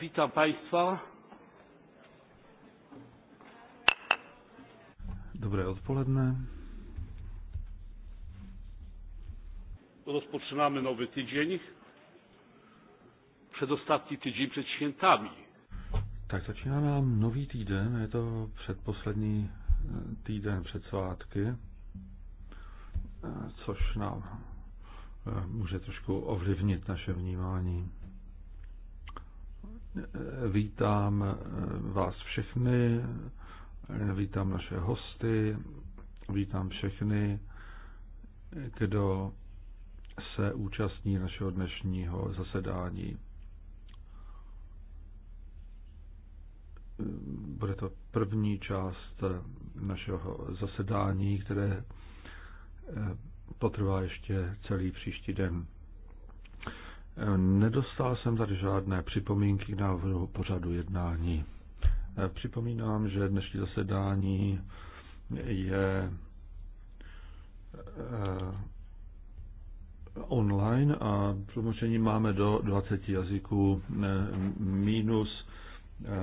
Witam Państwa. Dobré odpoledne. Rozpoczynamy nowy tydzień. Przedostatni tydzień przed świętami. Tak, zaczynamy nám nový týden, je to předposlední e, týden před svátky, e, což nám e, může trošku ovlivnit naše vnímání. Vítám eh, vás všechny, eh, vítám naše hosty, vítám všechny, kdo se účastní našeho dnešního zasedání. Bude to první část eh, našeho zasedání, které potrvá ještě celý příští den. Nedostal jsem tady žádné připomínky k návrhu pořadu jednání. Eh, připomínám, že dnešní zasedání je eh, online a tlumočení máme do 20 jazyků eh, minus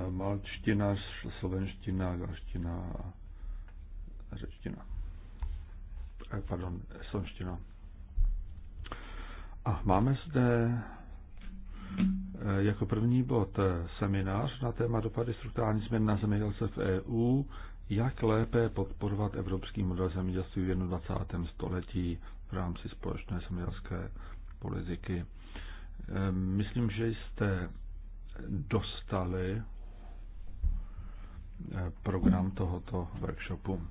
malčtina, slovenština, galština a řečtina. Pardon, slovenština. A máme zde eh, jako první bod eh, seminář na téma dopady strukturální změn na zemědělce v EU, jak lépe podporovat evropský model zemědělství v 21. století v rámci společné zemědělské politiky. Ehm, myslím, že jste dostali eh, program tohoto workshopu.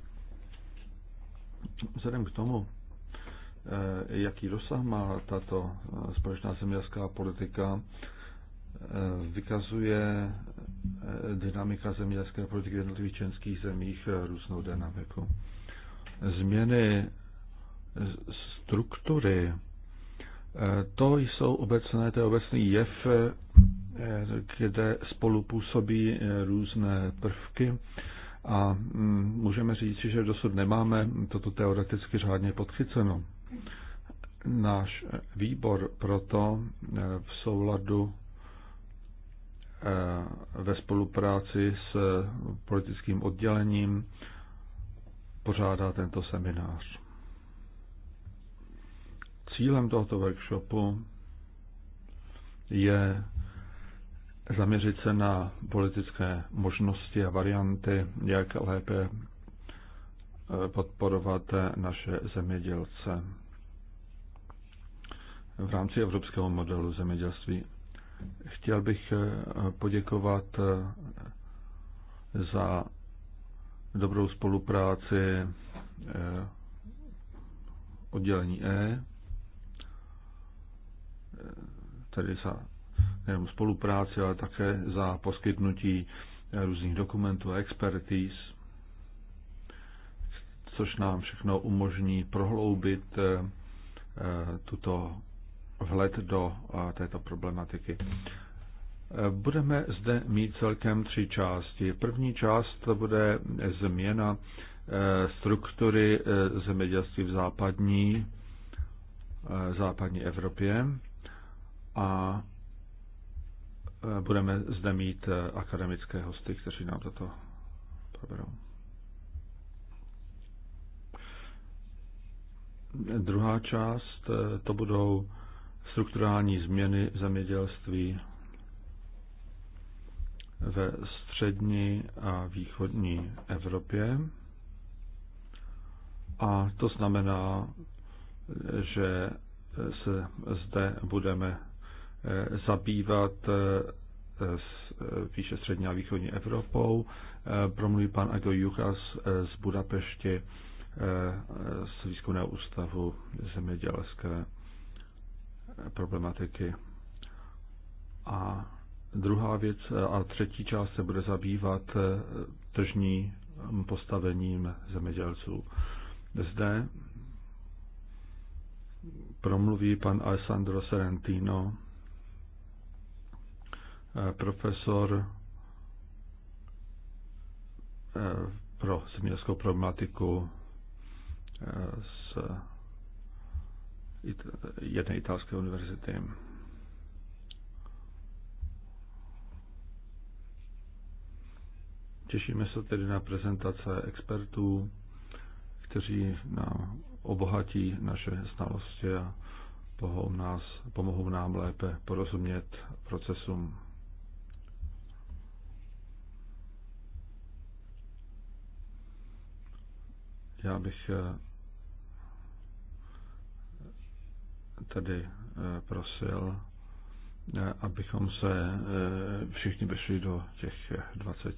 Vzhledem k tomu, Eh, jaký dosah má tato eh, společná zemědělská politika, eh, vykazuje dynamika zemědělské politiky v jednotlivých členských zemích různou dynamiku. Změny struktury, to jsou obecné, to je obecný jev, kde spolupůsobí různé prvky a mm, můžeme říct, že dosud nemáme toto teoreticky řádně podchyceno. Náš výbor proto eh, v souladu eh, ve spolupráci s eh, politickým oddělením pořádá tento seminář. Cílem tohoto workshopu je zaměřit se na politické možnosti a varianty, jak lépe podporovat naše zemědělce v rámci evropského modelu zemědělství. Chtěl bych eh, poděkovat eh, za dobrou spolupráci eh, oddělení E, tedy za nejenom spolupráci, ale také za poskytnutí různých dokumentů a expertíz, což nám všechno umožní prohloubit tuto vhled do této problematiky. E, budeme zde mít celkem tři části. První část to bude změna e, struktury e, zemědělství v západní, západní Evropě a budeme zde mít akademické hosty, kteří nám toto proberou. Druhá část to budou strukturální změny zemědělství ve střední a východní Evropě. A to znamená, že se zde budeme eh, zabývat eh, s eh, výše střední a východní Evropou. Promluví pan Ago Juchas z Budapešti z Výzkumného ústavu zemědělské problematiky. A druhá věc a třetí část se bude zabývat eh, tržní postavením zemědělců. Zde promluví pan Alessandro Serentino, eh, profesor eh, pro zemědělskou problematiku z jedné italské univerzity. Těšíme se tedy na prezentace expertů, kteří nám obohatí naše znalosti a pomohou, nás, pomohou nám lépe porozumět procesům. Já bych eh, tedy eh, prosil, eh, abychom se eh, všichni vešli do těch 20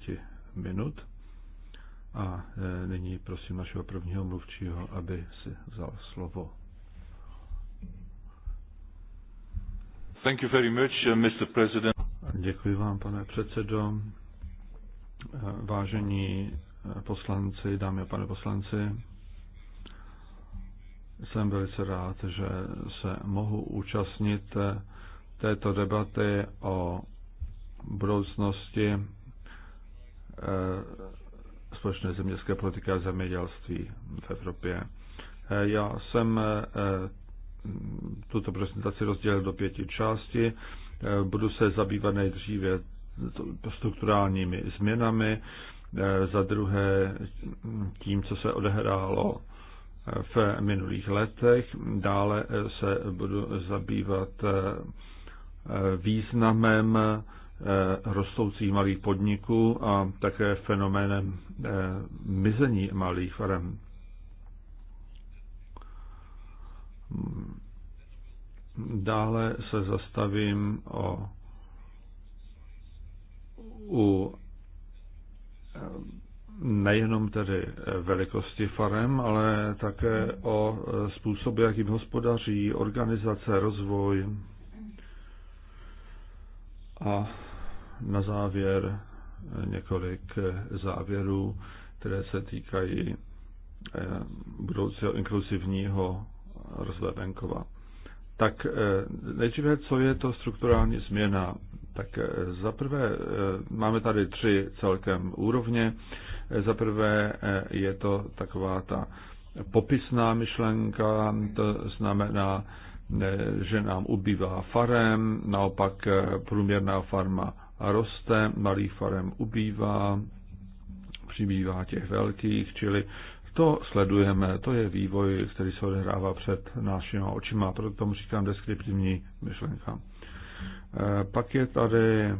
minut. A nyní prosím našeho prvního mluvčího, aby si vzal slovo. Thank you very much, uh, Mr. President. Děkuji vám, pane předsedo. Vážení poslanci, dámy a pane poslanci, jsem velice rád, že se mohu účastnit této debaty o budoucnosti eh, společné zemědělské politiky a zemědělství v Evropě. Eh, já jsem eh, tuto prezentaci rozdělil do pěti části. Budu se zabývat nejdříve strukturálními změnami, za druhé tím, co se odehrálo v minulých letech. Dále se budu zabývat eh, významem eh, rostoucích malých podniků a také fenoménem eh, mizení malých farem. Dále se zastavím o, u nejenom tedy velikosti farem, ale také o způsobu, jakým hospodaří, organizace, rozvoj. A na závěr několik závěrů, které se týkají eh, budoucího inkluzivního rozvoje venkova. Tak eh, nejdříve, co je to strukturální změna? Tak eh, zaprvé máme tady tři celkem úrovně. Za prvé eh, je to taková ta popisná myšlenka, to znamená, eh, že nám ubývá farem, naopak eh, průměrná farma roste, malý farem ubývá, přibývá těch velkých, čili to sledujeme, to je vývoj, který se odehrává před našimi očima, proto tomu říkám deskriptivní myšlenka. Pak je tady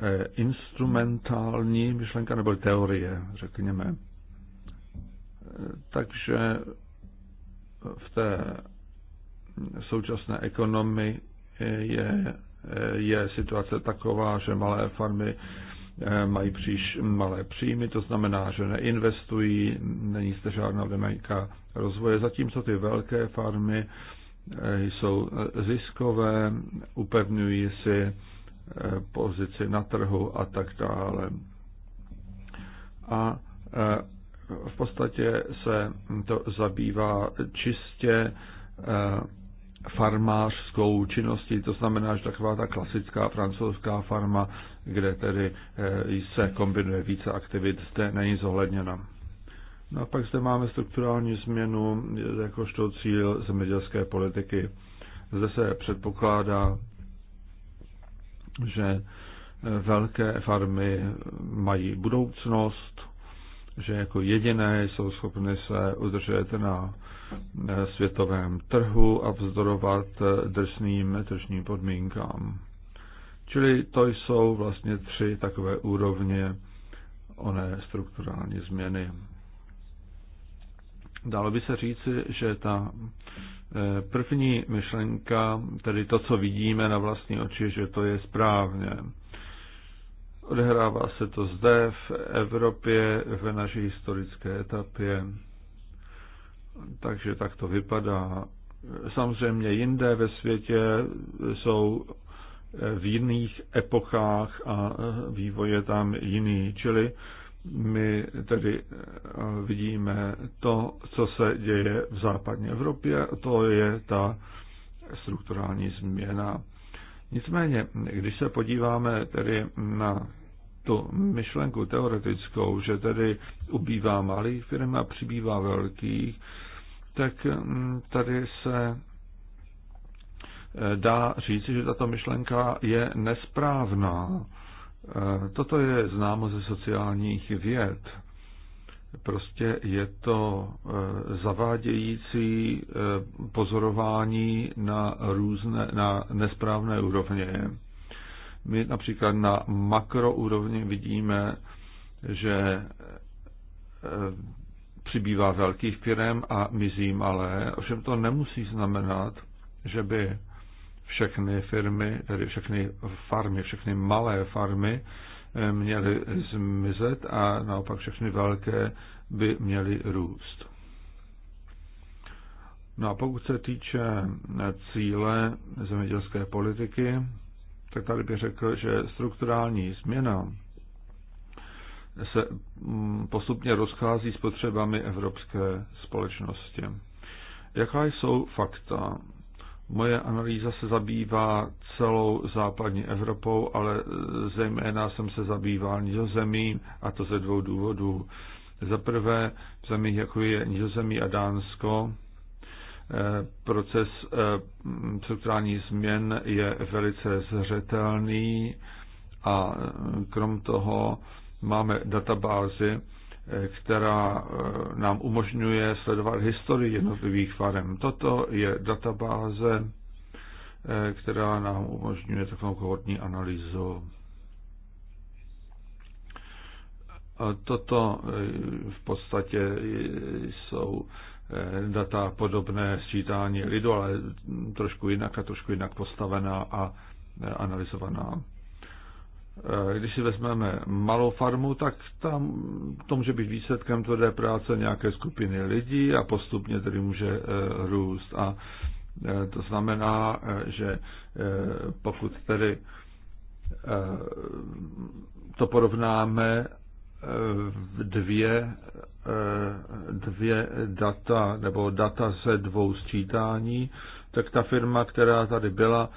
Eh, instrumentální myšlenka nebo teorie, řekněme. Eh, takže v té současné ekonomii je, eh, je situace taková, že malé farmy mají příš malé příjmy, to znamená, že neinvestují, není zde žádná dynamika rozvoje, zatímco ty velké farmy jsou ziskové, upevňují si Eh, pozici na trhu a tak dále. A eh, v podstatě se to zabývá čistě eh, farmářskou činností, to znamená, že taková ta klasická francouzská farma, kde tedy se kombinuje více aktivit, zde není zohledněna. No a pak zde máme strukturální změnu jakožto cíl zemědělské politiky. Zde se předpokládá že eh, velké farmy mají budoucnost, že jako jediné jsou schopny se udržet na eh, světovém trhu a vzdorovat eh, drsným tržním podmínkám. Čili to jsou vlastně tři takové úrovně oné strukturální změny. Dalo by se říci, že ta Eh, první myšlenka, tedy to, co vidíme na vlastní oči, že to je správně. Odehrává se to zde, v Evropě, v naší historické etapě. Takže tak to vypadá. Eh, samozřejmě jinde ve světě jsou eh, v jiných epochách a vývoj je tam jiný. Čili my tedy eh, vidíme to, co se děje v západní Evropě, to je ta strukturální změna. Nicméně, když se podíváme tedy na tu myšlenku teoretickou, že tedy ubývá malých firm a přibývá velkých, tak hm, tady se eh, dá říci, že tato myšlenka je nesprávná Eh, toto je známo ze sociálních věd. Prostě je to eh, zavádějící eh, pozorování na, různé, na nesprávné úrovně. My například na makroúrovni vidíme, že přibývá velkých firm a mizí malé, ovšem to nemusí znamenat, že by všechny firmy, tedy všechny farmy, všechny malé farmy eh, měly zmizet a naopak všechny velké by měly růst. No a pokud se týče cíle zemědělské politiky, tak tady bych řekl, že strukturální změna se mm, postupně rozchází s potřebami evropské společnosti. Jaká jsou fakta? Moje analýza se zabývá celou západní Evropou, ale zejména jsem se zabýval Nizozemím a to ze dvou důvodů. Za prvé v zemích, jako je Nizozemí a Dánsko, eh, proces eh, strukturální změn je velice zřetelný a eh, krom toho máme databázy, která eh, nám umožňuje sledovat historii jednotlivých farem. Toto je databáze, eh, která nám umožňuje takovou kohortní analýzu. A toto eh, v podstatě jsou data podobné sčítání lidu, ale trošku jinak a trošku jinak postavená a analyzovaná. Eh, když si vezmeme malou farmu, tak tam to může být výsledkem tvrdé práce nějaké skupiny lidí a postupně tedy může eh, růst. A eh, to znamená, že pokud tedy to porovnáme v dvě, dvě data nebo data ze dvou sčítání, tak ta firma, která tady byla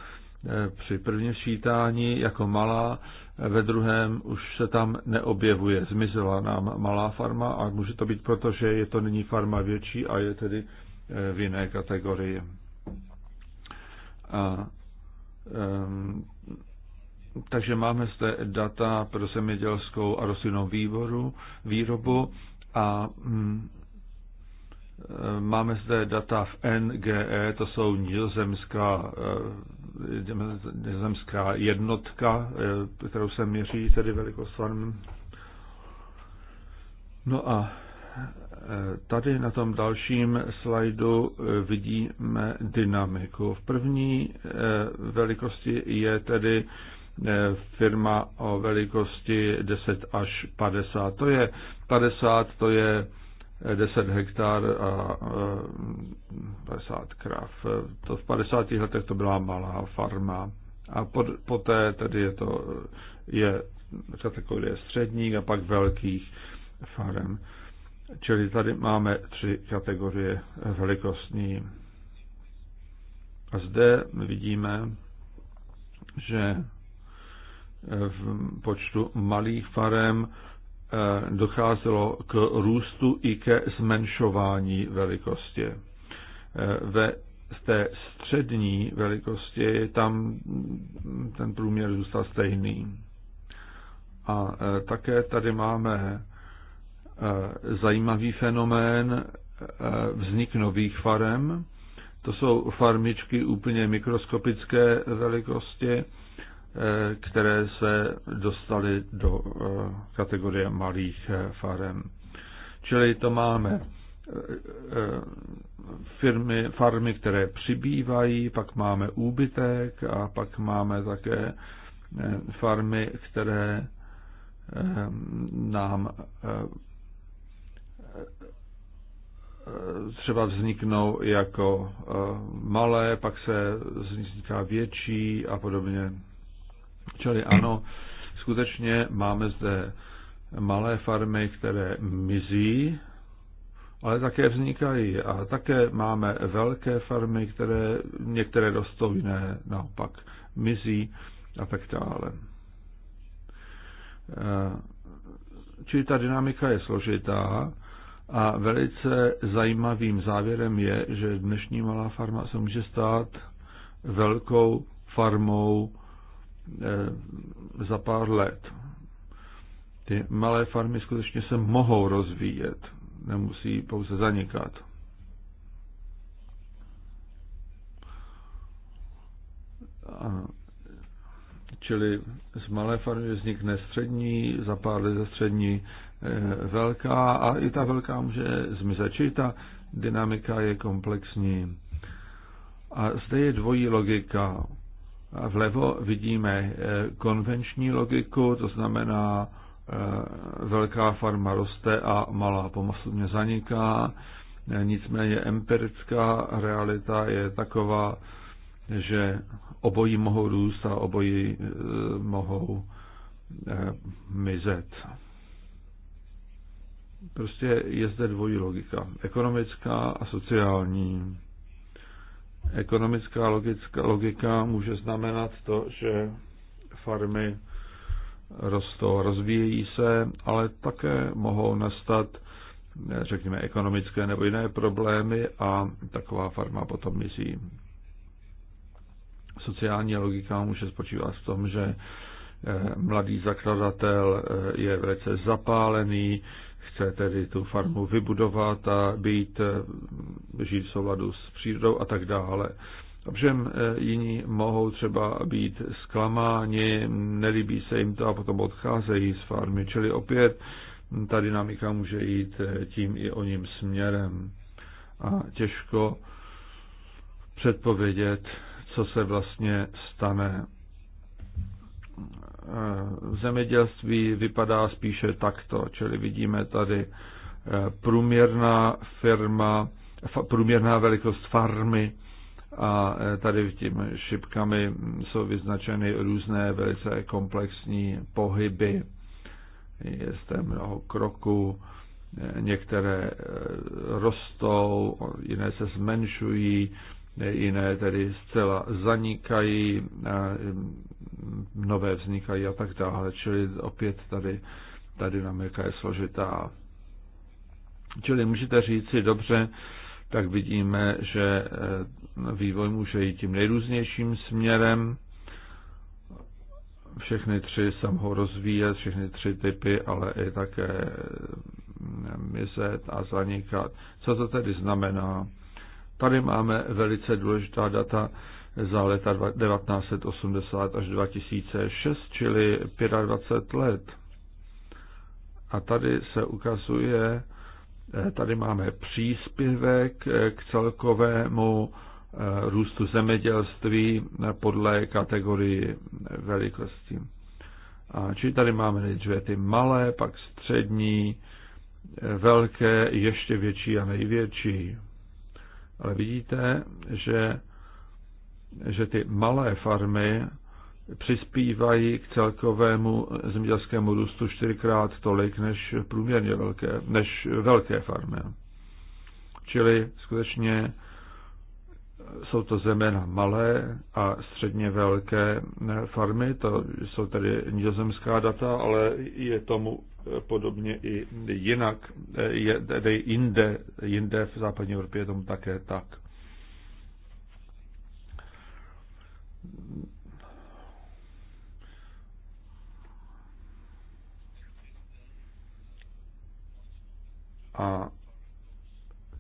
při prvním sčítání jako malá, ve druhém už se tam neobjevuje. Zmizela nám malá farma a může to být proto, že je to nyní farma větší a je tedy eh, v jiné kategorii. A, um, takže máme zde data pro zemědělskou a rostlinnou výboru, výrobu a um, Eh, máme zde data v NGE, to jsou nizozemská, eh, nizozemská jednotka, eh, kterou se měří tedy velikost farm. No a tady na tom dalším slajdu vidíme dynamiku. V první velikosti je tedy firma o velikosti 10 až 50. To je 50, to je 10 hektar a 50 eh, krav. To v 50. letech to byla malá farma. A pod, poté tedy je to je kategorie středních a pak velkých farem. Čili tady máme tři kategorie velikostní. A zde vidíme, že v počtu malých farem Eh, docházelo k růstu i ke zmenšování velikosti. Eh, ve té střední velikosti tam ten průměr zůstal stejný. A eh, také tady máme zajímavý fenomén vznik nových farem. To jsou farmičky úplně mikroskopické velikosti, Eh, které se dostaly do eh, kategorie malých eh, farem. Čili to máme firmy, farmy, které přibývají, pak máme úbytek a pak máme také farmy, které nám třeba vzniknou jako malé, pak se vzniká větší a podobně. Čili ano, skutečně máme zde malé farmy, které mizí, ale také vznikají. A také máme velké farmy, které některé rostou, jiné naopak mizí a tak dále. Eh, čili ta dynamika je složitá a velice zajímavým závěrem je, že dnešní malá farma se může stát velkou farmou Eh, za pár let. Ty malé farmy skutečně se mohou rozvíjet, nemusí pouze zanikat. A čili z malé farmy vznikne střední, za pár let ze střední eh, velká a i ta velká může zmizet. Čili ta dynamika je komplexní. A zde je dvojí logika. Vlevo vidíme eh, konvenční logiku, to znamená, eh, velká farma roste a malá pomostně zaniká. Eh, nicméně empirická realita je taková, že obojí mohou růst a obojí mohou mizet. Prostě je zde dvojí logika, ekonomická a sociální. Ekonomická logická, logika může znamenat to, že farmy rostou, rozvíjejí se, ale také mohou nastat, řekněme, ekonomické nebo jiné problémy a taková farma potom mizí. Sociální logika může spočívat v tom, že eh, mladý zakladatel eh, je velice zapálený, chce tedy tu farmu vybudovat a být, eh, žít v souladu s přírodou a tak dále. Ovšem eh, jiní mohou třeba být zklamáni, nelíbí se jim to a potom odcházejí z farmy. Čili opět ta dynamika může jít eh, tím i o ním směrem. A těžko předpovědět, co se vlastně stane zemědělství vypadá spíše takto, čili vidíme tady eh, průměrná firma, průměrná velikost farmy a eh, tady tím šipkami jsou vyznačeny různé velice komplexní pohyby. Je zde mnoho kroků, eh, některé rostou, jiné se zmenšují, jiné tedy zcela zanikají, nové vznikají a tak dále. Čili opět tady ta dynamika je složitá. Čili můžete říct si dobře, tak vidíme, že eh, vývoj může jít tím nejrůznějším směrem. Všechny tři se mohou rozvíjet, všechny tři typy, ale i také eh, mizet a zanikat. Co to tedy znamená? Tady máme velice důležitá data za leta 1980 až 2006, čili 25 let. A tady se ukazuje, eh, tady máme příspěvek eh, k celkovému eh, růstu zemědělství podle kategorii velikosti. A čili tady máme nejdříve ty malé, pak střední, velké, ještě větší a největší. Ale vidíte, že že ty malé farmy přispívají k celkovému zemědělskému růstu čtyřikrát tolik než průměrně velké, než velké farmy. Čili skutečně jsou to zejména malé a středně velké farmy, to jsou tedy nizozemská data, ale je tomu podobně i jinak, je, tedy jinde, jinde v západní Evropě je tomu také tak. A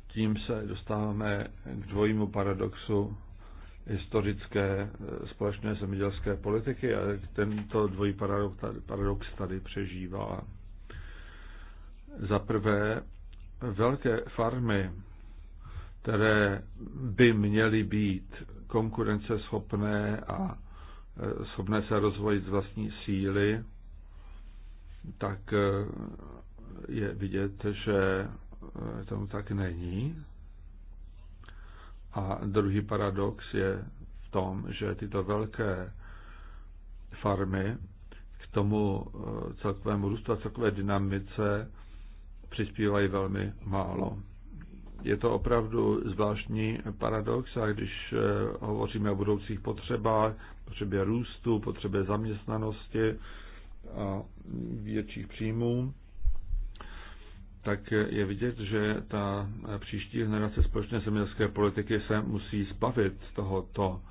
tím se dostáváme k dvojímu paradoxu historické eh, společné zemědělské politiky a tento dvojí paradox, paradox tady přežívá. Za prvé, velké farmy které by měly být konkurenceschopné a e, schopné se rozvojit z vlastní síly, tak e, je vidět, že e, tomu tak není. A druhý paradox je v tom, že tyto velké farmy k tomu celkovému růstu a celkové dynamice přispívají velmi málo je to opravdu zvláštní paradox a když eh, hovoříme o budoucích potřebách, potřebě růstu, potřebě zaměstnanosti a větších příjmů, tak je vidět, že ta eh, příští generace společné zemědělské politiky se musí zbavit tohoto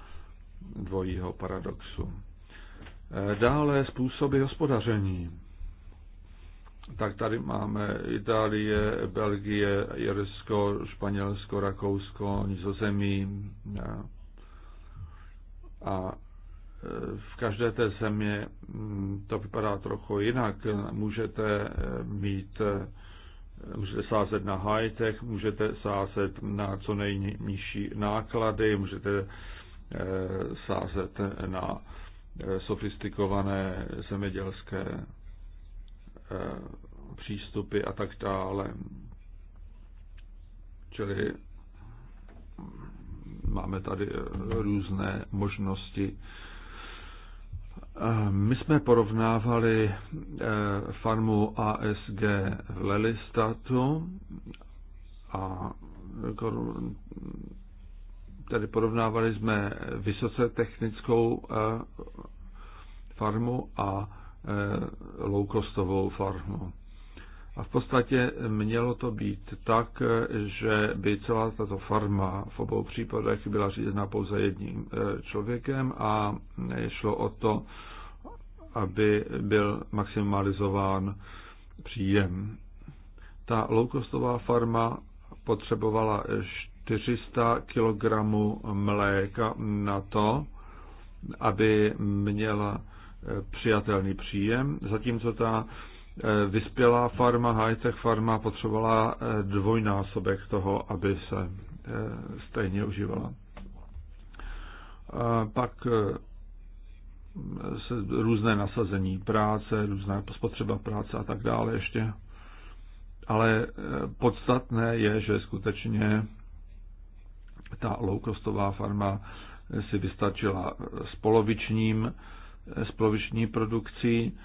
dvojího paradoxu. Eh, dále způsoby hospodaření tak tady máme Itálie, Belgie, Jirsko, Španělsko, Rakousko, Nizozemí. A e, v každé té země mm, to vypadá trochu jinak. Můžete e, mít, e, můžete sázet na high-tech, můžete sázet na co nejnižší náklady, můžete sázet na sofistikované zemědělské Eh, přístupy a tak dále. Čili máme tady eh, různé možnosti. Eh, my jsme porovnávali farmu ASG v Lelistatu a tady porovnávali jsme vysoce technickou farmu a Eh, loukostovou farmu. A v podstatě mělo to být tak, že by celá tato farma v obou případech byla řízena pouze jedním eh, člověkem a šlo o to, aby byl maximalizován příjem. Ta loukostová farma potřebovala 400 kg mléka na to, aby měla přijatelný příjem, zatímco ta eh, vyspělá farma, high-tech farma potřebovala eh, dvojnásobek toho, aby se eh, stejně užívala. Pak se různé nasazení práce, různá spotřeba práce a tak dále ještě. Ale podstatné je, že skutečně ta loukostová farma si vystačila s polovičním spoloviční produkcí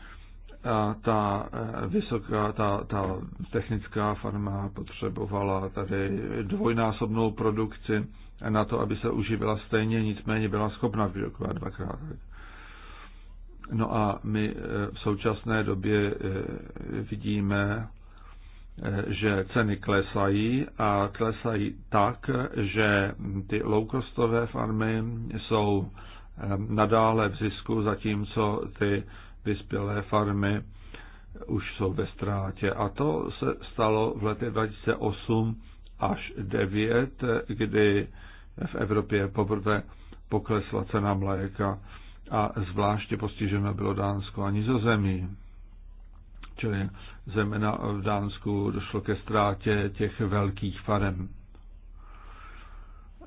a ta eh, vysoká, ta, ta technická farma potřebovala tady dvojnásobnou produkci na to, aby se uživila stejně, nicméně byla schopna vyrokovat dvakrát. No a my eh, v současné době eh, vidíme, že ceny klesají a klesají tak, že ty loukostové farmy jsou Ehm, nadále v zisku, zatímco ty vyspělé farmy už jsou ve ztrátě. A to se stalo v letech 2008 až 2009, kdy v Evropě poprvé poklesla cena mléka a zvláště postiženo bylo Dánsko a Nizozemí. Čili zejména v Dánsku došlo ke ztrátě těch velkých farem.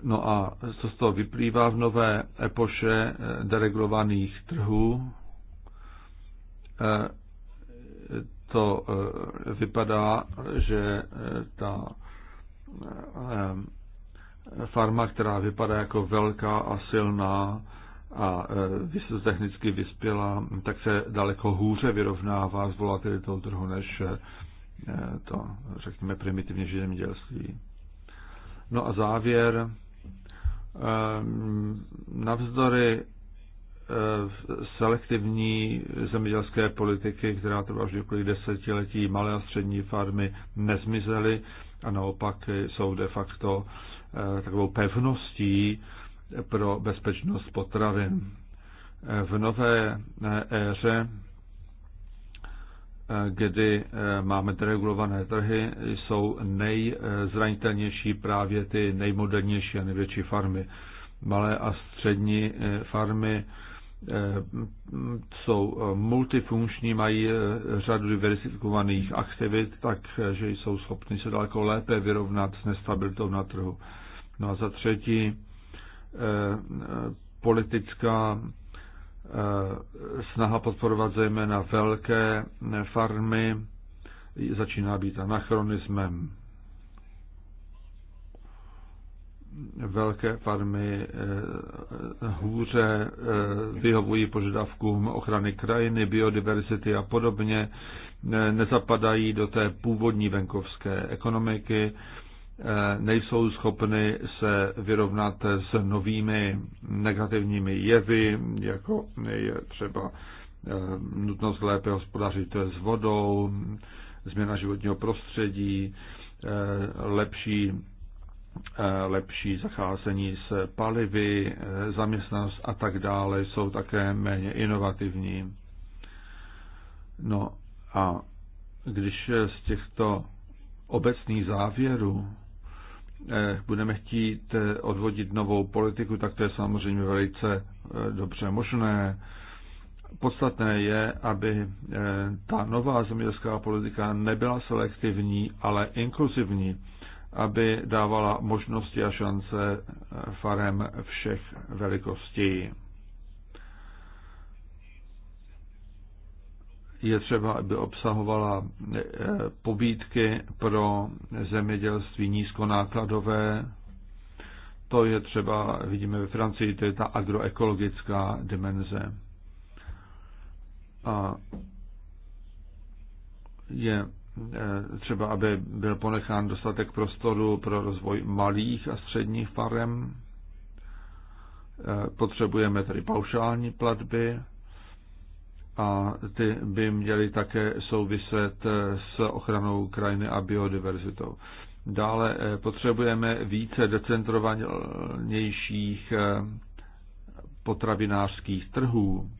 No a co z toho vyplývá v nové epoše eh, deregulovaných trhů? Eh, to eh, vypadá, že ta farma, která vypadá jako velká a silná a technicky vyspělá, tak se daleko hůře vyrovnává s volatilitou trhu než to, řekněme, primitivně zemědělství. No a závěr Ehm, navzdory eh, selektivní zemědělské politiky, která trvá vždy několik desetiletí, malé a střední farmy nezmizely a naopak jsou de facto eh, takovou pevností pro bezpečnost potravin. Eh, v nové éře kdy eh, máme deregulované trhy, jsou nejzranitelnější právě ty nejmodernější a největší farmy. Malé a střední eh, farmy eh, jsou multifunkční, mají řadu diversifikovaných aktivit, takže jsou schopni se daleko lépe vyrovnat s nestabilitou na trhu. No a za třetí, politická Eh, snaha podporovat zejména velké eh, farmy začíná být anachronismem. Velké farmy eh, hůře vyhovují požadavkům ochrany krajiny, biodiverzity a podobně, nezapadají do té původní venkovské ekonomiky Eh, nejsou schopny se vyrovnat s novými negativními jevy, jako je třeba eh, nutnost lépe hospodařit s vodou, změna životního prostředí, eh, lepší, lepší zacházení s palivy, zaměstnanost a tak dále jsou také méně inovativní. No a když z těchto obecných závěrů Eh, budeme chtít eh, odvodit novou politiku, tak to je samozřejmě velice eh, dobře možné. Podstatné je, aby ta nová zemědělská politika nebyla selektivní, ale inkluzivní, aby dávala možnosti a šance farem všech velikostí. je třeba, aby obsahovala eh, pobídky pro zemědělství nízkonákladové. To je třeba, vidíme ve Francii, to je ta agroekologická dimenze. A je eh, třeba, aby byl ponechán dostatek prostoru pro rozvoj malých a středních farem. Eh, potřebujeme tedy paušální platby, a ty by měly také souviset s ochranou krajiny a biodiverzitou. Dále eh, potřebujeme více decentrovanějších eh, potravinářských trhů.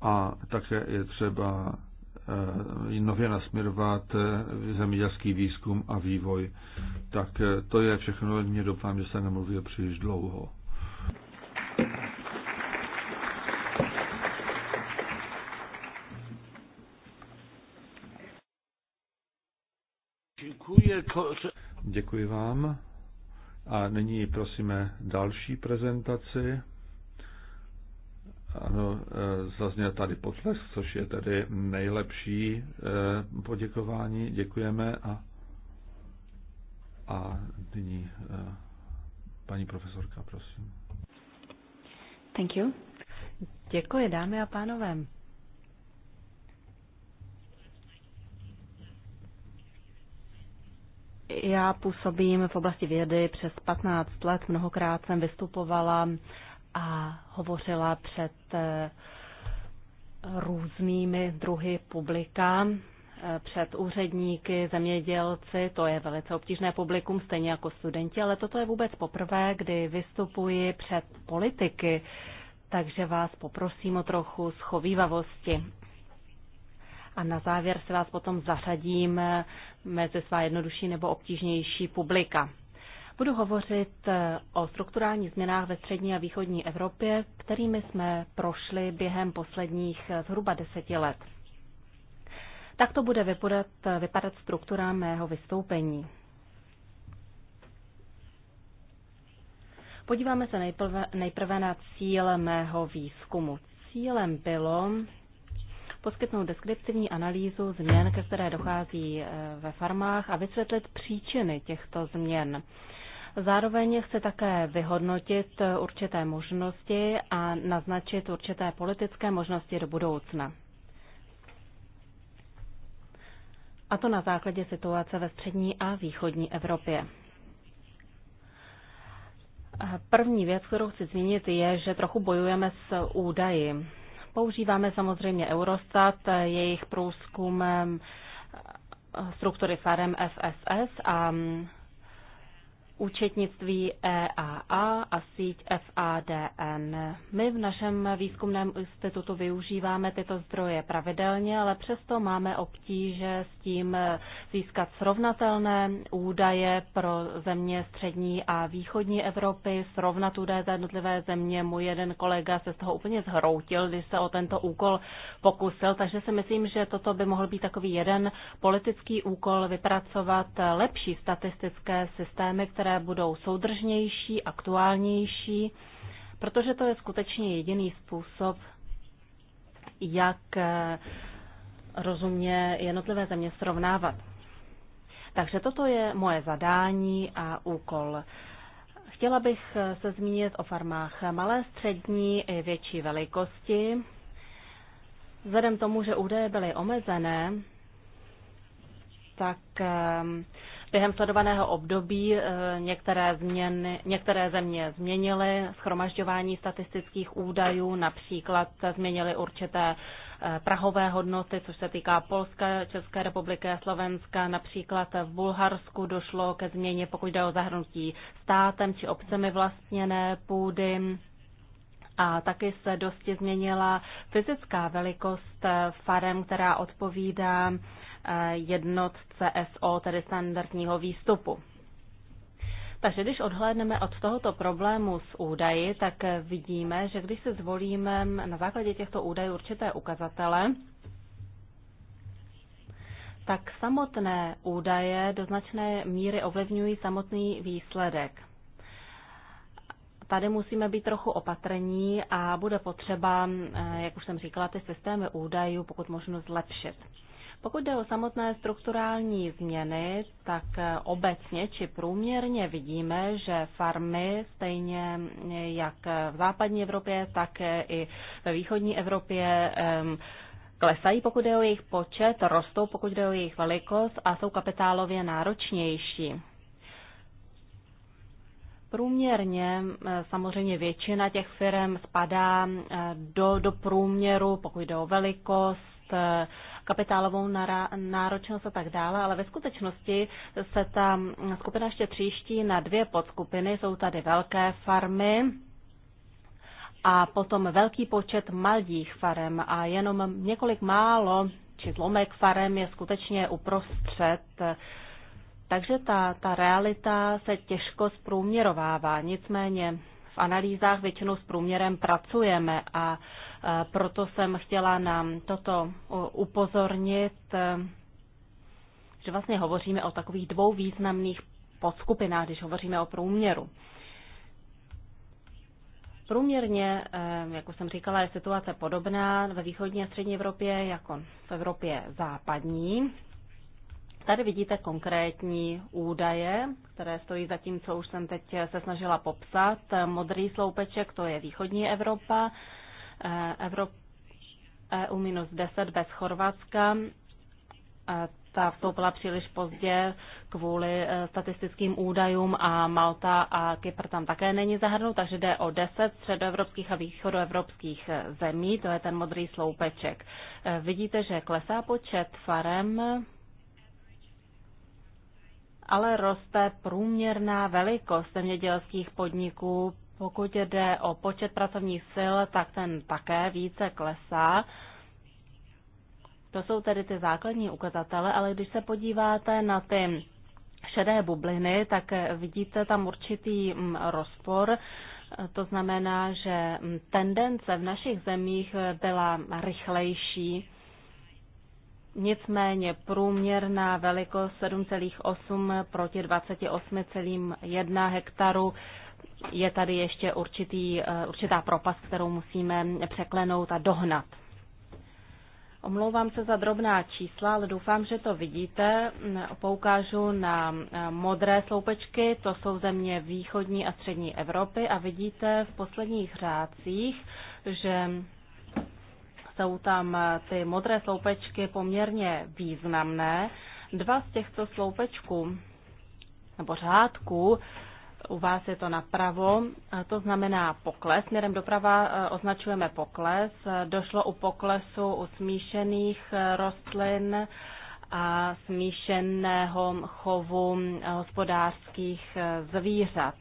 A také je třeba eh, nově nasměrovat zemědělský výzkum a vývoj. Tak to je všechno, mě doufám, že se nemluví příliš dlouho. Děkuji. vám. A nyní prosíme další prezentaci. Ano, e, zazněl tady potlesk, což je tedy nejlepší e, poděkování. Děkujeme a, a nyní e, paní profesorka, prosím. Thank you. Děkuji, dámy a pánové. Já působím v oblasti vědy přes 15 let, mnohokrát jsem vystupovala a hovořila před eh, různými druhy publika, eh, před úředníky, zemědělci, to je velice obtížné publikum, stejně jako studenti, ale toto je vůbec poprvé, kdy vystupuji před politiky, takže vás poprosím o trochu schovývavosti a na závěr se vás potom zařadím eh, mezi svá jednodušší nebo obtížnější publika. Budu hovořit eh, o strukturálních změnách ve střední a východní Evropě, kterými jsme prošli během posledních eh, zhruba deseti let. Tak to bude vypadat, vypadat struktura mého vystoupení. Podíváme se nejprve, nejprve na cíl mého výzkumu. Cílem bylo poskytnout deskriptivní analýzu změn, ke které dochází eh, ve farmách a vysvětlit příčiny těchto změn. Zároveň chce také vyhodnotit eh, určité možnosti a naznačit určité politické možnosti do budoucna. A to na základě situace ve střední a východní Evropě. Eh, první věc, kterou chci zmínit, je, že trochu bojujeme s údaji. Používáme samozřejmě Eurostat, jejich průzkum eh, struktury farem FSS a mm, účetnictví EAA a síť FADN. My v našem výzkumném institutu využíváme tyto zdroje pravidelně, ale přesto máme obtíže s tím získat srovnatelné údaje pro země střední a východní Evropy, srovnat údaje za jednotlivé země. Můj jeden kolega se z toho úplně zhroutil, když se o tento úkol pokusil, takže si myslím, že toto by mohl být takový jeden politický úkol vypracovat lepší statistické systémy, které které budou soudržnější, aktuálnější, protože to je skutečně jediný způsob, jak eh, rozumně jednotlivé země srovnávat. Takže toto je moje zadání a úkol. Chtěla bych eh, se zmínit o farmách malé, střední i větší velikosti. Vzhledem tomu, že údaje byly omezené, tak eh, Během sledovaného období eh, některé, změny, některé země změnily schromažďování statistických údajů, například změnily určité eh, prahové hodnoty, což se týká Polska, České republiky a Slovenska. Například v Bulharsku došlo ke změně, pokud jde o zahrnutí státem či obcemi vlastněné půdy. A taky se dosti změnila fyzická velikost farem, která odpovídá Eh, jednotce SO, tedy standardního výstupu. Takže když odhlédneme od tohoto problému s údaji, tak vidíme, že když se zvolíme na základě těchto údajů určité ukazatele, tak samotné údaje do značné míry ovlivňují samotný výsledek. Tady musíme být trochu opatrní a bude potřeba, eh, jak už jsem říkala, ty systémy údajů pokud možno zlepšit. Pokud jde o samotné strukturální změny, tak eh, obecně či průměrně vidíme, že farmy stejně eh, jak eh, v západní Evropě, tak i ve východní Evropě ehm, klesají, pokud jde o jejich počet, rostou, pokud jde o jejich velikost a jsou kapitálově náročnější. Průměrně samozřejmě většina těch firm spadá do, do průměru, pokud jde o velikost, Eh, kapitálovou náročnost a tak dále, ale ve skutečnosti se ta skupina ještě příští na dvě podskupiny. Jsou tady velké farmy, a potom velký počet malých farem a jenom několik málo či zlomek farem je skutečně uprostřed. Takže ta, ta realita se těžko zprůměrovává. Nicméně v analýzách většinou s průměrem pracujeme a proto jsem chtěla nám toto upozornit, eh, že vlastně hovoříme o takových dvou významných podskupinách, když hovoříme o průměru. Průměrně, eh, jak už jsem říkala, je situace podobná ve východní a střední Evropě jako v Evropě západní. Tady vidíte konkrétní údaje, které stojí za tím, co už jsem teď eh, se snažila popsat. Modrý sloupeček to je východní Evropa, EU e minus 10 bez Chorvatska. E, ta vstoupila příliš pozdě kvůli e, statistickým údajům a Malta a Kypr tam také není zahrnut, takže jde o 10 středoevropských a východoevropských zemí, to je ten modrý sloupeček. Vidíte, že klesá počet farem, ale roste průměrná velikost zemědělských podniků pokud jde o počet pracovních sil, tak ten také více klesá. To jsou tedy ty základní ukazatele, ale když se podíváte na ty šedé bubliny, tak vidíte tam určitý mm, rozpor. To znamená, že mm, tendence v našich zemích byla rychlejší. Nicméně průměrná velikost 7,8 proti 28,1 hektaru je tady ještě určitý, eh, určitá propast, kterou musíme překlenout a dohnat. Omlouvám se za drobná čísla, ale doufám, že to vidíte. Mm, Poukážu na eh, modré sloupečky, to jsou země východní a střední Evropy a vidíte v posledních řádcích, že jsou tam eh, ty modré sloupečky poměrně významné. Dva z těchto sloupečků nebo řádků u vás je to napravo, to znamená pokles. Směrem doprava e, označujeme pokles. E, došlo u poklesu u smíšených e, rostlin a smíšeného chovu hospodářských zvířat.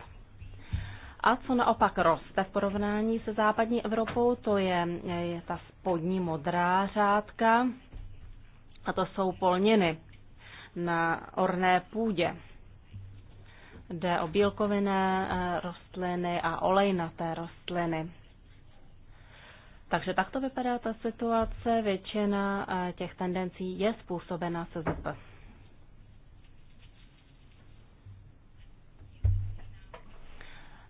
A co naopak roste v porovnání se západní Evropou, to je, je ta spodní modrá řádka a to jsou polniny na orné půdě jde o bílkoviné eh, rostliny a olejnaté rostliny. Takže takto vypadá ta situace. Většina eh, těch tendencí je způsobena SZP.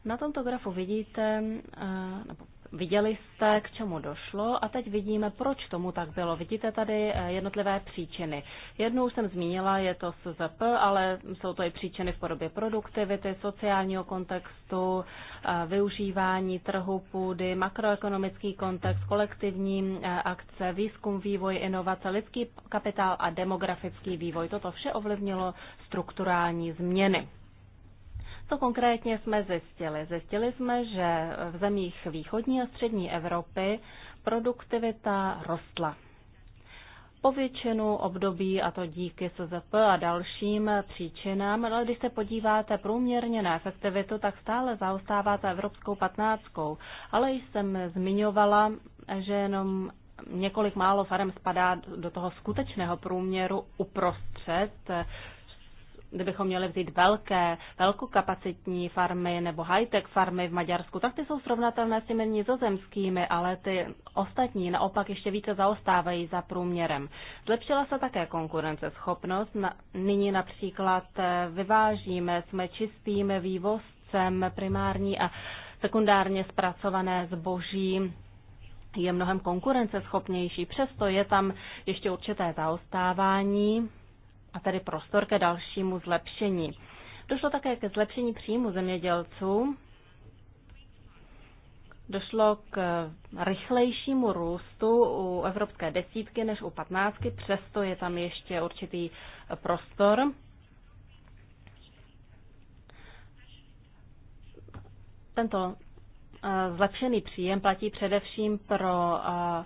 Na tomto grafu vidíte, eh, nebo Viděli jste, k čemu došlo a teď vidíme, proč tomu tak bylo. Vidíte tady eh, jednotlivé příčiny. Jednou jsem zmínila, je to SZP, ale jsou to i příčiny v podobě produktivity, sociálního kontextu, eh, využívání trhu půdy, makroekonomický kontext, kolektivní eh, akce, výzkum, vývoj, inovace, lidský kapitál a demografický vývoj. Toto vše ovlivnilo strukturální změny. Co konkrétně jsme zjistili? Zjistili jsme, že v zemích východní a střední Evropy produktivita rostla. Po většinu období, a to díky SZP a dalším příčinám, ale když se podíváte průměrně na efektivitu, tak stále zaostáváte evropskou patnáctkou. Ale jsem zmiňovala, že jenom několik málo farem spadá do toho skutečného průměru uprostřed, kdybychom měli vzít velké, velkokapacitní farmy nebo high-tech farmy v Maďarsku, tak ty jsou srovnatelné s těmi nizozemskými, ale ty ostatní naopak ještě více zaostávají za průměrem. Zlepšila se také konkurenceschopnost. Nyní například eh, vyvážíme, jsme čistým vývozcem primární a sekundárně zpracované zboží je mnohem konkurenceschopnější, přesto je tam ještě určité zaostávání a tedy prostor ke dalšímu zlepšení. Došlo také ke zlepšení příjmu zemědělců, došlo k rychlejšímu růstu u evropské desítky než u patnáctky, přesto je tam ještě určitý prostor. Tento eh, zlepšený příjem platí především pro eh,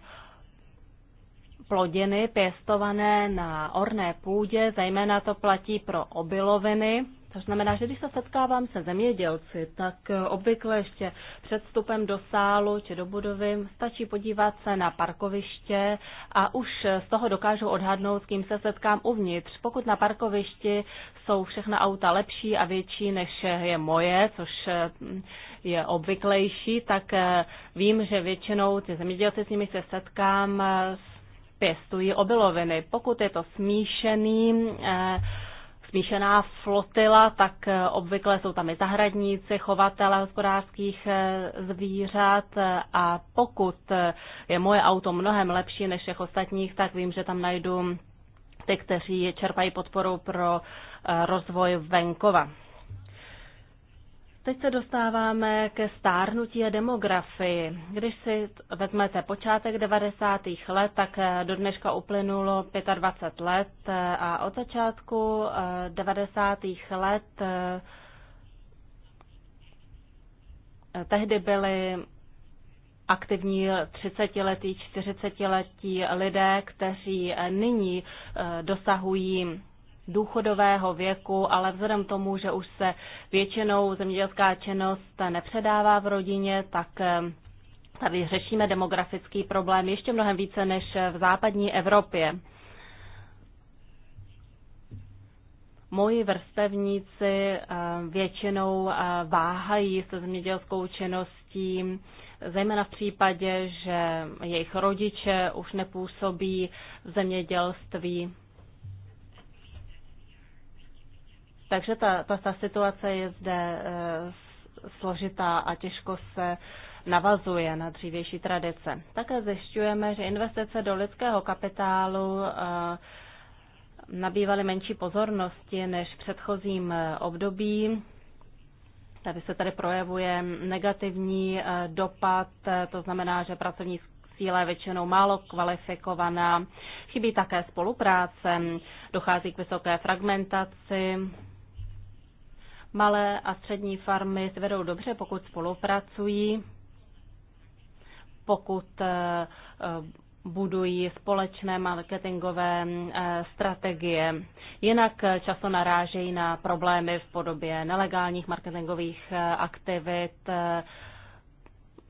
plodiny pěstované na orné půdě, zejména to platí pro obiloviny, což znamená, že když se setkávám se zemědělci, tak eh, obvykle ještě před vstupem do sálu či do budovy stačí podívat se na parkoviště a už z toho dokážu odhadnout, s kým se setkám uvnitř. Pokud na parkovišti jsou všechna auta lepší a větší než je moje, což eh, je obvyklejší, tak eh, vím, že většinou ty zemědělci, s nimi se setkám, pěstují obiloviny. Pokud je to smíšený, eh, smíšená flotila, tak eh, obvykle jsou tam i zahradníci, chovatele hospodářských eh, zvířat a pokud je moje auto mnohem lepší než všech ostatních, tak vím, že tam najdu ty, kteří čerpají podporu pro rozvoj venkova. Teď se dostáváme ke stárnutí a demografii. Když si vezmete počátek 90. let, tak eh, do dneška uplynulo 25 let eh, a od začátku 90. Eh, let tehdy byly aktivní 30-letí, 40-letí lidé, kteří nyní dosahují důchodového věku, ale vzhledem k tomu, že už se většinou zemědělská činnost nepředává v rodině, tak eh, tady řešíme demografický problém ještě mnohem více než v západní Evropě. Moji vrstevníci eh, většinou eh, váhají se zemědělskou činností, zejména v případě, že jejich rodiče už nepůsobí v zemědělství Takže ta, ta, ta situace je zde eh, složitá a těžko se navazuje na dřívější tradice. Také zjišťujeme, že investice do lidského kapitálu eh, nabývaly menší pozornosti než v předchozím eh, období. Tady se tady projevuje negativní dopad, to znamená, že pracovní síla je většinou málo kvalifikovaná, chybí také spolupráce, dochází k vysoké fragmentaci, Malé a střední farmy se vedou dobře, pokud spolupracují, pokud eh, eh, budují společné marketingové eh, strategie. Jinak často narážejí na problémy v podobě nelegálních marketingových aktivit,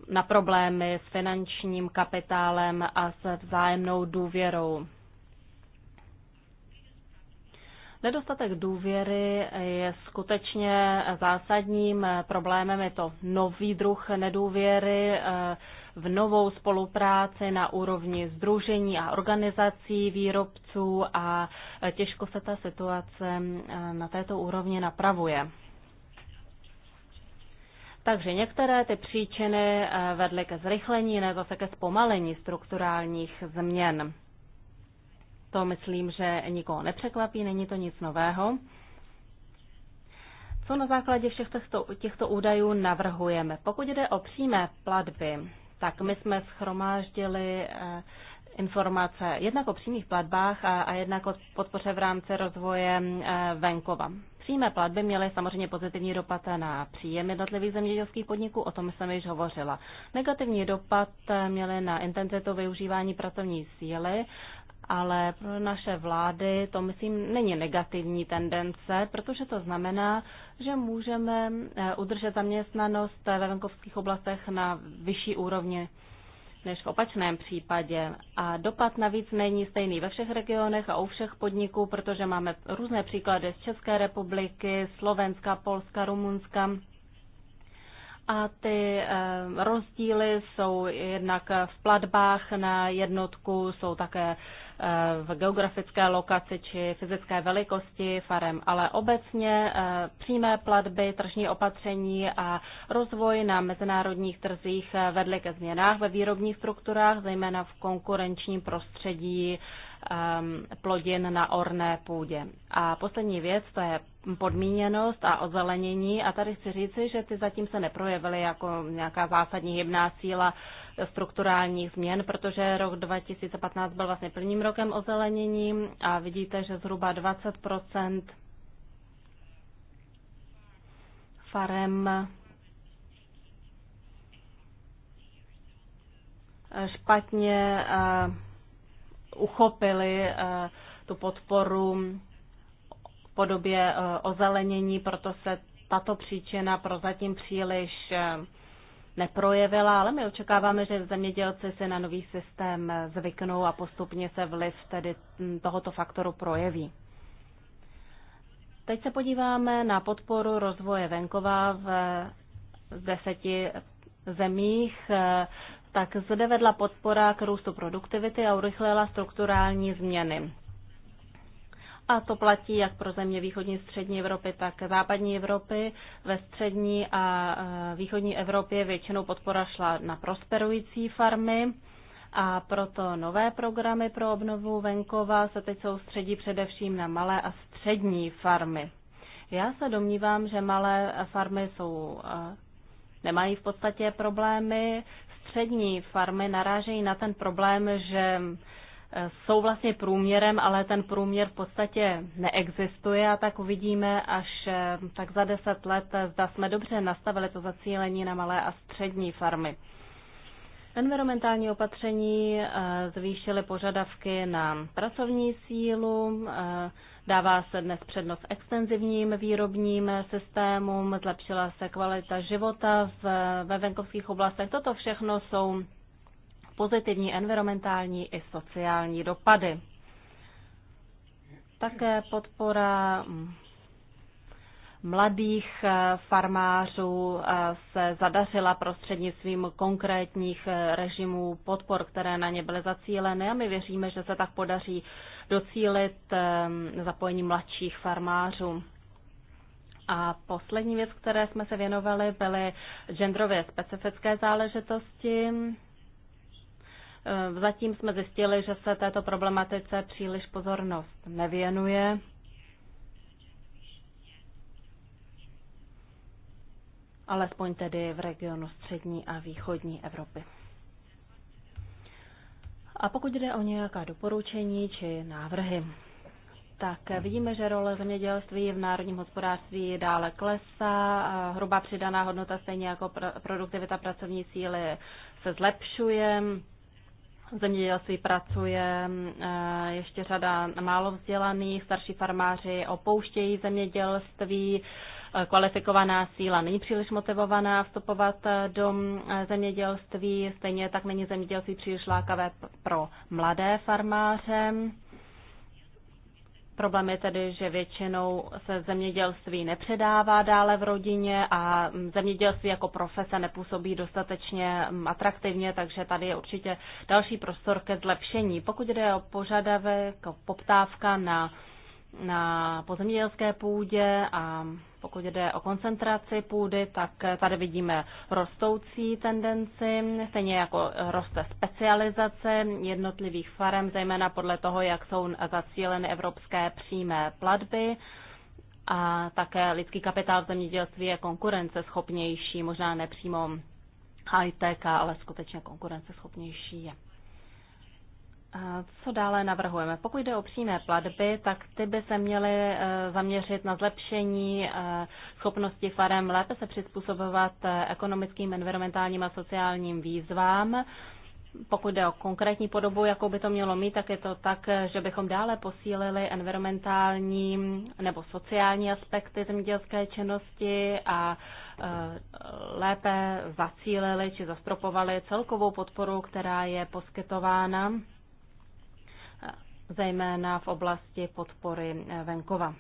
na problémy s finančním kapitálem a s vzájemnou důvěrou. Nedostatek důvěry je skutečně zásadním problémem. Je to nový druh nedůvěry eh, v novou spolupráci na úrovni združení a organizací výrobců a eh, těžko se ta situace eh, na této úrovni napravuje. Takže některé ty příčiny vedly ke zrychlení, nebo ke zpomalení strukturálních změn. To myslím, že nikoho nepřekvapí, není to nic nového. Co na základě všech těchto, těchto údajů navrhujeme? Pokud jde o přímé platby, tak my jsme schromáždili eh, informace jednak o přímých platbách a jednak o podpoře v rámci rozvoje eh, venkova. Přímé platby měly samozřejmě pozitivní dopad na příjem jednotlivých zemědělských podniků, o tom jsem již hovořila. Negativní dopad eh, měly na intenzitu využívání pracovní síly, ale pro naše vlády to, myslím, není negativní tendence, protože to znamená, že můžeme eh, udržet zaměstnanost ve venkovských oblastech na vyšší úrovni než v opačném případě. A dopad navíc není stejný ve všech regionech a u všech podniků, protože máme různé příklady z České republiky, Slovenska, Polska, Rumunska. A ty eh, rozdíly jsou jednak v platbách na jednotku, jsou také v geografické lokaci či fyzické velikosti farem, ale obecně eh, přímé platby, tržní opatření a rozvoj na mezinárodních trzích eh, vedly ke změnách ve výrobních strukturách, zejména v konkurenčním prostředí ehm, plodin na orné půdě. A poslední věc, to je podmíněnost a ozelenění. A tady chci říci, že ty zatím se neprojevily jako nějaká zásadní hybná síla strukturálních změn, protože rok 2015 byl vlastně prvním rokem ozelenění a vidíte, že zhruba 20 farem eh, špatně eh, uchopili eh, tu podporu v podobě ozelenění, proto se tato příčina prozatím příliš neprojevila, ale my očekáváme, že zemědělci se na nový systém zvyknou a postupně se vliv tedy tohoto faktoru projeví. Teď se podíváme na podporu rozvoje venkova v deseti zemích. Tak zde vedla podpora k růstu produktivity a urychlila strukturální změny. A to platí jak pro země východní střední Evropy, tak západní Evropy. Ve střední a e, východní Evropě většinou podpora šla na prosperující farmy a proto nové programy pro obnovu venkova se teď soustředí především na malé a střední farmy. Já se domnívám, že malé farmy jsou, e, nemají v podstatě problémy. Střední farmy narážejí na ten problém, že jsou vlastně průměrem, ale ten průměr v podstatě neexistuje a tak uvidíme až eh, tak za deset let, eh, zda jsme dobře nastavili to zacílení na malé a střední farmy. Environmentální opatření eh, zvýšily požadavky na pracovní sílu, dává se dnes přednost extenzivním výrobním systémům, zlepšila se kvalita života ve venkovských oblastech. Toto všechno jsou pozitivní environmentální i sociální dopady. Také podpora mm, mladých eh, farmářů eh, se zadařila prostřednictvím konkrétních eh, režimů podpor, které na ně byly zacíleny a my věříme, že se tak podaří docílit zapojení mladších farmářů. A poslední věc, které jsme se věnovali, byly genderově specifické záležitosti. Eh, zatím jsme zjistili, že se této problematice příliš pozornost nevěnuje. alespoň tedy v regionu střední a východní Evropy. A pokud jde o nějaká doporučení či návrhy, tak vidíme, že role zemědělství v národním hospodářství dále klesá, hrubá přidaná hodnota stejně jako produktivita pracovní síly se zlepšuje, zemědělství pracuje eh, ještě řada málo vzdělaných, starší farmáři opouštějí zemědělství, eh, kvalifikovaná síla není příliš motivovaná vstupovat eh, do zemědělství, stejně tak není zemědělství příliš lákavé pro mladé farmáře. Problém je tedy, že většinou se zemědělství nepředává dále v rodině a zemědělství jako profese nepůsobí dostatečně mm, atraktivně, takže tady je určitě další prostor ke zlepšení. Pokud jde o požadavek, poptávka na, na pozemědělské půdě a pokud jde o koncentraci půdy, tak tady vidíme rostoucí tendenci, stejně jako roste specializace jednotlivých farem, zejména podle toho, jak jsou zacíleny evropské přímé platby a také lidský kapitál v zemědělství je konkurenceschopnější, možná nepřímo high-tech, ale skutečně konkurenceschopnější je. Co dále navrhujeme? Pokud jde o přímé platby, tak ty by se měly e, zaměřit na zlepšení e, schopnosti farem lépe se přizpůsobovat e, ekonomickým, environmentálním a sociálním výzvám. Pokud jde o konkrétní podobu, jakou by to mělo mít, tak je to tak, že bychom dále posílili environmentální nebo sociální aspekty zemědělské činnosti a lépe zacílili či zastropovali celkovou podporu, která je poskytována zejména v oblasti podpory eh, venkova.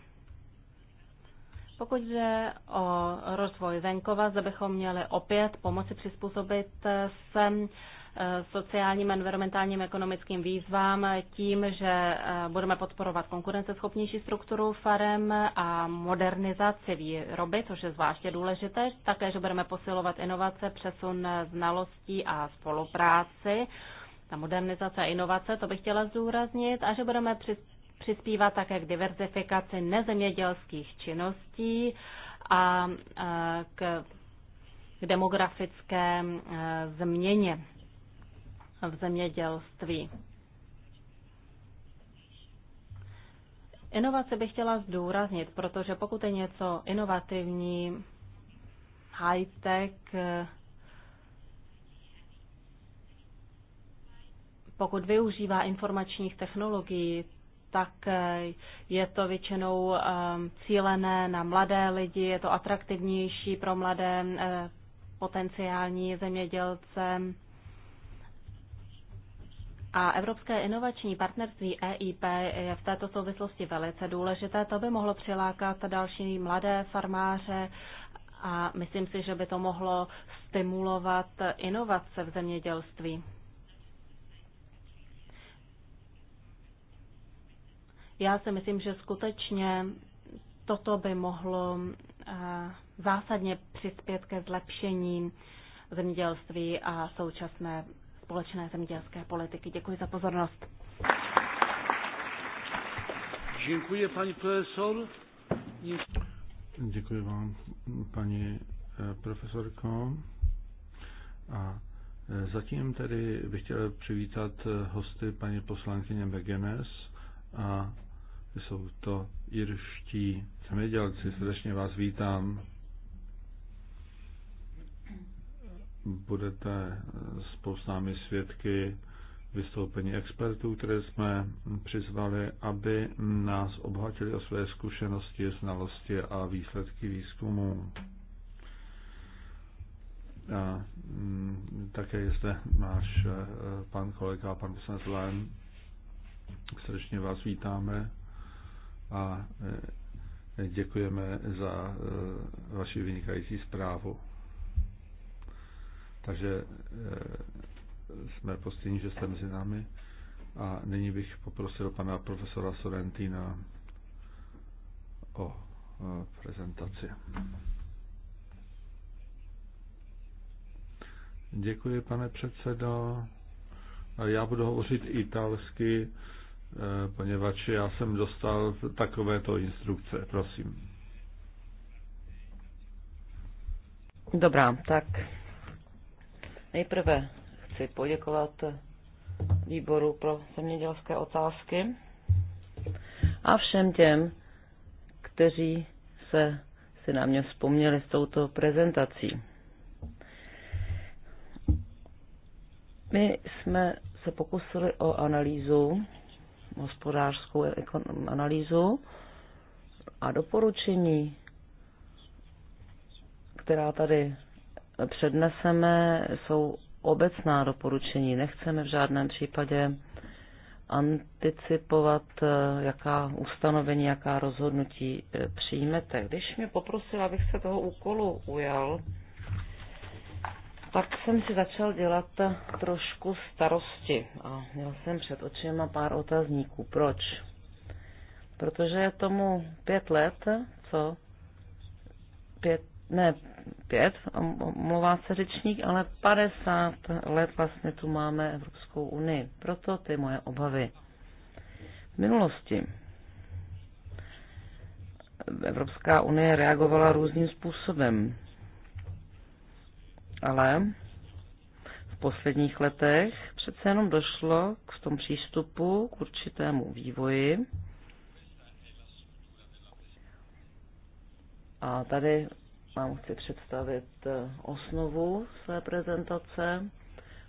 Pokud jde o rozvoj venkova, zde bychom měli opět pomoci přizpůsobit eh, se eh, sociálním, environmentálním, ekonomickým výzvám tím, že budeme podporovat konkurenceschopnější strukturu farem a modernizaci výroby, což je zvláště důležité, také, že budeme posilovat inovace, přesun znalostí a spolupráci na modernizace a inovace, to bych chtěla zdůraznit, a že budeme přispívat také k diverzifikaci nezemědělských činností a k demografické e, změně v zemědělství. Inovace bych chtěla zdůraznit, protože pokud je něco inovativní, high-tech, e, pokud využívá informačních technologií, tak eh, je to většinou ehm, cílené na mladé lidi, je to atraktivnější pro mladé eh, potenciální zemědělce. A Evropské inovační partnerství EIP je v této souvislosti velice důležité. To by mohlo přilákat další mladé farmáře a myslím si, že by to mohlo stimulovat inovace v zemědělství. Já si myslím, že skutečně toto by mohlo eh, zásadně přispět ke zlepšení zemědělství a současné společné zemědělské politiky. Děkuji za pozornost. Děkuji, paní profesor. Děkuji vám, paní eh, profesorko. A eh, zatím tedy bych chtěl přivítat hosty paní poslankyně Begenes a jsou to irští zemědělci. Srdečně vás vítám. Budete spolu s námi svědky vystoupení expertů, které jsme přizvali, aby nás obohatili o své zkušenosti, znalosti a výsledky výzkumu. A, m, mm, také je zde náš eh, pan kolega, pan poslanec Len. Srdečně vás vítáme a e, děkujeme za e, vaši vynikající zprávu. Takže e, jsme postěni, že jste mezi námi. A nyní bych poprosil pana profesora Sorrentina o prezentaci. Děkuji, pane předsedo. Já budu hovořit italsky Eh, poněvadž já jsem dostal takovéto instrukce. Prosím. Dobrá, tak nejprve chci poděkovat výboru pro zemědělské otázky a všem těm, kteří se si na mě vzpomněli s touto prezentací. My jsme se pokusili o analýzu hospodářskou analýzu a doporučení, která tady předneseme, jsou obecná doporučení. Nechceme v žádném případě anticipovat, jaká ustanovení, jaká rozhodnutí eh, přijmete. Když mě poprosila, abych se toho úkolu ujal, pak jsem si začal dělat trošku starosti a měl jsem před očima pár otazníků. Proč? Protože je tomu pět let, co? Pět, ne pět, mluvá se řečník, ale 50 let vlastně tu máme Evropskou unii. Proto ty moje obavy. V minulosti Evropská unie reagovala různým způsobem ale v posledních letech přece jenom došlo k tom přístupu k určitému vývoji. A tady vám chci představit eh, osnovu své prezentace.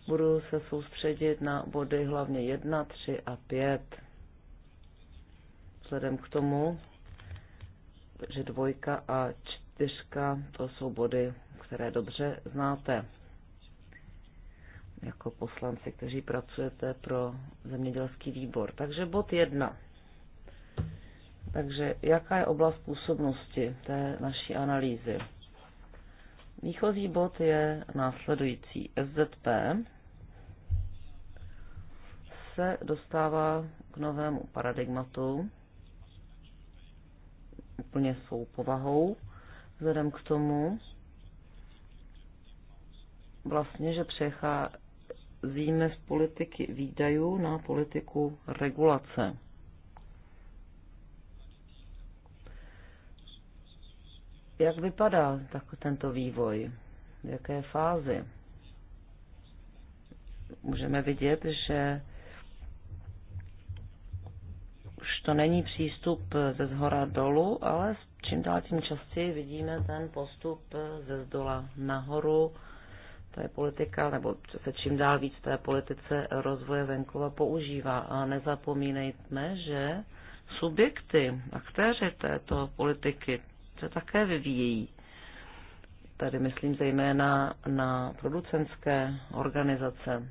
Budu se soustředit na body hlavně 1, 3 a 5. Vzhledem k tomu, že dvojka a čtyřka to jsou body které dobře znáte jako poslanci, kteří pracujete pro zemědělský výbor. Takže bod jedna. Takže jaká je oblast působnosti té naší analýzy? Výchozí bod je následující. SZP se dostává k novému paradigmatu úplně svou povahou, vzhledem k tomu, vlastně, že přecházíme z politiky výdajů na politiku regulace. Jak vypadá tak tento vývoj? V jaké fázi? Můžeme vidět, že už to není přístup ze zhora dolů, ale čím dál tím častěji vidíme ten postup ze zdola nahoru to je politika, nebo se čím dál víc té politice rozvoje venkova používá. A nezapomínejme, že subjekty, aktéři této politiky se také vyvíjí. Tady myslím zejména na producenské organizace.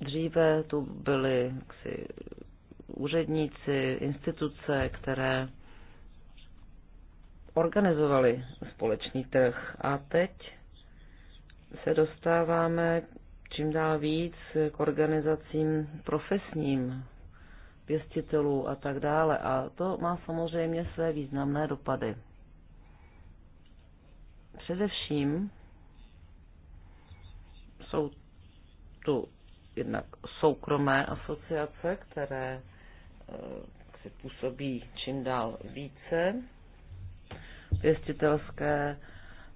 Dříve tu byly úředníci, instituce, které organizovali společný trh. A teď se dostáváme čím dál víc k organizacím profesním, pěstitelů a tak dále. A to má samozřejmě své významné dopady. Především jsou tu jednak soukromé asociace, které eh, si působí čím dál více pěstitelské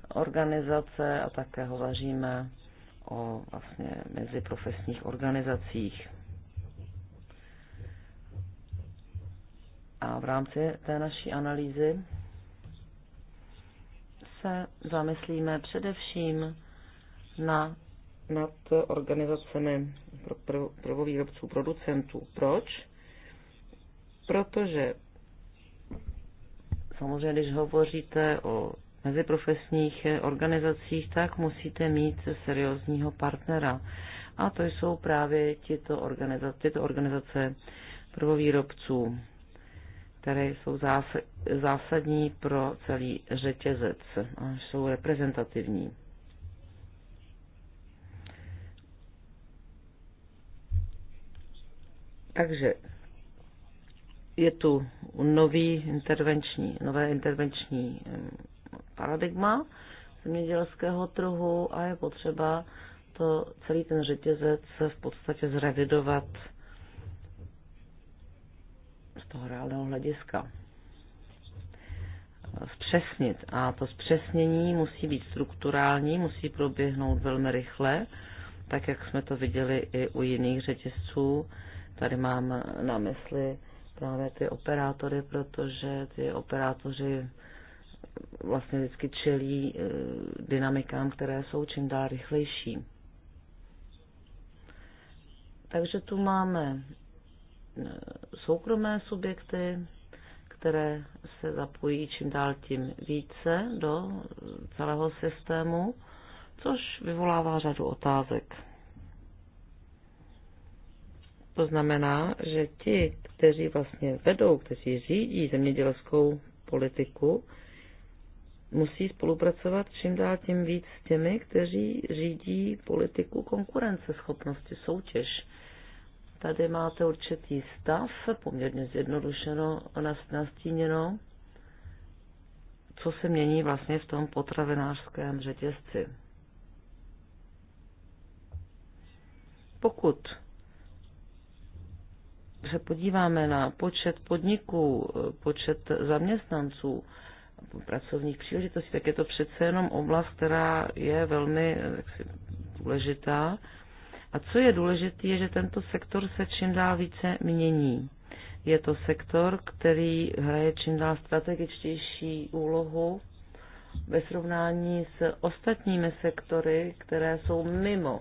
organizace a také hovoříme o vlastně meziprofesních organizacích. A v rámci té naší analýzy se zamyslíme především na, nad organizacemi prvovýrobců, producentů. Proč? Protože samozřejmě, když hovoříte o meziprofesních organizacích, tak musíte mít seriózního partnera. A to jsou právě tyto organizace, tyto organizace prvovýrobců, které jsou zásadní pro celý řetězec a jsou reprezentativní. Takže je tu nový intervenční, nové intervenční paradigma zemědělského trhu a je potřeba to celý ten řetězec v podstatě zrevidovat z toho reálného hlediska. Zpřesnit. A to zpřesnění musí být strukturální, musí proběhnout velmi rychle, tak jak jsme to viděli i u jiných řetězců. Tady mám na mysli právě ty operátory, protože ty operátoři vlastně vždycky čelí eh, dynamikám, které jsou čím dál rychlejší. Takže tu máme eh, soukromé subjekty, které se zapojí čím dál tím více do eh, celého systému, což vyvolává řadu otázek. To znamená, že ti, kteří vlastně vedou, kteří řídí zemědělskou politiku, musí spolupracovat čím dál tím víc s těmi, kteří řídí politiku konkurenceschopnosti, soutěž. Tady máte určitý stav, poměrně zjednodušeno nastíněno, co se mění vlastně v tom potravinářském řetězci. Pokud se podíváme na počet podniků, počet zaměstnanců, pracovních příležitostí, tak je to přece jenom oblast, která je velmi jaksi, důležitá. A co je důležité, je, že tento sektor se čím dál více mění. Je to sektor, který hraje čím dál strategičtější úlohu ve srovnání s ostatními sektory, které jsou mimo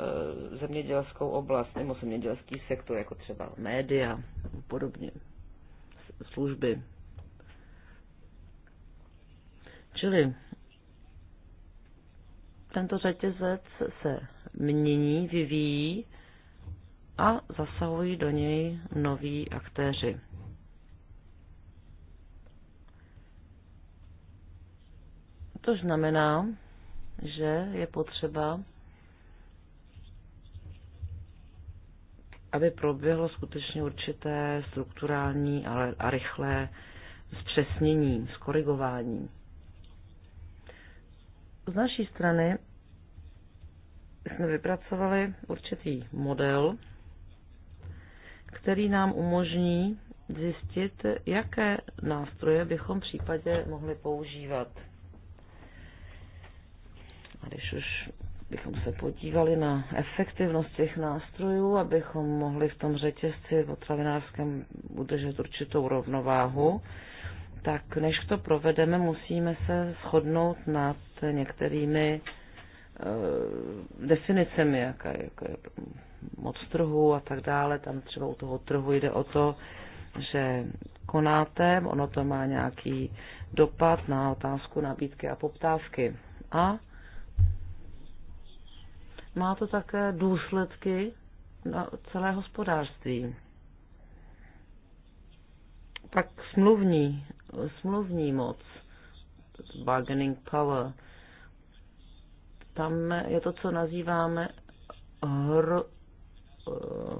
Eh, zemědělskou oblast nebo zemědělský sektor, jako třeba média podobně, služby. Čili tento řetězec se mění, vyvíjí a zasahují do něj noví aktéři. To znamená, že je potřeba aby proběhlo skutečně určité strukturální ale a rychlé zpřesnění, skorigování. Z naší strany jsme vypracovali určitý model, který nám umožní zjistit, jaké nástroje bychom v případě mohli používat. A když už bychom se podívali na efektivnost těch nástrojů, abychom mohli v tom řetězci potravinářském udržet určitou rovnováhu, tak než to provedeme, musíme se shodnout nad některými e, definicemi, jaká je, jako je moc trhu a tak dále. Tam třeba u toho trhu jde o to, že konáte, ono to má nějaký dopad na otázku nabídky a poptávky. A má to také důsledky na celé hospodářství. Pak smluvní, smluvní moc, bargaining power, tam je to, co nazýváme hro,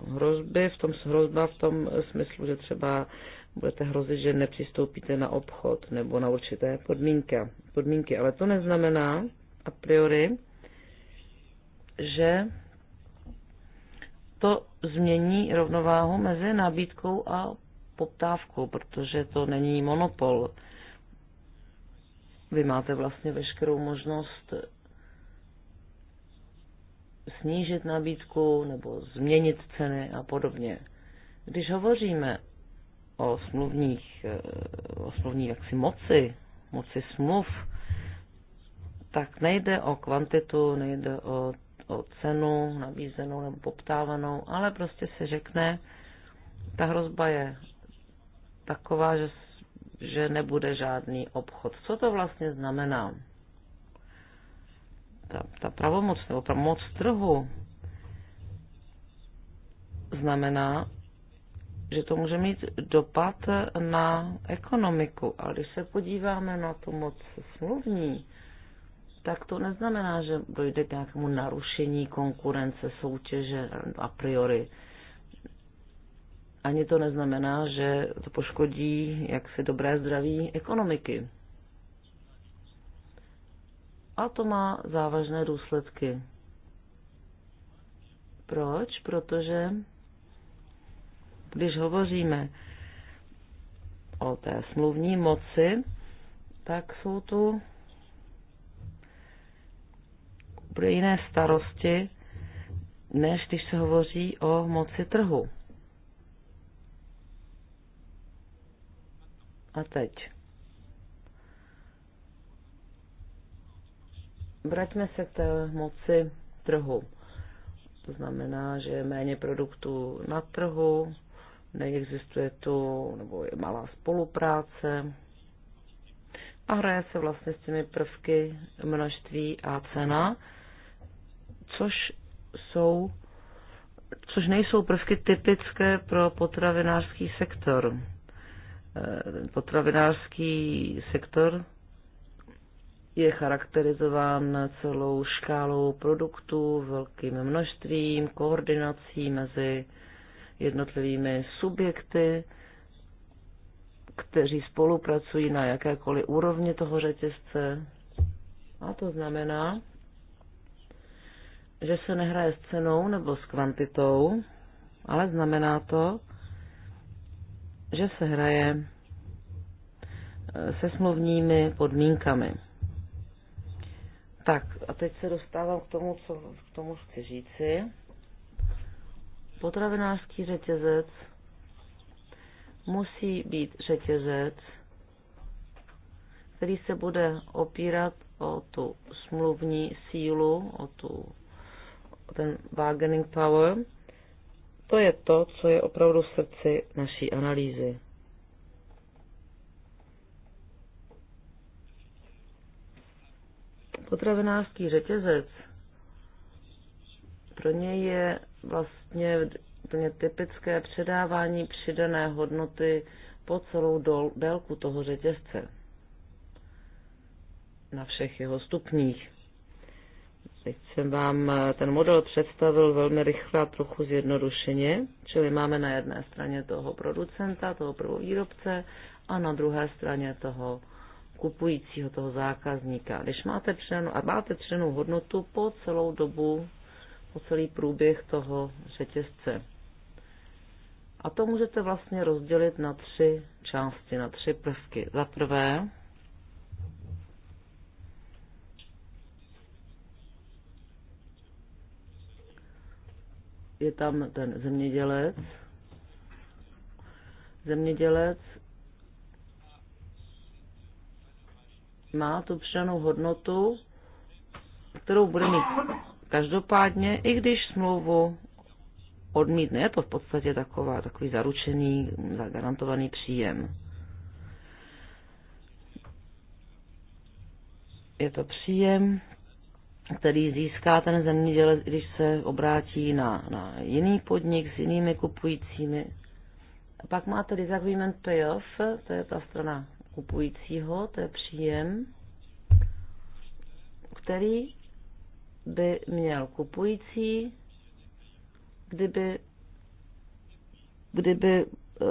hrozby, v tom hrozba v tom smyslu, že třeba budete hrozit, že nepřistoupíte na obchod nebo na určité podmínky. podmínky. Ale to neznamená a priori, že to změní rovnováhu mezi nabídkou a poptávkou, protože to není monopol. Vy máte vlastně veškerou možnost snížit nabídku nebo změnit ceny a podobně. Když hovoříme o smluvních, eh, o smluvní jaksi moci, moci smluv, tak nejde o kvantitu, nejde o o cenu nabízenou nebo poptávanou, ale prostě se řekne, ta hrozba je taková, že, že nebude žádný obchod. Co to vlastně znamená? Ta, ta pravomoc nebo ta moc trhu znamená, že to může mít dopad na ekonomiku. Ale když se podíváme na tu moc smluvní, tak to neznamená, že dojde k nějakému narušení konkurence, soutěže a priori. Ani to neznamená, že to poškodí jaksi dobré zdraví ekonomiky. A to má závažné důsledky. Proč? Protože když hovoříme o té smluvní moci, tak jsou tu pro jiné starosti, než když se hovoří o moci trhu. A teď. Vraťme se k té moci trhu. To znamená, že je méně produktů na trhu, neexistuje tu, nebo je malá spolupráce a hraje se vlastně s těmi prvky množství a cena což jsou což nejsou prvky typické pro potravinářský sektor. Eh, potravinářský sektor je charakterizován celou škálou produktů, velkým množstvím, koordinací mezi jednotlivými subjekty, kteří spolupracují na jakékoliv úrovni toho řetězce. A to znamená, že se nehraje s cenou nebo s kvantitou, ale znamená to, že se hraje eh, se smluvními podmínkami. Tak, a teď se dostávám k tomu, co k tomu chci říci. Potravinářský řetězec musí být řetězec, který se bude opírat o tu smluvní sílu, o tu ten bargaining power, to je to, co je opravdu v srdci naší analýzy. Potravinářský řetězec, pro něj je vlastně úplně typické předávání přidané hodnoty po celou dol, délku toho řetězce na všech jeho stupních. Teď jsem vám eh, ten model představil velmi rychle a trochu zjednodušeně, čili máme na jedné straně toho producenta, toho prvovýrobce a na druhé straně toho kupujícího, toho zákazníka. Když máte přenu, a máte přenu hodnotu po celou dobu, po celý průběh toho řetězce. A to můžete vlastně rozdělit na tři části, na tři prvky. Za prvé, je tam ten zemědělec. Zemědělec má tu přidanou hodnotu, kterou bude mít každopádně, i když smlouvu odmítne. Je to v podstatě taková, takový zaručený, zagarantovaný příjem. Je to příjem, který získá ten zemědělec, když se obrátí na, na jiný podnik s jinými kupujícími. A pak máte disagreement payoff, to je ta strana kupujícího, to je příjem, který by měl kupující, kdyby, kdyby eh,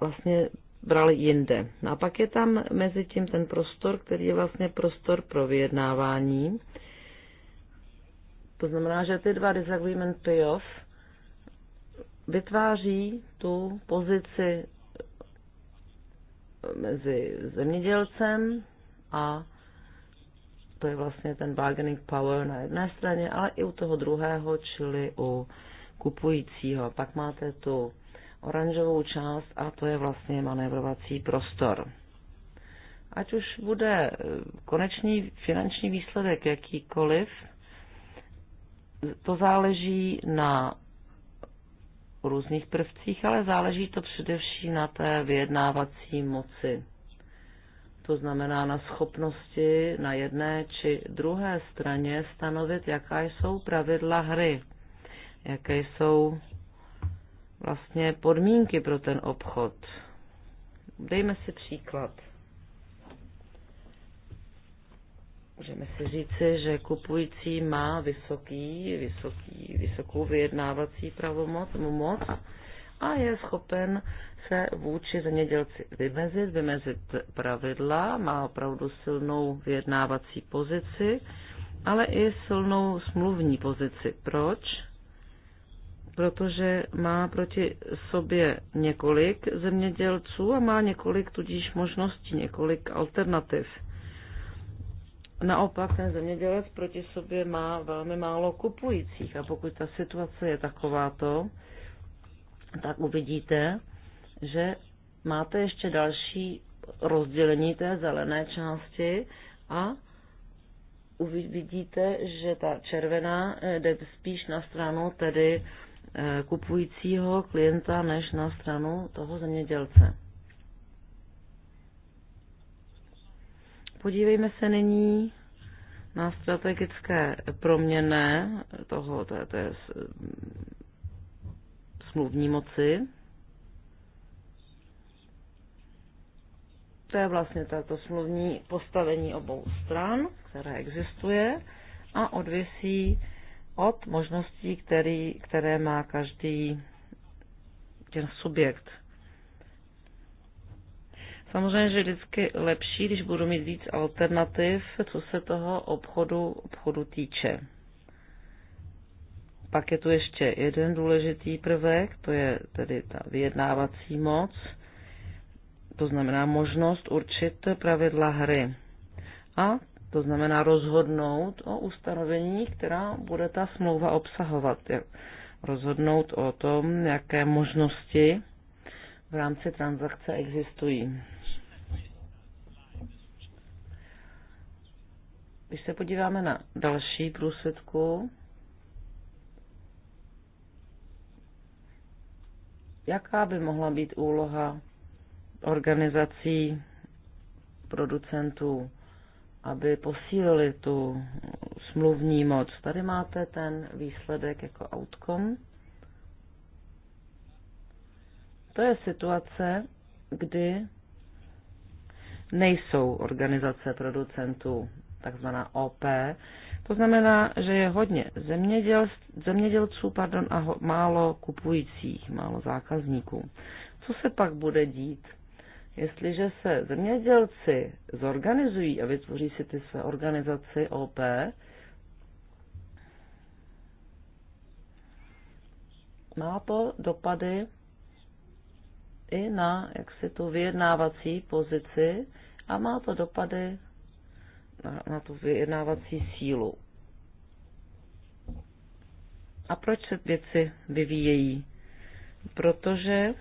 vlastně brali jinde. No a pak je tam mezi tím ten prostor, který je vlastně prostor pro vyjednávání. To znamená, že ty dva disagreement payoff vytváří tu pozici mezi zemědělcem a to je vlastně ten bargaining power na jedné straně, ale i u toho druhého, čili u kupujícího. Pak máte tu oranžovou část a to je vlastně manévrovací prostor. Ať už bude eh, konečný finanční výsledek jakýkoliv, to záleží na různých prvcích, ale záleží to především na té vyjednávací moci. To znamená na schopnosti na jedné či druhé straně stanovit, jaká jsou pravidla hry, jaké jsou vlastně podmínky pro ten obchod. Dejme si příklad. Můžeme si říci, že kupující má vysoký, vysoký, vysokou vyjednávací pravomoc, moc a je schopen se vůči zemědělci vymezit, vymezit pravidla, má opravdu silnou vyjednávací pozici, ale i silnou smluvní pozici. Proč? protože má proti sobě několik zemědělců a má několik tudíž možností, několik alternativ. Naopak ten zemědělec proti sobě má velmi málo kupujících a pokud ta situace je takováto, tak uvidíte, že máte ještě další rozdělení té zelené části a uvidíte, že ta červená jde spíš na stranu tedy Eh, kupujícího klienta než na stranu toho zemědělce. Podívejme se nyní na strategické proměny toho, té, té smluvní moci. To je vlastně tato smluvní postavení obou stran, které existuje a odvisí od možností, který, které má každý ten subjekt. Samozřejmě, že je vždycky lepší, když budu mít víc alternativ, co se toho obchodu, obchodu týče. Pak je tu ještě jeden důležitý prvek, to je tedy ta vyjednávací moc, to znamená možnost určit pravidla hry. A to znamená rozhodnout o ustanovení, která bude ta smlouva obsahovat. Rozhodnout o tom, jaké možnosti v rámci transakce existují. Když se podíváme na další průsvědku, jaká by mohla být úloha organizací producentů aby posílili tu smluvní moc. Tady máte ten výsledek jako outcome. To je situace, kdy nejsou organizace producentů, takzvaná OP. To znamená, že je hodně zeměděl, zemědělců pardon, a ho, málo kupujících, málo zákazníků. Co se pak bude dít? Jestliže se zemědělci zorganizují a vytvoří si ty své organizaci OP, má to dopady i na jaksi tu vyjednávací pozici a má to dopady na, na tu vyjednávací sílu. A proč se věci vyvíjejí? Protože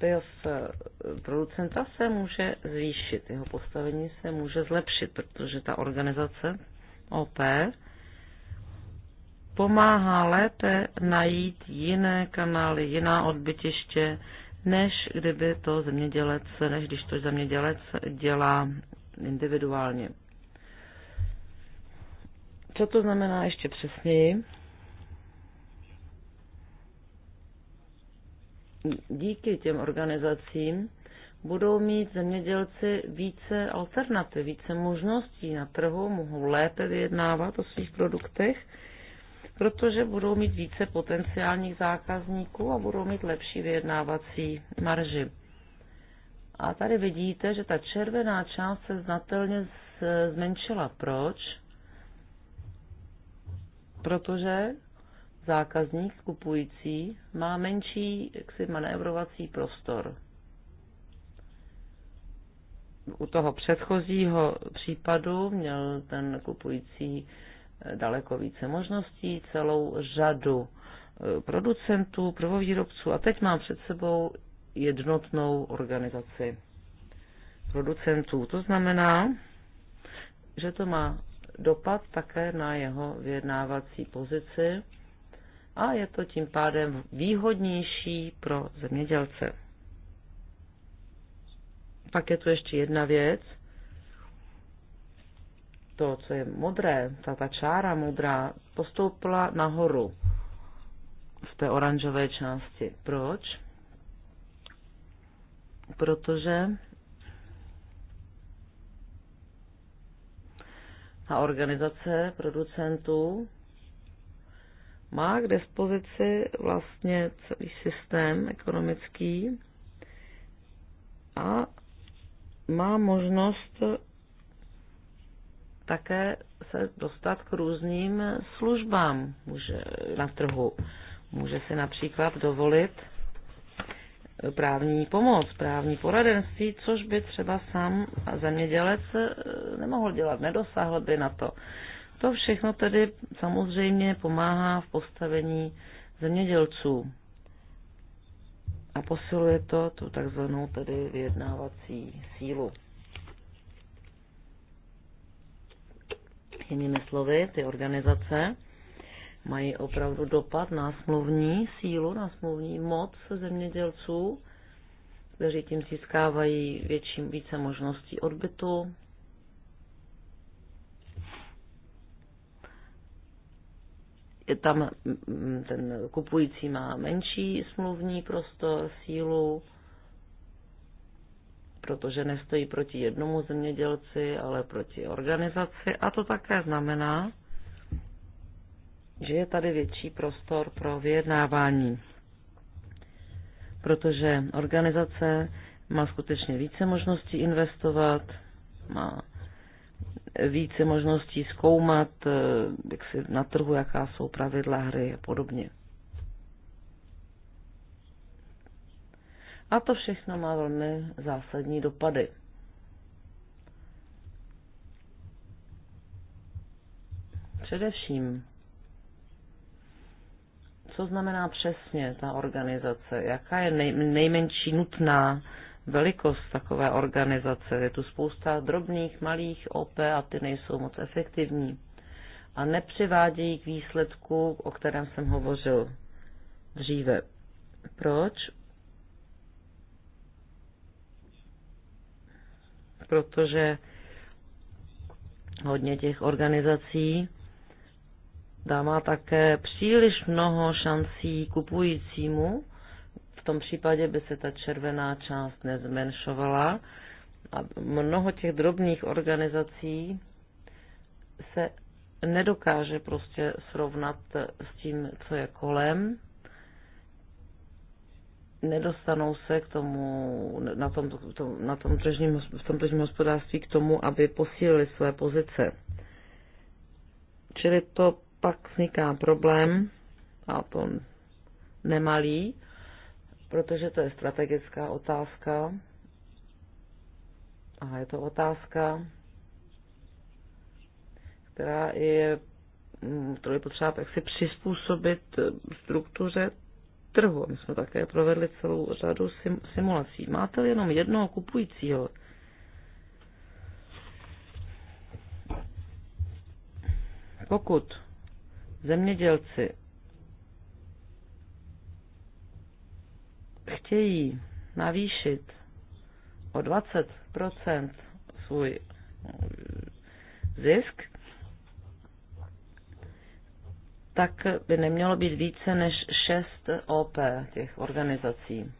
bios eh, producenta se může zvýšit, jeho postavení se může zlepšit, protože ta organizace OP pomáhá lépe najít jiné kanály, jiná odbytiště, než kdyby to zemědělec, než když to zemědělec dělá individuálně. Co to znamená ještě přesněji? díky těm organizacím budou mít zemědělci více alternativ, více možností na trhu, mohou lépe vyjednávat o svých produktech, protože budou mít více potenciálních zákazníků a budou mít lepší vyjednávací marži. A tady vidíte, že ta červená část se znatelně zmenšila. Proč? Protože zákazník kupující má menší jaksi, manévrovací prostor. U toho předchozího případu měl ten kupující eh, daleko více možností, celou řadu eh, producentů, prvovýrobců a teď mám před sebou jednotnou organizaci producentů. To znamená, že to má dopad také na jeho vyjednávací pozici a je to tím pádem výhodnější pro zemědělce. Pak je tu ještě jedna věc. To, co je modré, ta, ta čára modrá, postoupila nahoru v té oranžové části. Proč? Protože ta organizace producentů má k dispozici vlastně celý systém ekonomický a má možnost také se dostat k různým službám může, na trhu. Může si například dovolit právní pomoc, právní poradenství, což by třeba sám zemědělec eh, nemohl dělat, nedosáhl by na to. To všechno tedy samozřejmě pomáhá v postavení zemědělců a posiluje to tu takzvanou tedy vyjednávací sílu. Jinými slovy, ty organizace mají opravdu dopad na smluvní sílu, na smluvní moc zemědělců, kteří tím získávají větším více možností odbytu, je tam mm, ten kupující má menší smluvní prostor, sílu, protože nestojí proti jednomu zemědělci, ale proti organizaci. A to také znamená, že je tady větší prostor pro vyjednávání, protože organizace má skutečně více možností investovat, má více možností zkoumat eh, jak si na trhu, jaká jsou pravidla hry a podobně. A to všechno má velmi zásadní dopady. Především, co znamená přesně ta organizace, jaká je nej, nejmenší nutná velikost takové organizace. Je tu spousta drobných, malých OP a ty nejsou moc efektivní a nepřivádějí k výsledku, o kterém jsem hovořil dříve. Proč? Protože hodně těch organizací dává také příliš mnoho šancí kupujícímu v tom případě by se ta červená část nezmenšovala a mnoho těch drobných organizací se nedokáže prostě srovnat s tím, co je kolem. Nedostanou se k tomu, na tom, to, na tom tržním, v tom tržním hospodářství k tomu, aby posílili své pozice. Čili to pak vzniká problém, a to nemalý, protože to je strategická otázka a je to otázka, která je, mm, kterou je potřeba jak si přizpůsobit struktuře trhu. My jsme také provedli celou řadu sim, simulací. Máte jenom jednoho kupujícího, pokud zemědělci chtějí navýšit o 20 svůj eh, zisk, tak by nemělo být více než 6 OP těch organizací.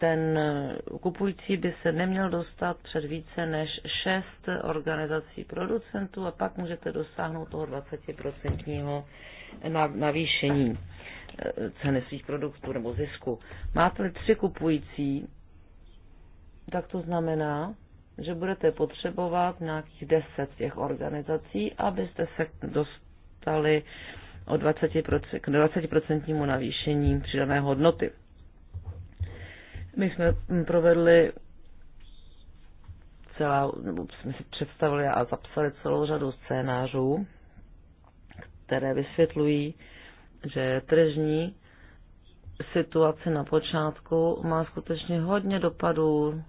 Ten eh, kupující by se neměl dostat před více než 6 organizací producentů a pak můžete dosáhnout toho 20% navýšení ceny svých produktů nebo zisku. Máte-li tři kupující, tak to znamená, že budete potřebovat nějakých deset těch organizací, abyste se dostali o 20%, k 20% navýšení přidané hodnoty. My jsme provedli celá, nebo jsme si představili a zapsali celou řadu scénářů, které vysvětlují, že tržní situace na počátku má skutečně hodně dopadů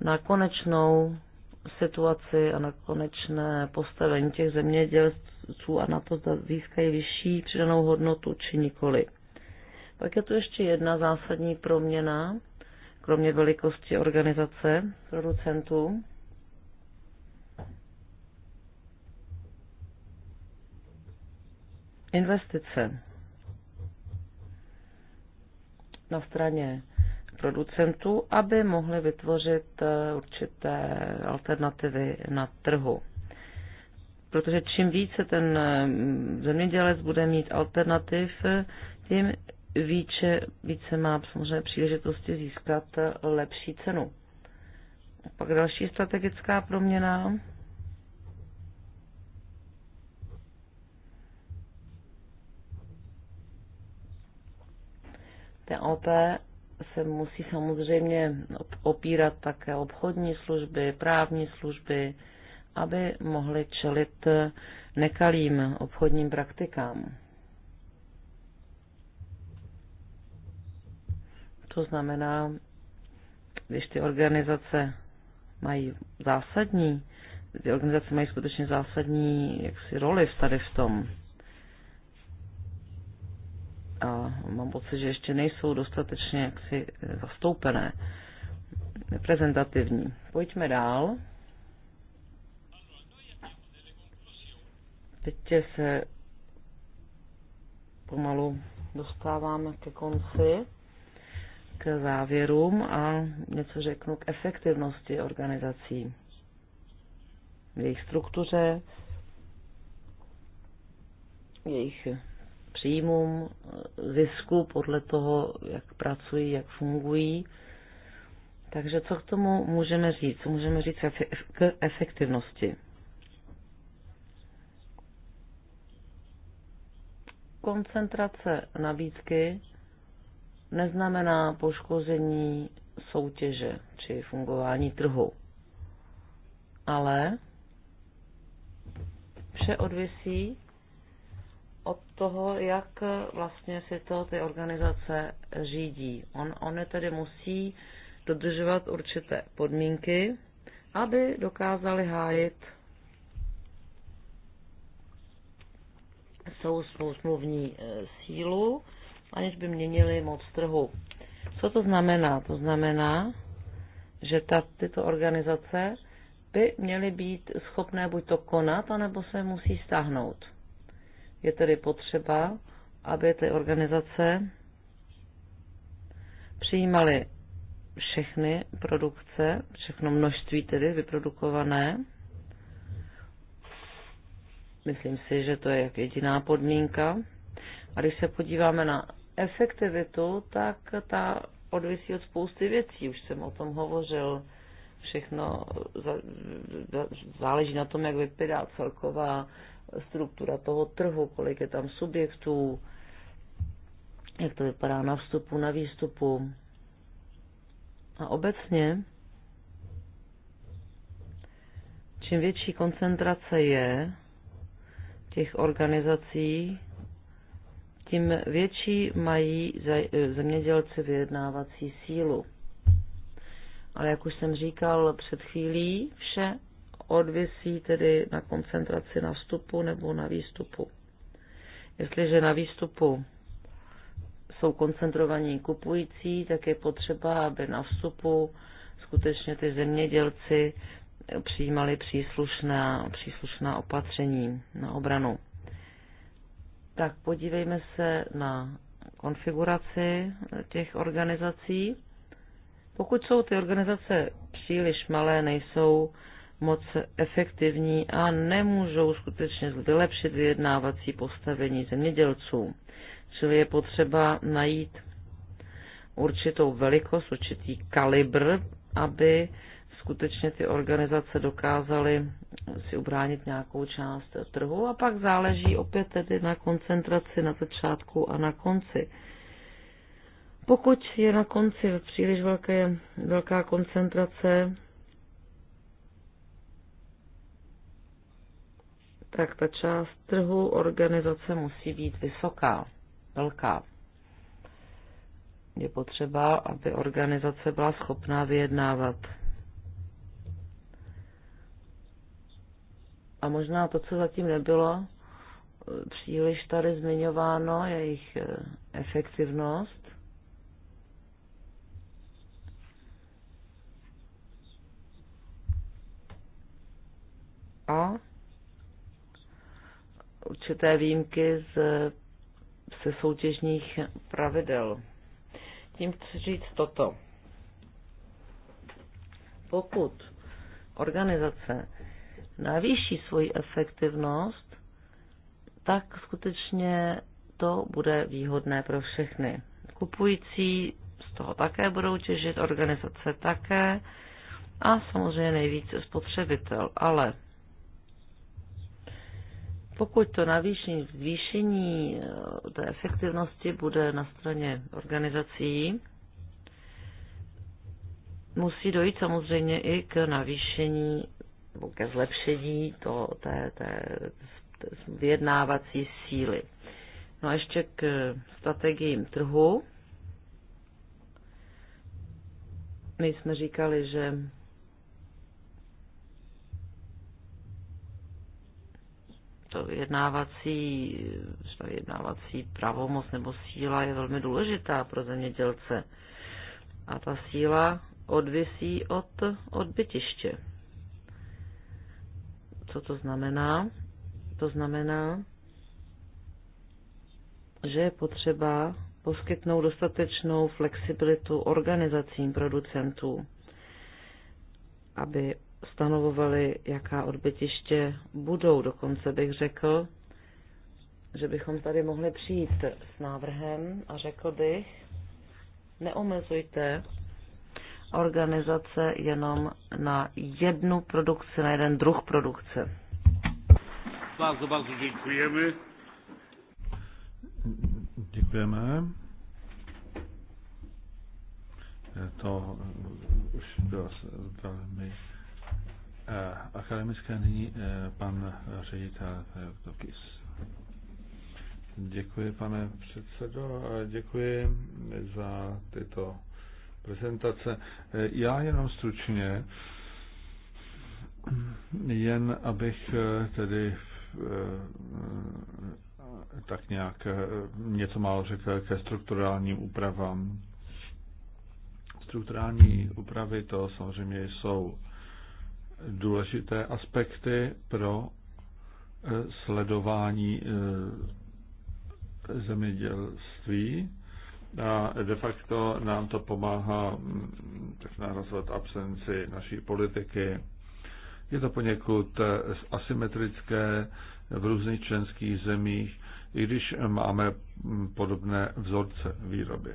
na konečnou situaci a na konečné postavení těch zemědělců a na to, zda získají vyšší přidanou hodnotu či nikoli. Pak je tu ještě jedna zásadní proměna, kromě velikosti organizace producentů. Investice na straně producentů, aby mohli vytvořit eh, určité alternativy na trhu. Protože čím více ten eh, zemědělec bude mít alternativ, tím více, více má samozřejmě příležitosti získat eh, lepší cenu. Pak další strategická proměna Ten OP se musí samozřejmě opírat také obchodní služby, právní služby, aby mohly čelit nekalým obchodním praktikám. To znamená, když ty organizace mají zásadní, ty organizace mají skutečně zásadní jaksi roli tady v tom, a mám pocit, že ještě nejsou dostatečně jaksi eh, zastoupené, reprezentativní. Pojďme dál. Teď se pomalu dostáváme ke konci, k závěrům a něco řeknu k efektivnosti organizací, v jejich struktuře, jejich příjmům, zisku podle toho, jak pracují, jak fungují. Takže co k tomu můžeme říct? Co můžeme říct k efektivnosti? Koncentrace nabídky neznamená poškození soutěže či fungování trhu. Ale vše odvisí od toho, jak eh, vlastně si to ty organizace řídí. On, on tedy musí dodržovat určité podmínky, aby dokázali hájit svou smluvní eh, sílu, aniž by měnili moc trhu. Co to znamená? To znamená, že ta, tyto organizace by měly být schopné buď to konat, anebo se musí stáhnout. Je tedy potřeba, aby ty organizace přijímaly všechny produkce, všechno množství tedy vyprodukované. Myslím si, že to je jak jediná podmínka. A když se podíváme na efektivitu, tak ta odvisí od spousty věcí. Už jsem o tom hovořil. Všechno záleží na tom, jak vypadá celková struktura toho trhu, kolik je tam subjektů, jak to vypadá na vstupu, na výstupu. A obecně, čím větší koncentrace je těch organizací, tím větší mají zemědělci vyjednávací sílu. Ale jak už jsem říkal před chvílí, vše odvisí tedy na koncentraci na vstupu nebo na výstupu. Jestliže na výstupu jsou koncentrovaní kupující, tak je potřeba, aby na vstupu skutečně ty zemědělci přijímali příslušná, příslušná opatření na obranu. Tak podívejme se na konfiguraci těch organizací. Pokud jsou ty organizace příliš malé, nejsou moc efektivní a nemůžou skutečně vylepšit vyjednávací postavení zemědělců. Čili je potřeba najít určitou velikost, určitý kalibr, aby skutečně ty organizace dokázaly si ubránit nějakou část trhu a pak záleží opět tedy na koncentraci na začátku a na konci. Pokud je na konci příliš velké, velká koncentrace, tak ta část trhu organizace musí být vysoká, velká. Je potřeba, aby organizace byla schopná vyjednávat. A možná to, co zatím nebylo, eh, příliš tady zmiňováno, jejich eh, efektivnost. A určité výjimky z, se soutěžních pravidel. Tím chci říct toto. Pokud organizace navýší svoji efektivnost, tak skutečně to bude výhodné pro všechny. Kupující z toho také budou těžit, organizace také a samozřejmě nejvíce spotřebitel. Ale pokud to navýšení, zvýšení eh, té efektivnosti bude na straně organizací, musí dojít samozřejmě i k navýšení nebo ke zlepšení to, té, té, té vyjednávací síly. No a ještě k strategiím trhu. My jsme říkali, že to vyjednávací, ta vyjednávací pravomoc nebo síla je velmi důležitá pro zemědělce. A ta síla odvisí od odbytiště. Co to znamená? To znamená, že je potřeba poskytnout dostatečnou flexibilitu organizacím producentů, aby stanovovali, jaká odbytiště budou. Dokonce bych řekl, že bychom tady mohli přijít s návrhem a řekl bych, neomezujte organizace jenom na jednu produkci, na jeden druh produkce. Bardzo, bardzo děkujeme. Děkujeme. To už bylo velmi akademické nyní eh, pan ředitel eh, Tokis. Děkuji, pane předsedo, a děkuji za tyto prezentace. Eh, já jenom stručně, jen abych tedy tak nějak něco málo řekl ke strukturálním úpravám. Strukturální úpravy to samozřejmě jsou důležité aspekty pro eh, sledování eh, zemědělství a de facto nám to pomáhá mm, tak narazovat absenci naší politiky. Je to poněkud eh, asymetrické v různých členských zemích, i když máme mm, podobné vzorce výroby.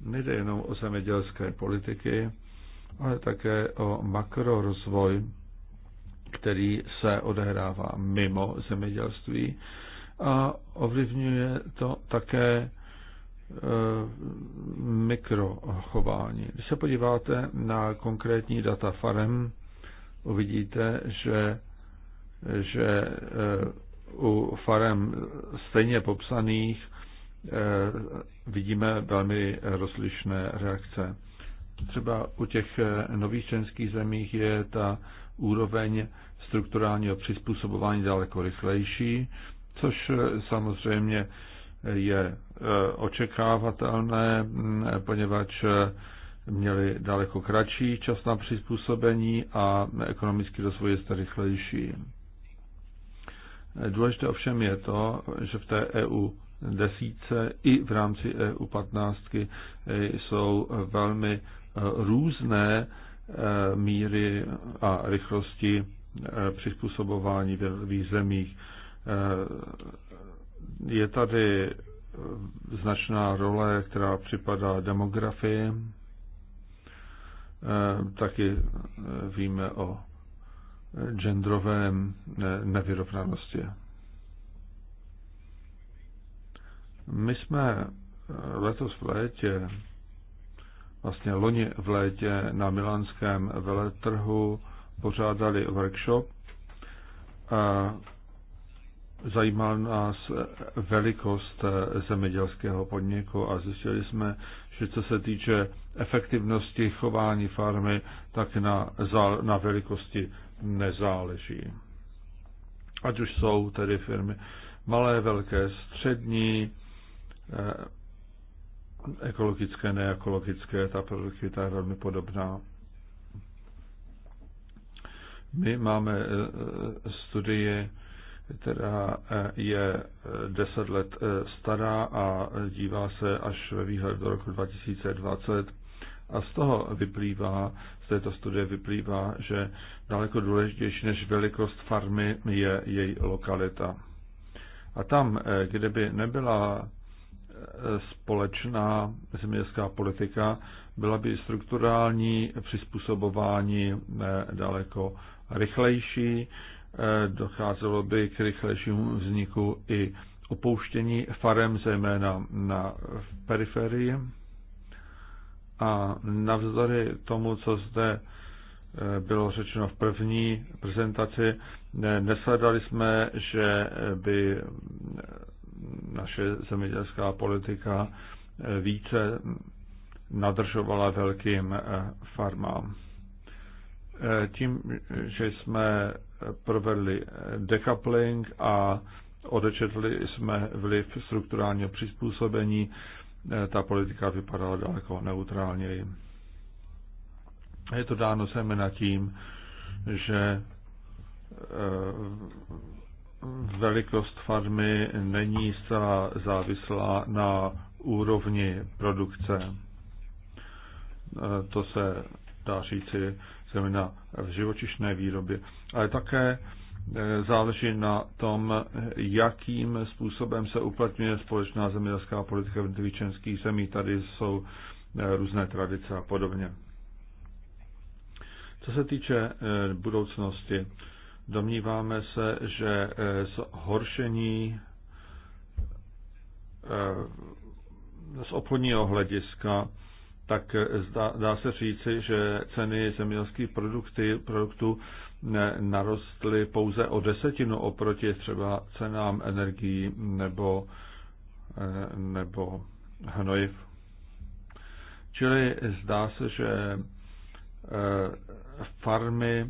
Nejde jenom o zemědělské politiky, ale také o makrorozvoj, který se odehrává mimo zemědělství a ovlivňuje to také e, mikrochování. Když se podíváte na konkrétní data farem, uvidíte, že, že e, u farem stejně popsaných e, vidíme velmi rozlišné reakce třeba u těch eh, nových členských zemích je ta úroveň strukturálního přizpůsobování daleko rychlejší, což eh, samozřejmě je eh, očekávatelné, mm, poněvadž měli daleko kratší čas na přizpůsobení a ekonomický rozvoj je rychlejší. Důležité ovšem je to, že v té EU desíce i v rámci EU 15 jsou velmi různé eh, míry a rychlosti eh, přizpůsobování v jednotlivých zemích. Eh, je tady značná role, která připadá demografii. Taky víme o genderovém nevyrovnanosti. My jsme letos v létě vlastně loni v létě na milánském veletrhu pořádali workshop. A zajímal nás velikost zemědělského podniku a zjistili jsme, že co se týče efektivnosti chování farmy, tak na, na velikosti nezáleží. Ať už jsou tedy firmy malé, velké, střední, eh, ekologické, neekologické, ta produktivita je velmi podobná. My máme eh, eh, studii, která eh, je 10 let stará a dívá se až ve výhled do roku 2020. A z toho vyplývá, z této studie vyplývá, že daleko důležitější než velikost farmy je její lokalita. A tam, kde by nebyla společná zemědělská politika byla by strukturální přizpůsobování eh, daleko rychlejší, eh, docházelo by k rychlejšímu vzniku i opouštění farem, zejména na periferii. A navzdory tomu, co zde eh, bylo řečeno v první prezentaci, nesledali jsme, že by naše zemědělská politika eh, více nadržovala velkým eh, farmám. Eh, tím, že jsme provedli decoupling a odečetli jsme vliv strukturálního přizpůsobení, ta politika vypadala daleko neutrálněji. Je to dáno zejména tím, že velikost farmy není zcela závislá na úrovni produkce. E, to se dá říci zejména v živočišné výrobě, ale také e, záleží na tom, jakým způsobem se uplatňuje společná zemědělská politika v dvíčenských zemí. Tady jsou e, různé tradice a podobně. Co se týče budoucnosti, Domníváme se, že eh, zhoršení eh, z obchodního hlediska, tak eh, dá se říci, že ceny zemědělských produktů narostly pouze o desetinu oproti třeba cenám energií nebo, nebo hnojiv. Čili zdá se, že farmy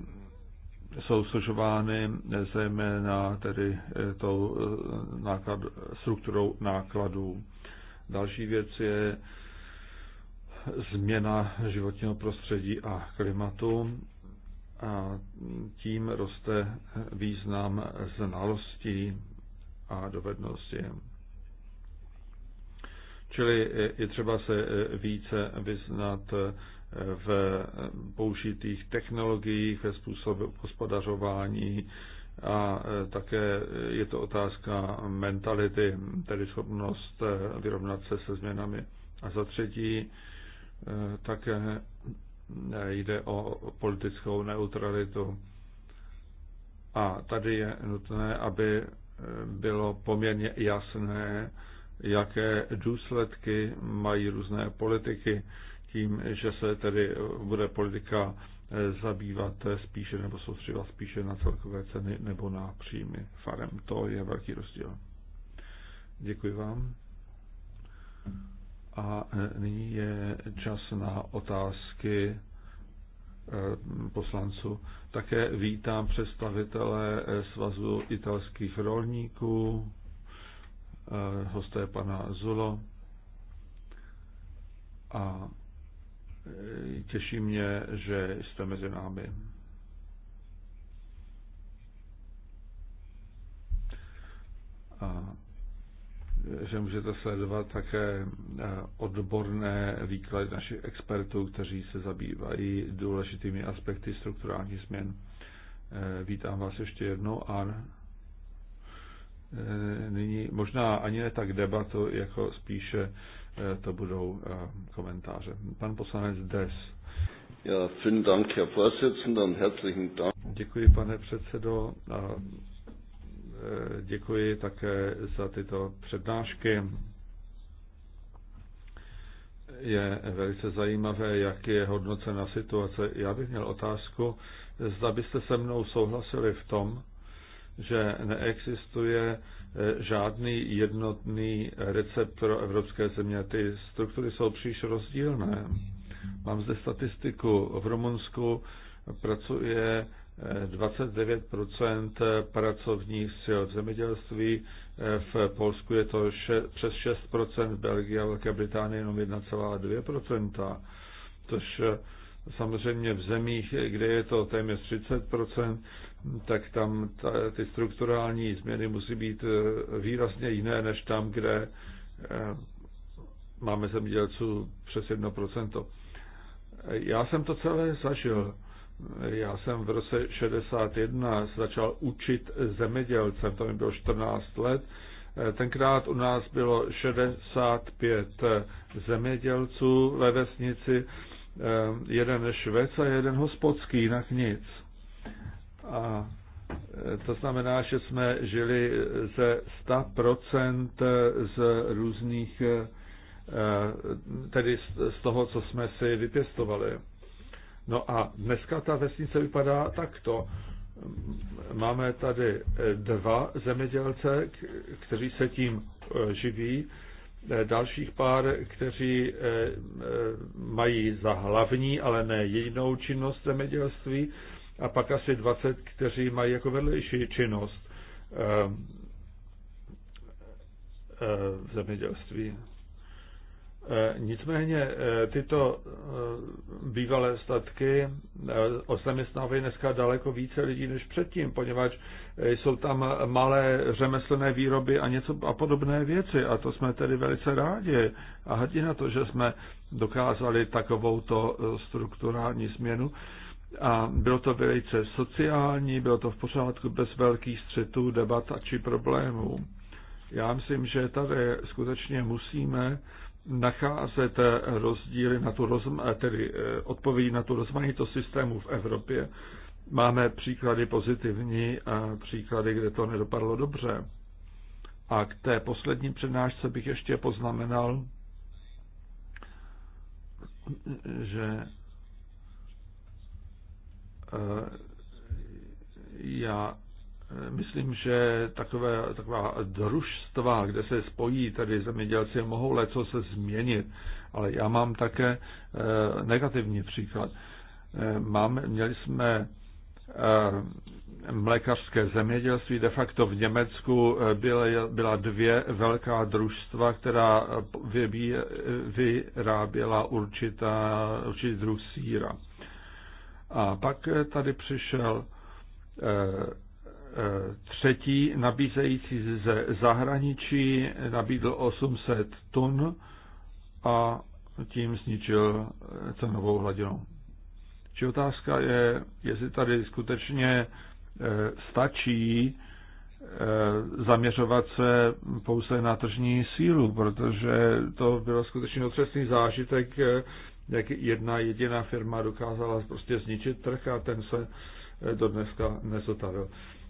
jsou složovány eh, zejména tedy eh, tou eh, náklad, strukturou nákladů. Další věc je změna životního prostředí a klimatu a tím roste význam znalostí a dovedností. Čili je třeba se více vyznat v použitých technologiích, ve způsobu hospodařování a e, také je to otázka mentality, tedy schopnost e, vyrovnat se se změnami. A za třetí e, také jde o politickou neutralitu. A tady je nutné, aby bylo poměrně jasné, jaké důsledky mají různé politiky tím, že se tedy bude politika eh, zabývat eh, spíše nebo soustředovat spíše na celkové ceny nebo na příjmy farem. To je velký rozdíl. Děkuji vám. A eh, nyní je čas na otázky poslanců. Také vítám představitele Svazu italských rolníků, hosté pana Zulo a Těší mě, že jste mezi námi. A že můžete sledovat také eh, odborné výklady našich expertů, kteří se zabývají důležitými aspekty strukturálních změn. Eh, vítám vás ještě jednou a eh, nyní možná ani ne tak debatu, jako spíše Eh, to budou eh, komentáře. Pan poslanec Des. Ja, vielen Dank, Herr Vorsitzender, und herzlichen Dank. Děkuji, pane předsedo, a eh, děkuji také za tyto přednášky. Je velice zajímavé, jak je hodnocena situace. Já bych měl otázku, zda byste se mnou souhlasili v tom, že neexistuje žádný jednotný recept pro evropské země. Ty struktury jsou příliš rozdílné. Mám zde statistiku. V Rumunsku pracuje 29 eh, pracovních sil v zemědělství, eh, v Polsku je to še, přes 6 v Belgii a Velké Británii jenom 1,2 Tož eh, samozřejmě v zemích, kde je to téměř 30 tak tam ty strukturální změny musí být eh, výrazně jiné než tam, kde eh, máme zemědělců přes 1%. Já jsem to celé zažil. Já jsem v roce 61 začal učit zemědělce, to mi bylo 14 let. Eh, tenkrát u nás bylo 65 zemědělců ve vesnici, jeden švec a jeden hospodský, jinak nic a e, to znamená, že jsme žili ze 100% z různých, e, tedy z toho, co jsme si vypěstovali. No a dneska ta vesnice vypadá takto. Máme tady dva zemědělce, kteří se tím e, živí, dalších pár, kteří mají za hlavní, ale ne jedinou činnost zemědělství a pak asi 20, kteří mají jako vedlejší činnost eh, eh, v zemědělství. Eh, nicméně tyto bývalé statky zaměstnávají dneska daleko více lidí než předtím, poněvadž jsou tam malé řemeslné výroby a něco a podobné věci a to jsme tedy velice rádi a hrdí na to, že jsme dokázali takovouto strukturální změnu a bylo to velice sociální, bylo to v pořádku bez velkých střetů, debat a či problémů. Já myslím, že tady skutečně musíme nacházet rozdíly na tu rozm, eh, tedy eh, odpovědi na tu rozmanitost systémů v Evropě. Máme příklady pozitivní a příklady, kde to nedopadlo dobře. A k té poslední přednášce bych ještě poznamenal, že Eh, já eh, myslím, že takové, taková družstva, kde se spojí tady zemědělci, mohou leco se změnit. Ale já mám také eh, negativní příklad. Mám, měli jsme mlékařské zemědělství. De facto v Německu byla, byla dvě velká družstva, která vyráběla určitá, určitý druh síra. A pak eh, tady přišel eh, eh, třetí nabízející ze zahraničí, nabídl 800 tun a tím zničil cenovou hladinu. Či otázka je, jestli tady skutečně stačí zaměřovat se pouze na tržní sílu, protože to byl skutečně otřesný zážitek jak jedna jediná firma dokázala prostě zničit trh a ten se eh, do dneska nezotavil.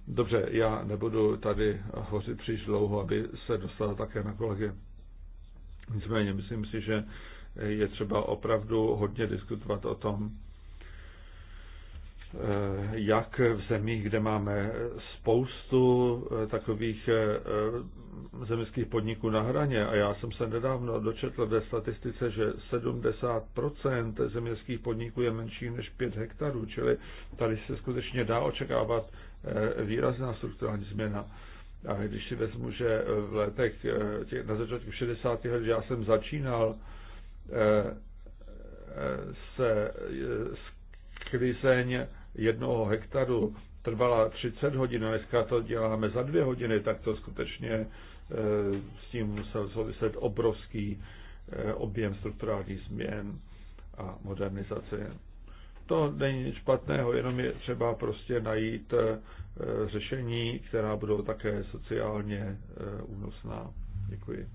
Dobře, já nebudu tady hořit příliš dlouho, aby se dostal také na kolegy. Nicméně myslím si, že je třeba opravdu hodně diskutovat o tom, Eh, jak v zemích, kde máme spoustu eh, takových eh, zemských podniků na hraně. A já jsem se nedávno dočetl ve statistice, že 70% zemědělských podniků je menší než 5 hektarů, čili tady se skutečně dá očekávat výrazná strukturální změna. A když si vezmu, že v letech na začátku 60. let, já jsem začínal se Klizeň jednoho hektaru trvala 30 hodin a dneska to děláme za dvě hodiny, tak to skutečně e, s tím musel souviset obrovský e, objem strukturálních změn a modernizace. To není nic špatného, jenom je třeba prostě najít e, řešení, která budou také sociálně únosná. Děkuji.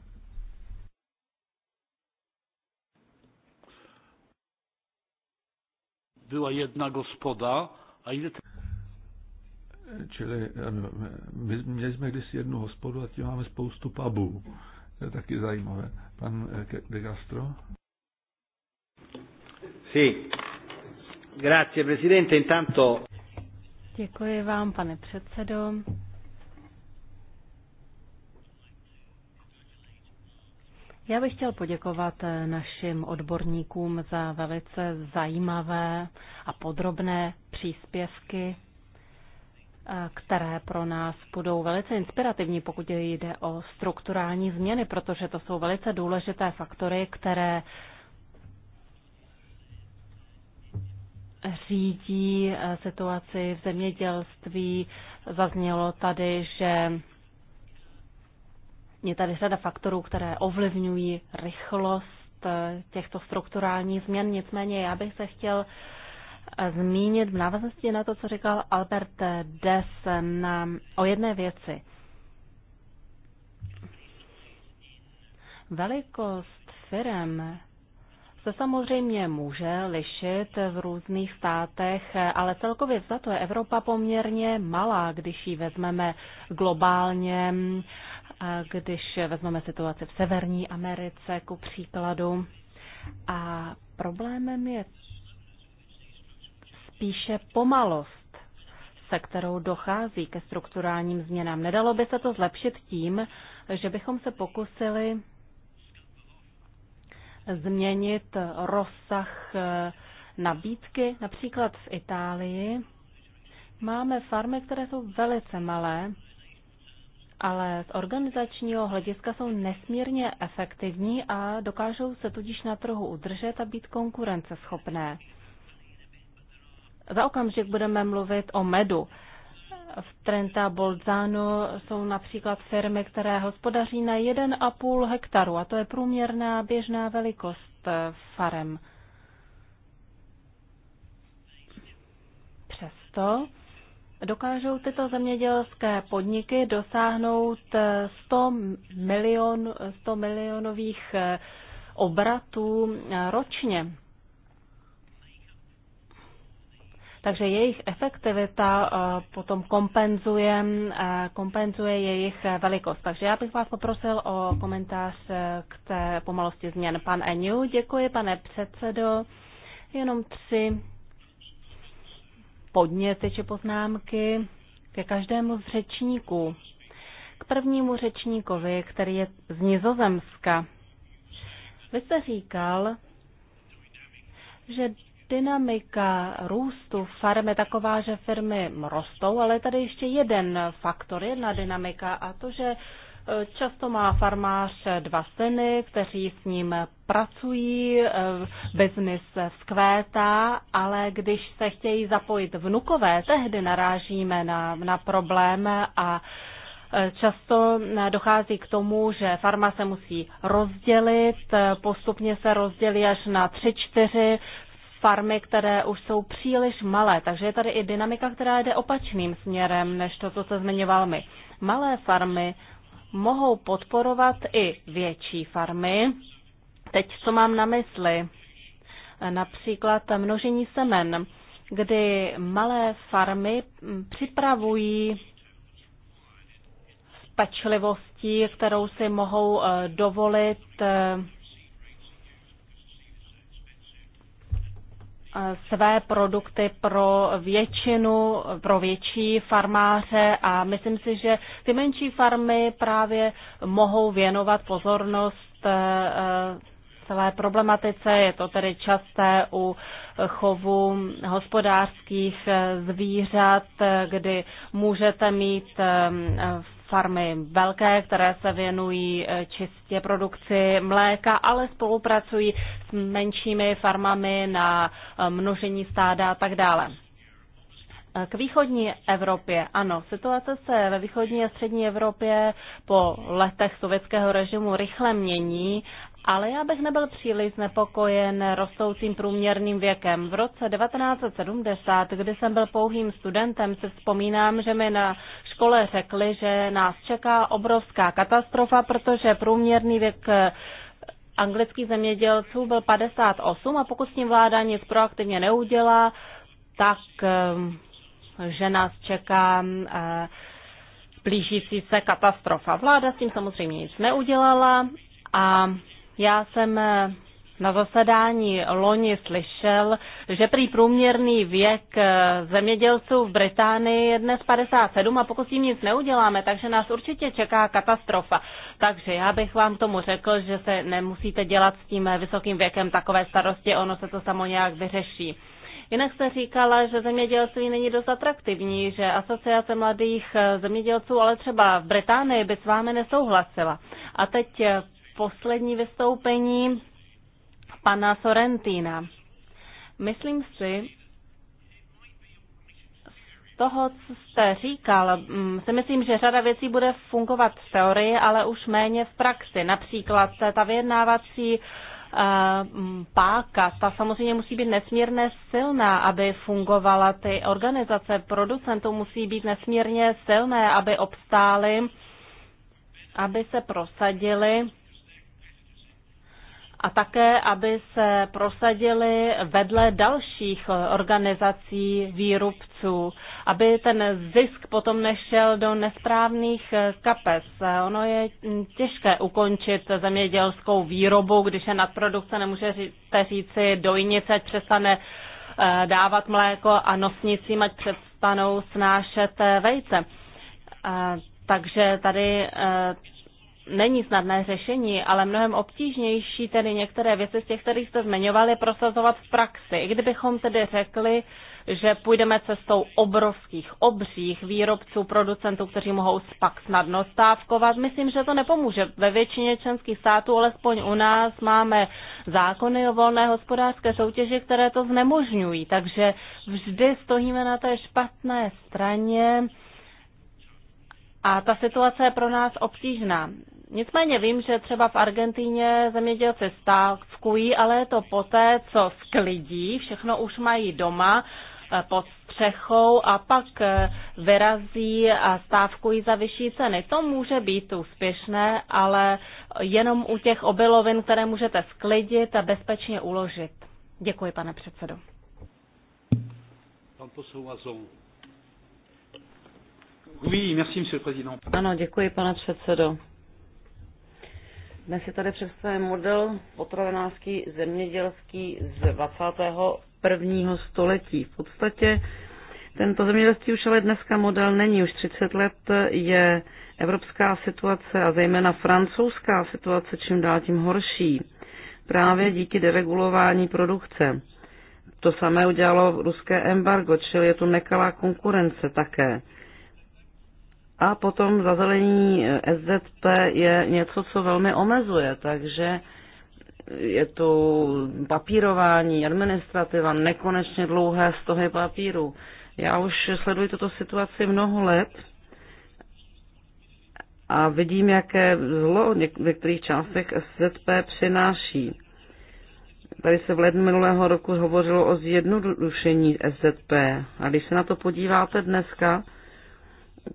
była jedna gospoda, a ile... Čili my měli jsme kdysi jednu hospodu a tím máme spoustu pubů. To je taky zajímavé. Pan eh, De Castro? Sí. Grazie, presidente. Intanto... Děkuji vám, pane předsedo. Já bych chtěl poděkovat eh, našim odborníkům za velice zajímavé a podrobné příspěvky, eh, které pro nás budou velice inspirativní, pokud jde o strukturální změny, protože to jsou velice důležité faktory, které řídí eh, situaci v zemědělství. Zaznělo tady, že je tady řada faktorů, které ovlivňují rychlost eh, těchto strukturálních změn. Nicméně já bych se chtěl eh, zmínit v návaznosti na to, co říkal Albert Des eh, na, o jedné věci. Velikost firm se samozřejmě může lišit v různých státech, ale celkově za to je Evropa poměrně malá, když ji vezmeme globálně když vezmeme situaci v Severní Americe, ku příkladu. A problémem je spíše pomalost, se kterou dochází ke strukturálním změnám. Nedalo by se to zlepšit tím, že bychom se pokusili změnit rozsah eh, nabídky. Například v Itálii máme farmy, které jsou velice malé ale z organizačního hlediska jsou nesmírně efektivní a dokážou se tudíž na trhu udržet a být konkurenceschopné. Za okamžik budeme mluvit o medu. V Trenta Bolzano jsou například firmy, které hospodaří na 1,5 hektaru a to je průměrná běžná velikost eh, farem. Přesto Dokážou tyto zemědělské podniky dosáhnout 100, eh, milion, 100 milionových eh, obratů eh, ročně. Takže jejich efektivita potom kompenzuje, kompenzuje jejich velikost. Takže já bych vás poprosil o komentář k té pomalosti změn. Pan Eniu, děkuji, pane předsedo. Jenom tři podněty či poznámky ke každému z řečníků. K prvnímu řečníkovi, který je z Nizozemska. Vy jste říkal, že dynamika růstu farm je taková, že firmy rostou, ale je tady ještě jeden faktor, jedna dynamika a to, že Často má farmář dva syny, kteří s ním pracují, eh, biznis zkvétá, ale když se chtějí zapojit vnukové, tehdy narážíme na, na problém a eh, Často eh, dochází k tomu, že farma se musí rozdělit, postupně se rozdělí až na tři, čtyři farmy, které už jsou příliš malé. Takže je tady i dynamika, která jde opačným směrem, než to, co se zmiňoval my. Malé farmy mohou podporovat i větší farmy. Teď co mám na mysli? Například množení semen, kdy malé farmy mm, připravují s pečlivostí, kterou si mohou eh, dovolit eh, své produkty pro většinu, pro větší farmáře a myslím si, že ty menší farmy právě mohou věnovat pozornost eh, eh, celé problematice. Je to tedy časté u chovu hospodářských eh, zvířat, kdy můžete mít farmy velké, které se věnují e, čistě produkci mléka, ale spolupracují s menšími farmami na e, množení stáda a tak dále. E, k východní Evropě. Ano, situace se ve východní a střední Evropě po letech sovětského režimu rychle mění ale já bych nebyl příliš znepokojen rostoucím průměrným věkem. V roce 1970, kdy jsem byl pouhým studentem, Se vzpomínám, že mi na škole řekli, že nás čeká obrovská katastrofa, protože průměrný věk eh, anglických zemědělců byl 58 a pokud s ním vláda nic proaktivně neudělá, tak eh, že nás čeká eh, blížící se katastrofa. Vláda s tím samozřejmě nic neudělala a já jsem eh, na zasedání loni slyšel, že prý průměrný věk eh, zemědělců v Británii je dnes 57 a pokud s tím nic neuděláme, takže nás určitě čeká katastrofa. Takže já bych vám tomu řekl, že se nemusíte dělat s tím eh, vysokým věkem takové starosti, ono se to samo nějak vyřeší. Jinak se říkala, že zemědělství není dost atraktivní, že asociace mladých zemědělců, ale třeba v Británii by s vámi nesouhlasila. A teď poslední vystoupení pana Sorrentina. Myslím si, toho, co jste říkal, mm, si myslím, že řada věcí bude fungovat v teorii, ale už méně v praxi. Například ta vyjednávací eh, mm, páka, ta samozřejmě musí být nesmírně silná, aby fungovala ty organizace producentů, musí být nesmírně silné, aby obstály, aby se prosadili a také, aby se prosadili vedle dalších organizací výrobců, aby ten zisk potom nešel do nesprávných kapes. Ono je těžké ukončit zemědělskou výrobu, když je nadprodukce, nemůžete říci dojnice, ať přestane eh, dávat mléko a nosnicím, ať přestanou snášet eh, vejce. Eh, takže tady není snadné řešení, ale mnohem obtížnější tedy některé věci z těch, kterých jste zmiňovali, prosazovat v praxi. I kdybychom tedy řekli, že půjdeme cestou obrovských, obřích výrobců, producentů, kteří mohou spak snadno stávkovat. Myslím, že to nepomůže. Ve většině členských států, alespoň u nás, máme zákony o volné hospodářské soutěži, které to znemožňují. Takže vždy stojíme na té špatné straně. A ta situace je pro nás obtížná. Nicméně vím, že třeba v Argentíně zemědělci stávkují, ale je to poté, co sklidí, všechno už mají doma eh, pod střechou a pak eh, vyrazí a stávkují za vyšší ceny. To může být úspěšné, ale jenom u těch obilovin, které můžete sklidit a bezpečně uložit. Děkuji, pane předsedo. Pan ano, děkuji, pane předsedo. Dnes je tady představen model potravinářský zemědělský z 21. století. V podstatě tento zemědělství už ale dneska model není. Už 30 let je evropská situace a zejména francouzská situace čím dál tím horší. Právě díky deregulování produkce. To samé udělalo ruské embargo, čili je tu nekalá konkurence také. A potom zazelení eh, SZP je něco, co velmi omezuje, takže je tu papírování, administrativa, nekonečně dlouhé stohy papíru. Já už sleduji tuto situaci mnoho let a vidím, jaké zlo v některých částech SZP přináší. Tady se v lednu minulého roku hovořilo o zjednodušení SZP. A když se na to podíváte dneska,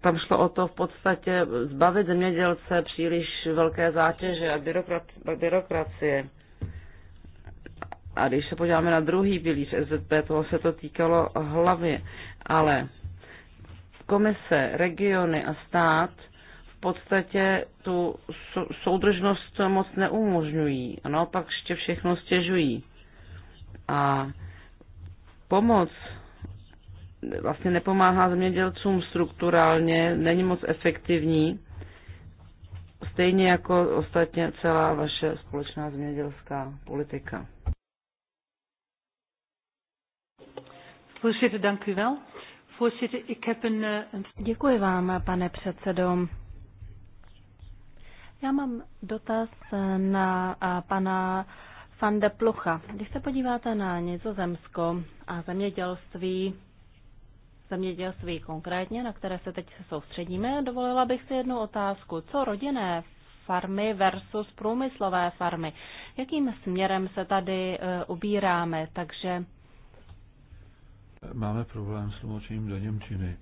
tam šlo o to v podstatě zbavit zemědělce příliš velké zátěže a byrokracie. A když se podíváme na druhý pilíř SZP, toho se to týkalo hlavně, ale komise, regiony a stát v podstatě tu soudržnost moc neumožňují a naopak ještě všechno stěžují. A pomoc vlastně nepomáhá zemědělcům strukturálně, není moc efektivní, stejně jako ostatně celá vaše společná zemědělská politika. Voorzitter, dank u wel. Voorzitter, ik heb een, eh, een... Děkuji vám, pane předsedo. Já mám dotaz eh, na eh, pana van de Plucha. Když se podíváte na Nizozemsko a zemědělství, zemědělství konkrétně, na které se teď soustředíme, dovolila bych si jednu otázku. Co rodinné farmy versus průmyslové farmy? Jakým směrem se tady e, ubíráme? Takže Máme problém s tlumočením do Němčiny.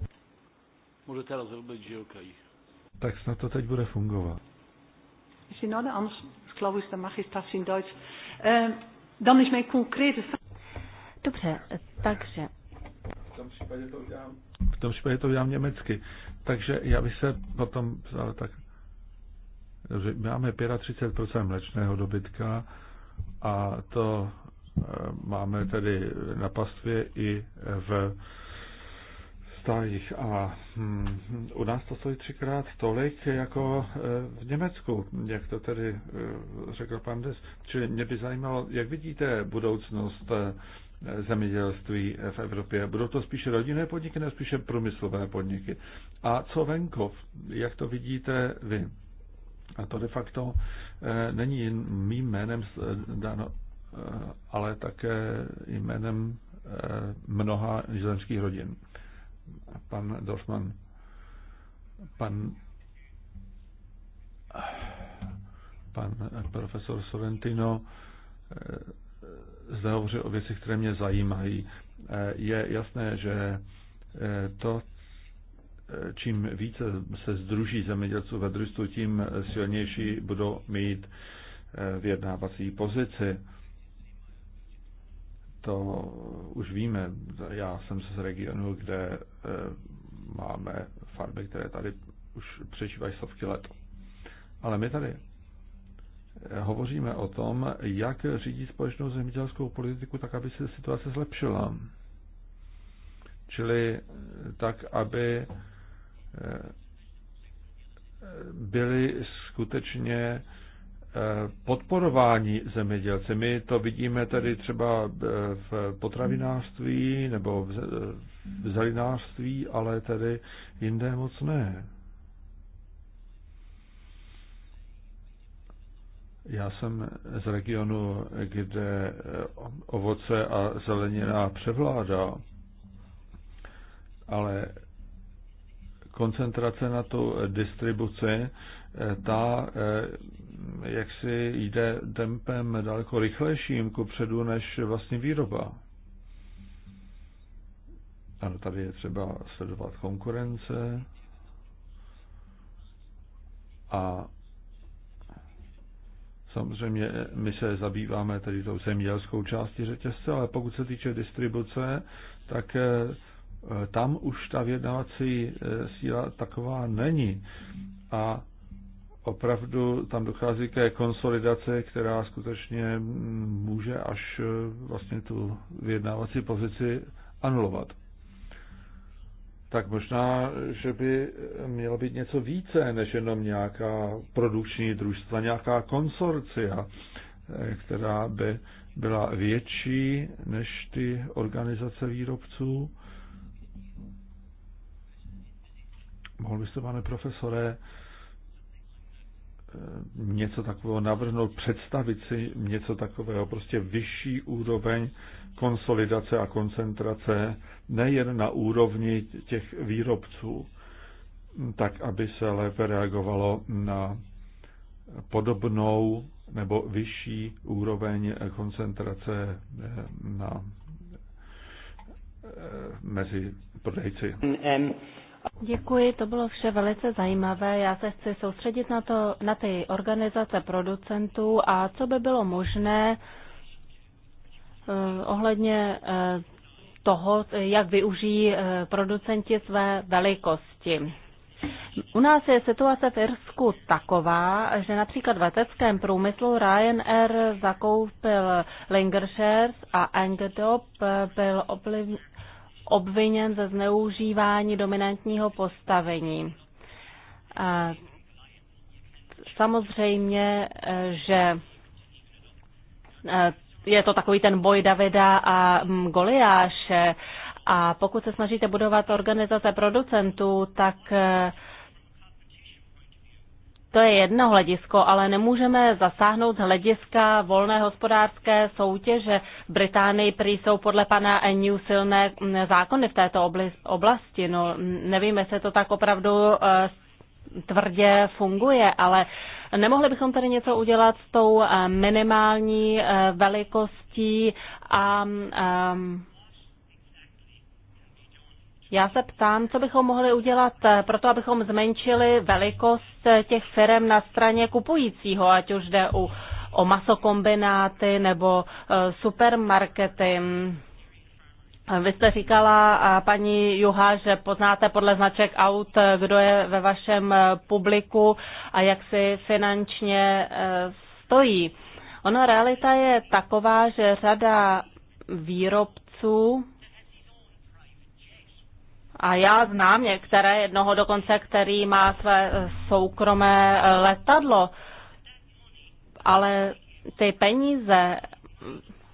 Můžete rozhodnout, že OK. Tak snad to teď bude fungovat. Eh, Dobře, takže v tom případě to udělám. V tom případě to udělám německy. Takže já bych se potom psal tak. Máme 35% mlečného dobytka a to eh, máme tedy na pastvě i v stajích a hmm, u nás to stojí třikrát tolik jako eh, v Německu, jak to tedy eh, řekl pan Des. Čili mě by zajímalo, jak vidíte budoucnost zemědělství v Evropě. Budou to spíše rodinné podniky, ne spíše průmyslové podniky. A co venkov? Jak to vidíte vy? A to de facto eh, není jen mým jménem dáno, eh, ale také jménem eh, mnoha nizozemských rodin. Pan Dorfman, pan, pan profesor Sorrentino zde hovořil o věcech, které mě zajímají. E, je jasné, že e, to, e, čím více se združí zemědělců ve družstvu, tím silnější budou mít vyjednávací pozici. To už víme. Já jsem z regionu, kde máme farmy, které tady už přežívají stovky let. Ale my tady hovoříme o tom, jak řídit společnou zemědělskou politiku tak, aby se situace zlepšila. Čili tak, aby eh, byly skutečně eh, podporování zemědělce. My to vidíme tady třeba eh, v potravinářství nebo v zelinářství, ale tady jinde moc ne. Já jsem z regionu, kde eh, ovoce a zelenina převládá, ale koncentrace na tu distribuci, eh, ta eh, jak si jde tempem daleko rychlejším ku předu než vlastně výroba. Ano, tady je třeba sledovat konkurence a Samozřejmě eh, my se zabýváme tedy tou zemědělskou částí řetězce, ale pokud se týče distribuce, tak eh, eh, tam už ta vědnávací síla taková není. A opravdu tam dochází ke konsolidaci, která skutečně mm, může až vlastně tu vyjednávací pozici anulovat tak možná, že by mělo být něco více než jenom nějaká produkční družstva, nějaká konsorcia, eh, která by byla větší než ty organizace výrobců. Mohl byste, pane profesore, Eh, něco takového navrhnout, představit si něco takového, prostě vyšší úroveň konsolidace a koncentrace nejen na úrovni těch výrobců, tak aby se lépe reagovalo na podobnou nebo vyšší úroveň koncentrace eh, na, eh, mezi prodejci. Děkuji, to bylo vše velice zajímavé. Já se chci soustředit na, to, na ty organizace producentů a co by bylo možné eh, ohledně eh, toho, jak využijí eh, producenti své velikosti. U nás je situace v Irsku taková, že například v leteckém průmyslu Ryanair zakoupil Lingershares a Engedop byl obviněn ze zneužívání dominantního postavení. Samozřejmě, že e, je to takový ten boj Davida a Goliáše. A pokud se snažíte budovat organizace producentů, tak e, to je jedno hledisko, ale nemůžeme zasáhnout z hlediska volné hospodářské soutěže. V Británii prý jsou podle pana Enniu silné mm, zákony v této oblasti. No, nevím, jestli to tak opravdu eh, tvrdě funguje, ale nemohli bychom tady něco udělat s tou eh, minimální eh, velikostí a mm, ehm, já se ptám, co bychom mohli udělat eh, pro to, abychom zmenšili velikost eh, těch firm na straně kupujícího, ať už jde u, o masokombináty nebo eh, supermarkety. Vy jste říkala, paní Juha, že poznáte podle značek aut, kdo je ve vašem publiku a jak si finančně stojí. Ono realita je taková, že řada výrobců a já znám některé, jednoho dokonce, který má své eh, soukromé eh, letadlo, ale ty peníze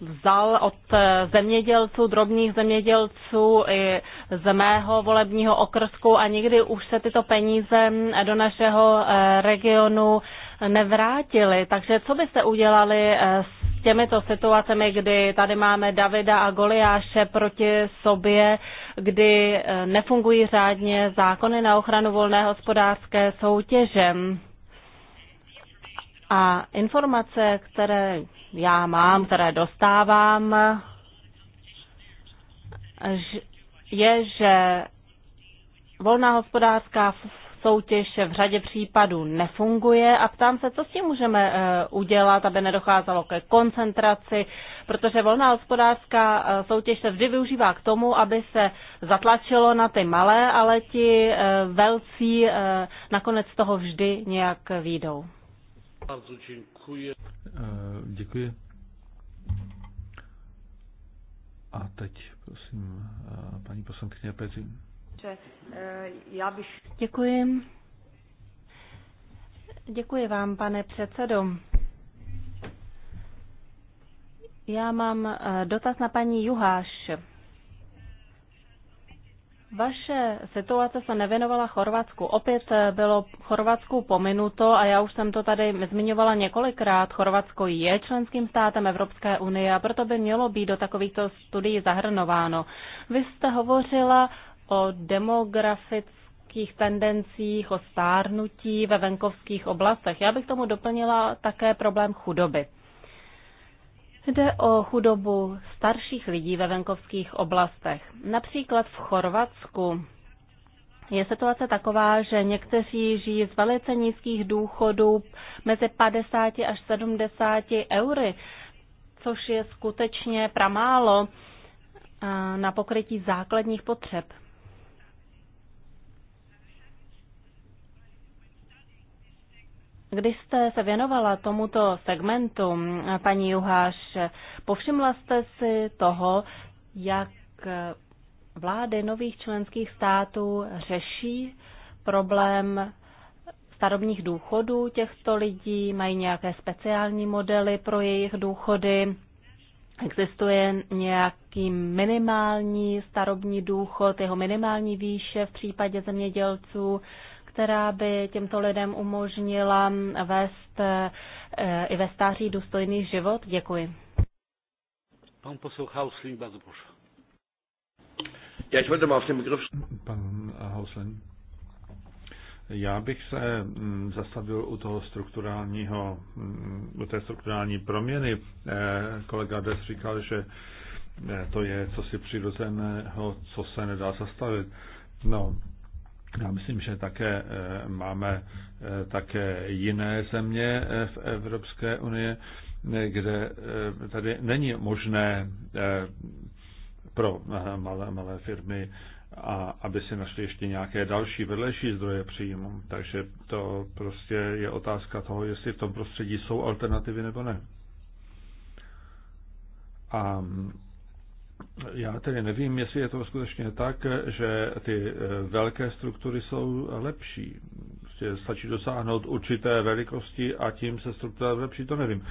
vzal od eh, zemědělců, drobných zemědělců i z mého volebního okrsku a nikdy už se tyto peníze do našeho regionu nevrátili. Takže co byste udělali eh, s těmito situacemi, kdy tady máme Davida a Goliáše proti sobě, kdy eh, nefungují řádně zákony na ochranu volné hospodářské soutěže? A informace, které já mám, které dostávám, je, že volná hospodářská soutěž v řadě případů nefunguje a ptám se, co s tím můžeme eh, udělat, aby nedocházelo ke koncentraci, protože volná hospodářská eh, soutěž se vždy využívá k tomu, aby se zatlačilo na ty malé, ale ti eh, velcí nakonec toho vždy nějak výjdou. Bardzo dziękuję. Děkuji. A teď prosím paní poslankyně Pezin. Eh, já bych... Děkuji. Děkuji vám, pane předsedo. Já mám eh, dotaz na paní Juháš. Vaše situace se nevěnovala Chorvatsku. Opět eh, bylo Chorvatsku pominuto a já už jsem to tady zmiňovala několikrát. Chorvatsko je členským státem Evropské unie a proto by mělo být do takovýchto studií zahrnováno. Vy jste hovořila o demografických tendencích, o stárnutí ve venkovských oblastech. Já bych tomu doplnila také problém chudoby. Jde o chudobu starších lidí ve venkovských oblastech. Například v Chorvatsku je situace taková, že někteří žijí z velice nízkých důchodů mezi 50 až 70 eury, což je skutečně pramálo na pokrytí základních potřeb. Když jste se věnovala tomuto segmentu, paní Juháš, povšimla jste si toho, jak vlády nových členských států řeší problém starobních důchodů těchto lidí, mají nějaké speciální modely pro jejich důchody, existuje nějaký minimální starobní důchod, jeho minimální výše v případě zemědělců, která by těmto lidem umožnila vést eh, i ve stáří důstojný život? Děkuji. Pan poslouchal svým bardzo Já ich wollte mal auf Pan Hauslen. Já bych se mm, zastavil u toho strukturálního, mm, u té strukturální proměny. Eh, kolega Des říkal, že eh, to je cosi přirozeného, co se nedá zastavit. No, já myslím, že také eh, máme eh, také jiné země eh, v Evropské unii, kde tady není možné pro malé, malé firmy, a aby si našli ještě nějaké další vedlejší zdroje příjmu. Takže to prostě je otázka toho, jestli v tom prostředí jsou alternativy nebo ne. A já tedy nevím, jestli je to skutečně tak, že ty eh, velké struktury jsou lepší. Prostě stačí dosáhnout určité velikosti a tím se struktura zlepší, to nevím.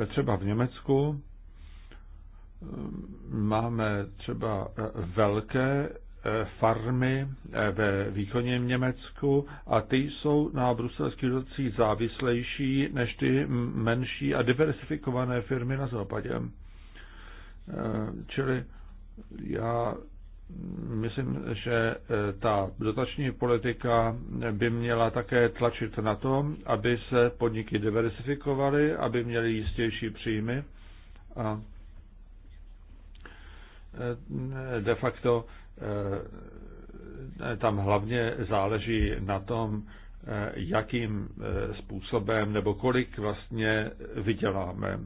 Eh, třeba v Německu eh, máme třeba velké farmy ve východním Německu a ty jsou na bruselských dotacích závislejší než ty menší a diversifikované firmy na západě. Eh, čili já myslím, že eh, ta dotační politika by měla také tlačit na to, aby se podniky diversifikovaly, aby měly jistější příjmy a eh, de facto tam hlavně záleží na tom, jakým způsobem nebo kolik vlastně vyděláme.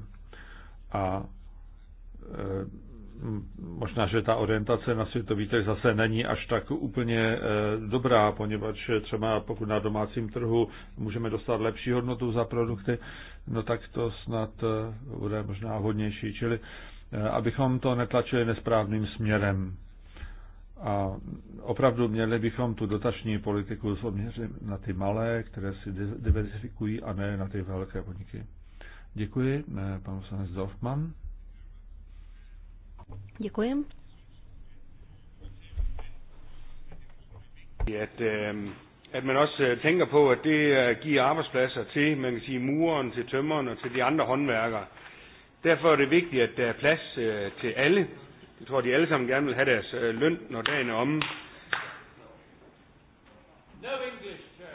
A Eh, možná, že ta orientace na světový trh zase není až tak úplně eh, dobrá, poněvadž třeba pokud na domácím trhu můžeme dostat lepší hodnotu za produkty, no tak to snad eh, bude možná hodnější, čili abychom to netlačili nesprávným směrem. A opravdu měli bychom tu dotační politiku zaměřit na ty malé, které si diversifikují a ne na ty velké podniky. Děkuji, pan poslanec Dorfman. Děkuji. At, at man også øh, tænker på, at det øh, giver arbejdspladser til, man kan sige, muren, til tømmeren og til de andre håndværkere. Derfor er det vigtigt, at der er plads øh, til alle. Jeg tror, de alle sammen gerne vil have deres løn, når dagen er omme. No English, sir.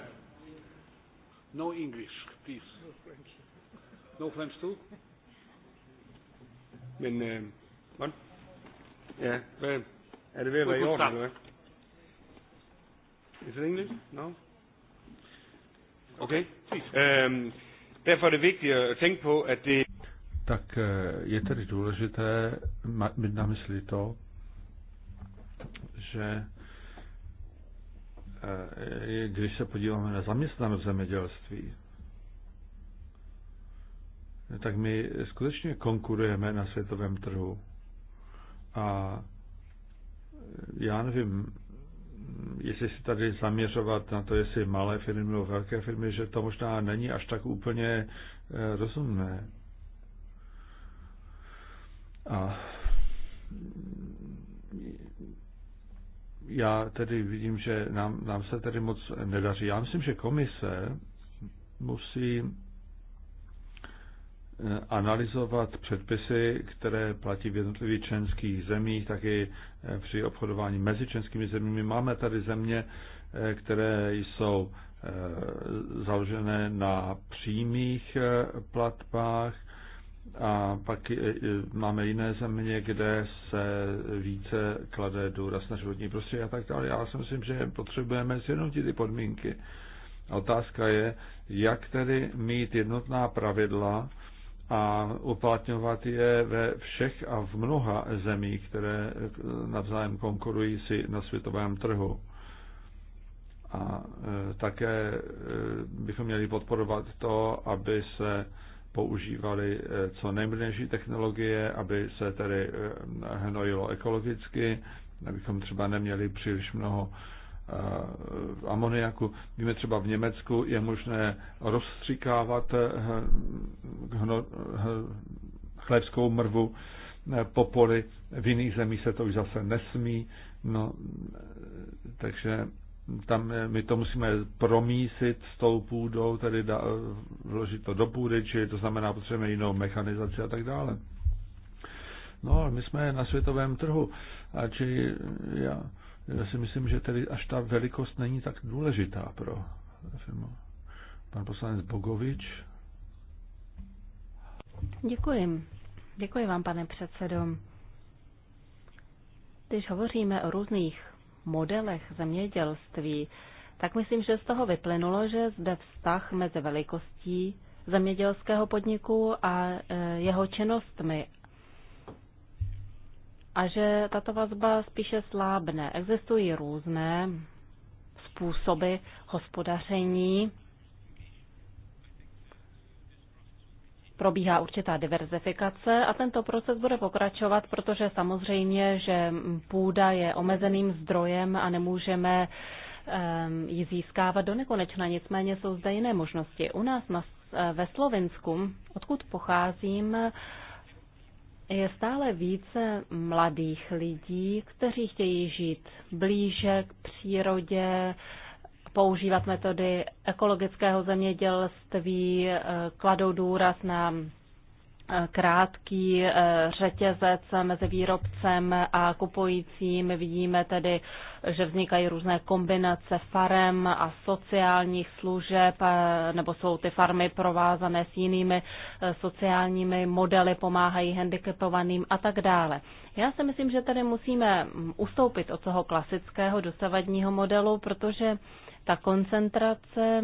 No English, please. No French. No French too? Men øh, Vad? Ja, hvad? Er det ved at være i orden, eller hvad? Is it English? No? Okay. Um, derfor er det vigtigt at tænke på, at det... Tak øh, je tedy důležité mít na mysli to, že eh, když se podíváme na zaměstnanost v zemědělství, tak my skutečně konkurujeme na světovém trhu. A já nevím, jestli si tady zaměřovat na to, jestli malé firmy nebo velké firmy, že to možná není až tak úplně eh, rozumné. A já tedy vidím, že nám, nám se tedy moc nedaří. Já myslím, že komise musí Eh, analyzovat předpisy, které platí v jednotlivých členských zemích, taky eh, při obchodování mezi členskými zeměmi. Máme tady země, eh, které jsou založené na přímých platbách a pak máme jiné země, kde se více klade důraz na životní prostředí a tak dále. Já si myslím, že potřebujeme sjednotit ty podmínky. Otázka je, jak tedy mít jednotná pravidla, a uplatňovat je ve všech a v mnoha zemích, které navzájem konkurují si na světovém trhu. A e, také e, bychom měli podporovat to, aby se používaly e, co nejmodernější technologie, aby se tedy hnojilo ekologicky, abychom třeba neměli příliš mnoho Eh, amoniaku. Víme třeba v Německu je možné rozstřikávat eh, eh, chlévskou mrvu po poli, v jiných zemích se to už zase nesmí, no, takže tam my to musíme promísit s tou půdou, tedy da, vložit to do půdy, či to znamená, potřebujeme jinou mechanizaci a tak dále. No, ale my jsme na světovém trhu, a či já, já si myslím, že tedy až ta velikost není tak důležitá pro firmu. Pan poslanec Bogovič. Děkuji. Děkuji vám, pane předsedo. Když hovoříme o různých modelech zemědělství, tak myslím, že z toho vyplynulo, že zde vztah mezi velikostí zemědělského podniku a e, jeho činnostmi a že tato vazba spíše slábne. Existují různé způsoby hospodaření. Probíhá určitá diverzifikace a tento proces bude pokračovat, protože samozřejmě, že půda je omezeným zdrojem a nemůžeme ehm, ji získávat do nekonečna. Nicméně jsou zde jiné možnosti. U nás na, ve Slovensku, odkud pocházím, je stále více mladých lidí, kteří chtějí žít blíže k přírodě, používat metody ekologického zemědělství, eh, kladou důraz na krátký eh, řetězec mezi výrobcem a kupujícím. Vidíme tedy, že vznikají různé kombinace farem a sociálních služeb, eh, nebo jsou ty farmy provázané s jinými eh, sociálními modely, pomáhají handicapovaným a tak dále. Já si myslím, že tady musíme mm, ustoupit od toho klasického dosavadního modelu, protože ta koncentrace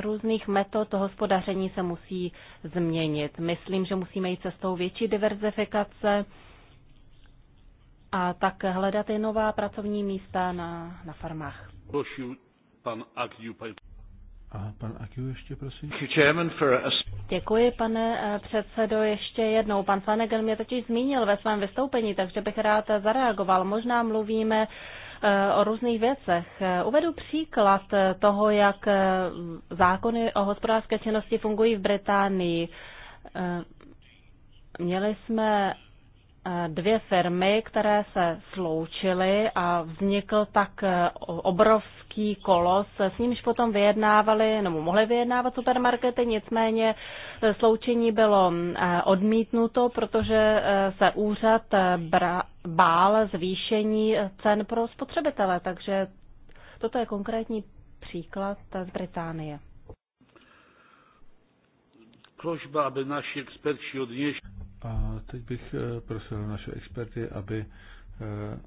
různých metod hospodaření se musí změnit. Myslím, že musíme jít cestou větší diverzifikace a tak hledat i nová pracovní místa na, na farmách. Prosím, pan Agiu, A pan Akiu ještě, prosím. Děkuji, pane eh, předsedo, ještě jednou. Pan Flanagan mě totiž zmínil ve svém vystoupení, takže bych rád zareagoval. Možná mluvíme Eh, o různých věcech. Eh, uvedu příklad toho, jak eh, zákony o hospodářské činnosti fungují v Británii. Měli jsme dvě firmy, které se sloučily a vznikl tak e, obrovský kolos, s nímž potom vyjednávali, nebo mohli vyjednávat supermarkety, nicméně e, sloučení bylo e, odmítnuto, protože se úřad bál zvýšení cen pro spotřebitele, takže toto je konkrétní příklad z Británie. Prośba, aby naši experti odnieśli. A teď bych eh, prosil naše experty, aby eh,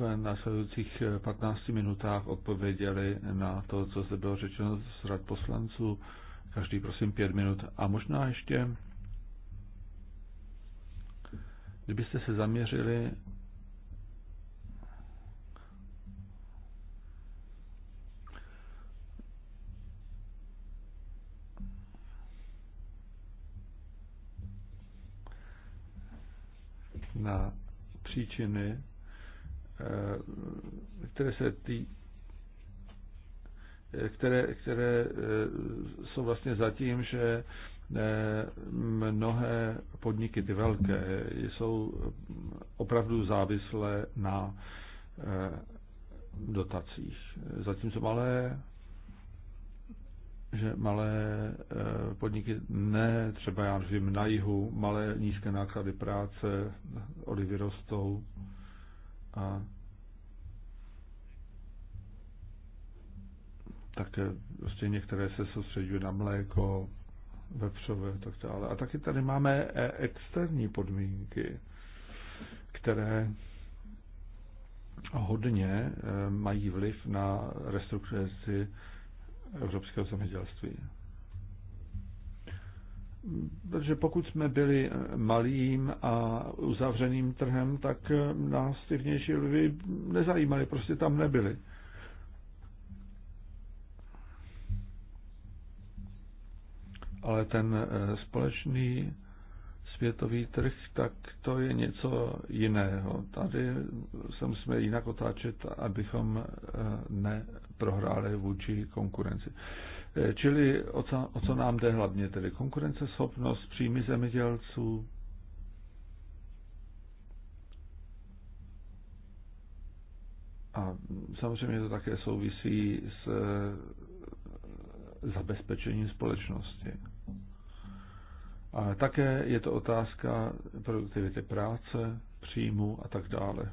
v následujících 15 eh, minutách odpověděli na to, co zde bylo řečeno z rad poslanců. Každý prosím pět minut. A možná ještě, kdybyste se zaměřili na příčiny, eh, které se tý, které, které eh, jsou vlastně zatím, že eh, mnohé podniky, ty velké, jsou opravdu závislé na dotacích. Zatímco malé že malé eh, podniky, ne třeba já nevím, na jihu, malé nízké náklady práce, oni vyrostou a také prostě některé se soustředují na mléko, vepřové a tak dále. A taky tady máme eh, externí podmínky, které hodně eh, mají vliv na restrukturalizaci evropského zemědělství. Protože pokud jsme byli malým a uzavřeným trhem, tak nás ty vnější lvy nezajímaly, prostě tam nebyly. Ale ten eh, společný světový trh, tak to je něco jiného. Tady se musíme jinak otáčet, abychom eh, neprohráli vůči konkurenci. Eh, čili o co, o co nám jde hlavně tedy? Konkurenceschopnost, příjmy zemědělců, A samozřejmě to také souvisí s eh, zabezpečením společnosti. A také je to otázka produktivity práce, příjmu a tak dále.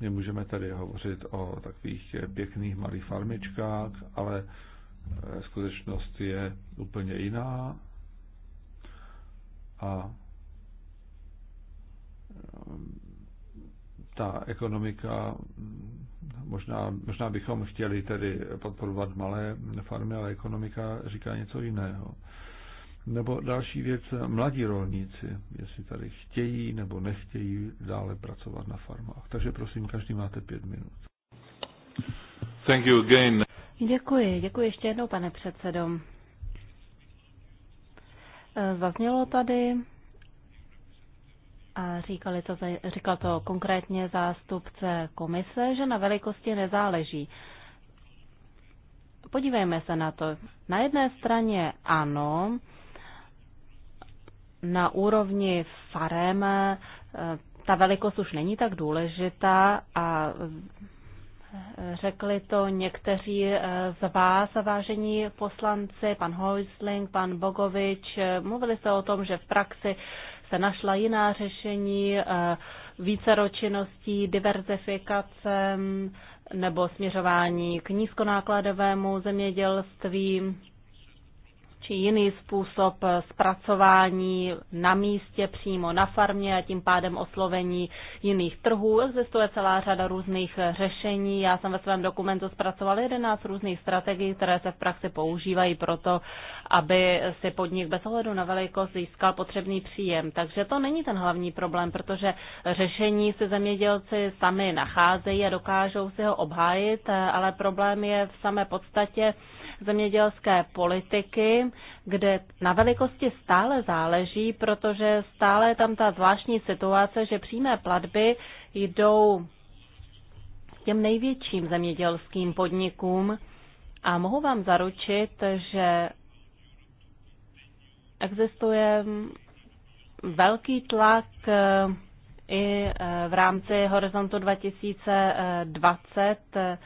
My můžeme tady hovořit o takových pěkných malých farmičkách, ale eh, skutečnost je úplně jiná a eh, ta ekonomika Možná, možná bychom chtěli tedy podporovat malé farmy, ale ekonomika říká něco jiného. Nebo další věc, mladí rolníci, jestli tady chtějí nebo nechtějí dále pracovat na farmách. Takže prosím, každý máte pět minut. Thank you again. Děkuji, děkuji ještě jednou, pane předsedo. Zaznělo tady a říkali to, říkal to konkrétně zástupce komise, že na velikosti nezáleží. Podívejme se na to. Na jedné straně ano, na úrovni farem eh, ta velikost už není tak důležitá a eh, řekli to někteří eh, z vás, vážení poslanci, pan Hojsling, pan Bogovič, mluvili se o tom, že v praxi se našla jiná řešení, eh, víceročinností, diverzifikace nebo směřování k nízkonákladovému zemědělství či jiný způsob zpracování na místě, přímo na farmě a tím pádem oslovení jiných trhů. Existuje celá řada různých řešení. Já jsem ve svém dokumentu zpracoval 11 různých strategií, které se v praxi používají proto, aby si podnik bez ohledu na velikost získal potřebný příjem. Takže to není ten hlavní problém, protože řešení si zemědělci sami nacházejí a dokážou si ho obhájit, ale problém je v samé podstatě zemědělské politiky, kde na velikosti stále záleží, protože stále je tam ta zvláštní situace, že přímé platby jdou těm největším zemědělským podnikům a mohu vám zaručit, že existuje velký tlak eh, i eh, v rámci Horizontu 2020 eh,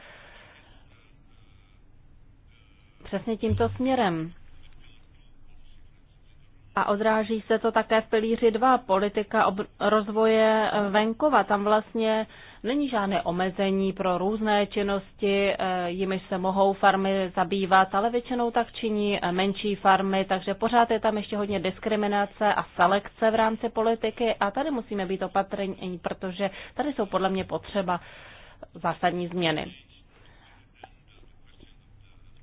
přesně tímto směrem a odráží se to také v pilíři 2, politika rozvoje venkova. Tam vlastně není žádné omezení pro různé činnosti, eh, jimi se mohou farmy zabývat, ale většinou tak činí eh, menší farmy, takže pořád je tam ještě hodně diskriminace a selekce v rámci politiky a tady musíme být opatrní, protože tady jsou podle mě potřeba zásadní změny.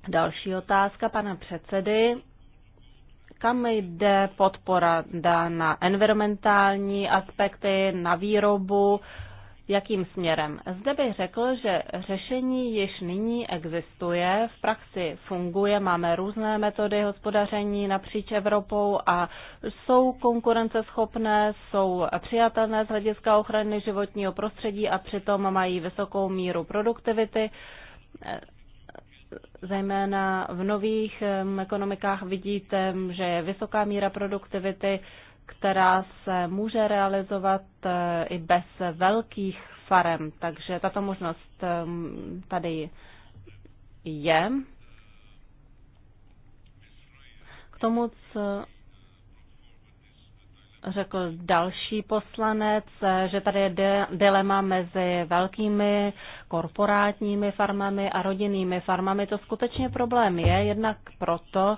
Další otázka pana předsedy kam jde podpora dá na environmentální aspekty, na výrobu, jakým směrem. Zde bych řekl, že řešení již nyní existuje, v praxi funguje, máme různé metody hospodaření napříč Evropou a jsou konkurenceschopné, jsou přijatelné z hlediska ochrany životního prostředí a přitom mají vysokou míru produktivity zejména v nových ekonomikách vidíte, že je vysoká míra produktivity, která se může realizovat e, i bez velkých farem. Takže tato možnost tady je. K tomu, co řekl další poslanec, že tady je dilema mezi velkými korporátními farmami a rodinnými farmami. To skutečně problém je, jednak proto,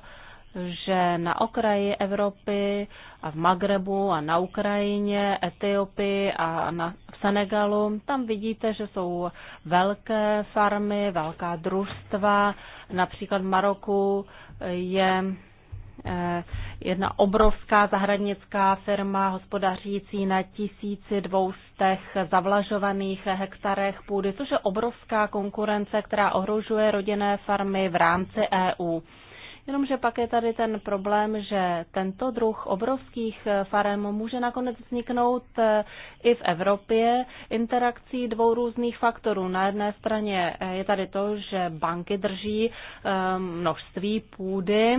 že na okraji Evropy a v Magrebu a na Ukrajině, Etiopii a na, v Senegalu, tam vidíte, že jsou velké farmy, velká družstva. Například v Maroku je Eh, jedna obrovská zahradnická firma hospodařící na 1200 zavlažovaných hektarech půdy, což je obrovská konkurence, která ohrožuje rodinné farmy v rámci EU. Jenomže pak je tady ten problém, že tento druh obrovských farem může nakonec vzniknout eh, i v Evropě interakcí dvou různých faktorů. Na jedné straně eh, je tady to, že banky drží množství půdy,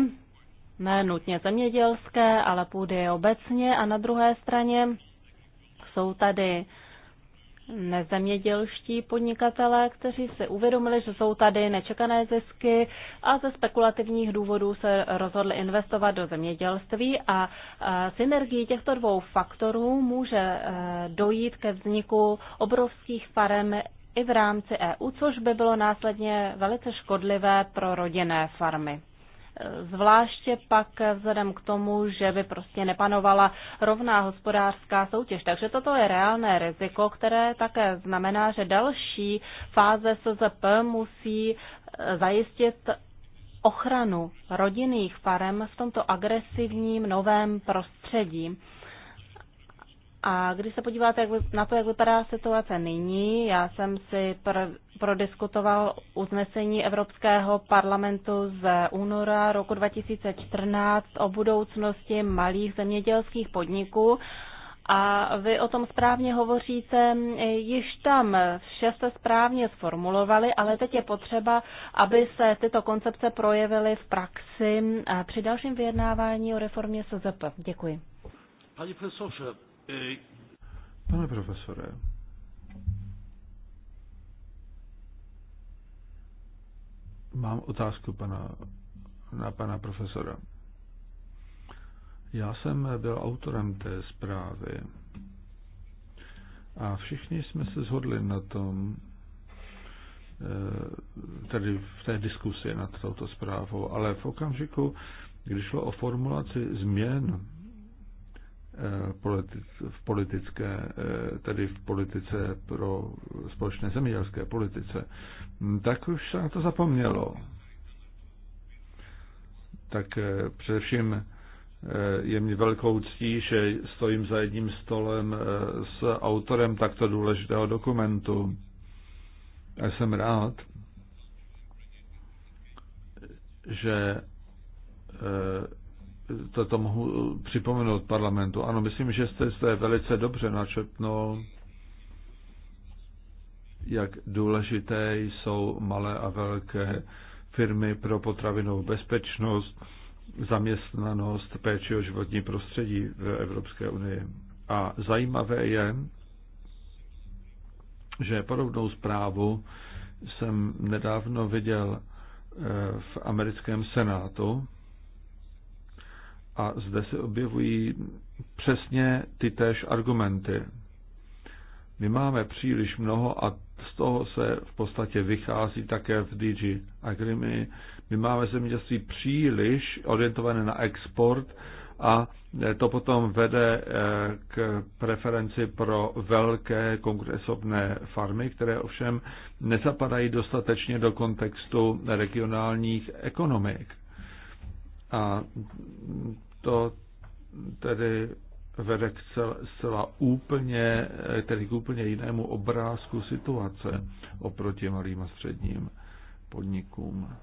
ne nutně zemědělské, ale půdy obecně a na druhé straně jsou tady nezemědělští podnikatelé, kteří si uvědomili, že jsou tady nečekané zisky a ze spekulativních důvodů se rozhodli investovat do zemědělství a synergii těchto dvou faktorů může eh, dojít ke vzniku obrovských farem i v rámci EU, což by bylo následně velice škodlivé pro rodinné farmy zvláště pak vzhledem k tomu, že by prostě nepanovala rovná hospodářská soutěž. Takže toto je reálné riziko, které také znamená, že další fáze SZP musí eh, zajistit ochranu rodinných farem v tomto agresivním novém prostředí. A když se podíváte jak na to, jak vypadá situace nyní, já jsem si pr- prodiskutoval uznesení Evropského parlamentu z února roku 2014 o budoucnosti malých zemědělských podniků. A vy o tom správně hovoříte, již tam vše jste správně sformulovali, ale teď je potřeba, aby se tyto koncepce projevily v praxi eh, při dalším vyjednávání o reformě SZP. Děkuji. Pani profesorze, Pane profesore, mám otázku pana, na pana profesora. Já jsem byl autorem té zprávy a všichni jsme se shodli na tom, eh, tedy v té diskusi nad touto zprávou, ale v okamžiku, když šlo o formulaci změn Eh, v politické, eh, tedy v politice pro společné zemědělské politice, hm, tak už se na to zapomnělo. Tak eh, především je mi velkou ctí, že stojím za jedním stolem s autorem takto důležitého dokumentu. A jsem rád, že to, to mohu eh, připomenout parlamentu. Ano, myslím, že jste zde velice dobře načetnul, jak důležité jsou malé a velké firmy pro potravinovou bezpečnost, zaměstnanost, péči o životní prostředí v Evropské unii. A zajímavé je, že podobnou zprávu jsem nedávno viděl eh, v americkém senátu, a zde se objevují přesně ty též argumenty. My máme příliš mnoho a z toho se v podstatě vychází také v DG Agrimi. My máme zemědělství příliš orientované na export a to potom vede eh, k preferenci pro velké konkurenceschopné farmy, které ovšem nezapadají dostatečně do kontextu regionálních ekonomik. A to tedy vede k cel, zcela úplně, tedy k úplně jinému obrázku situace oproti malým a středním podnikům.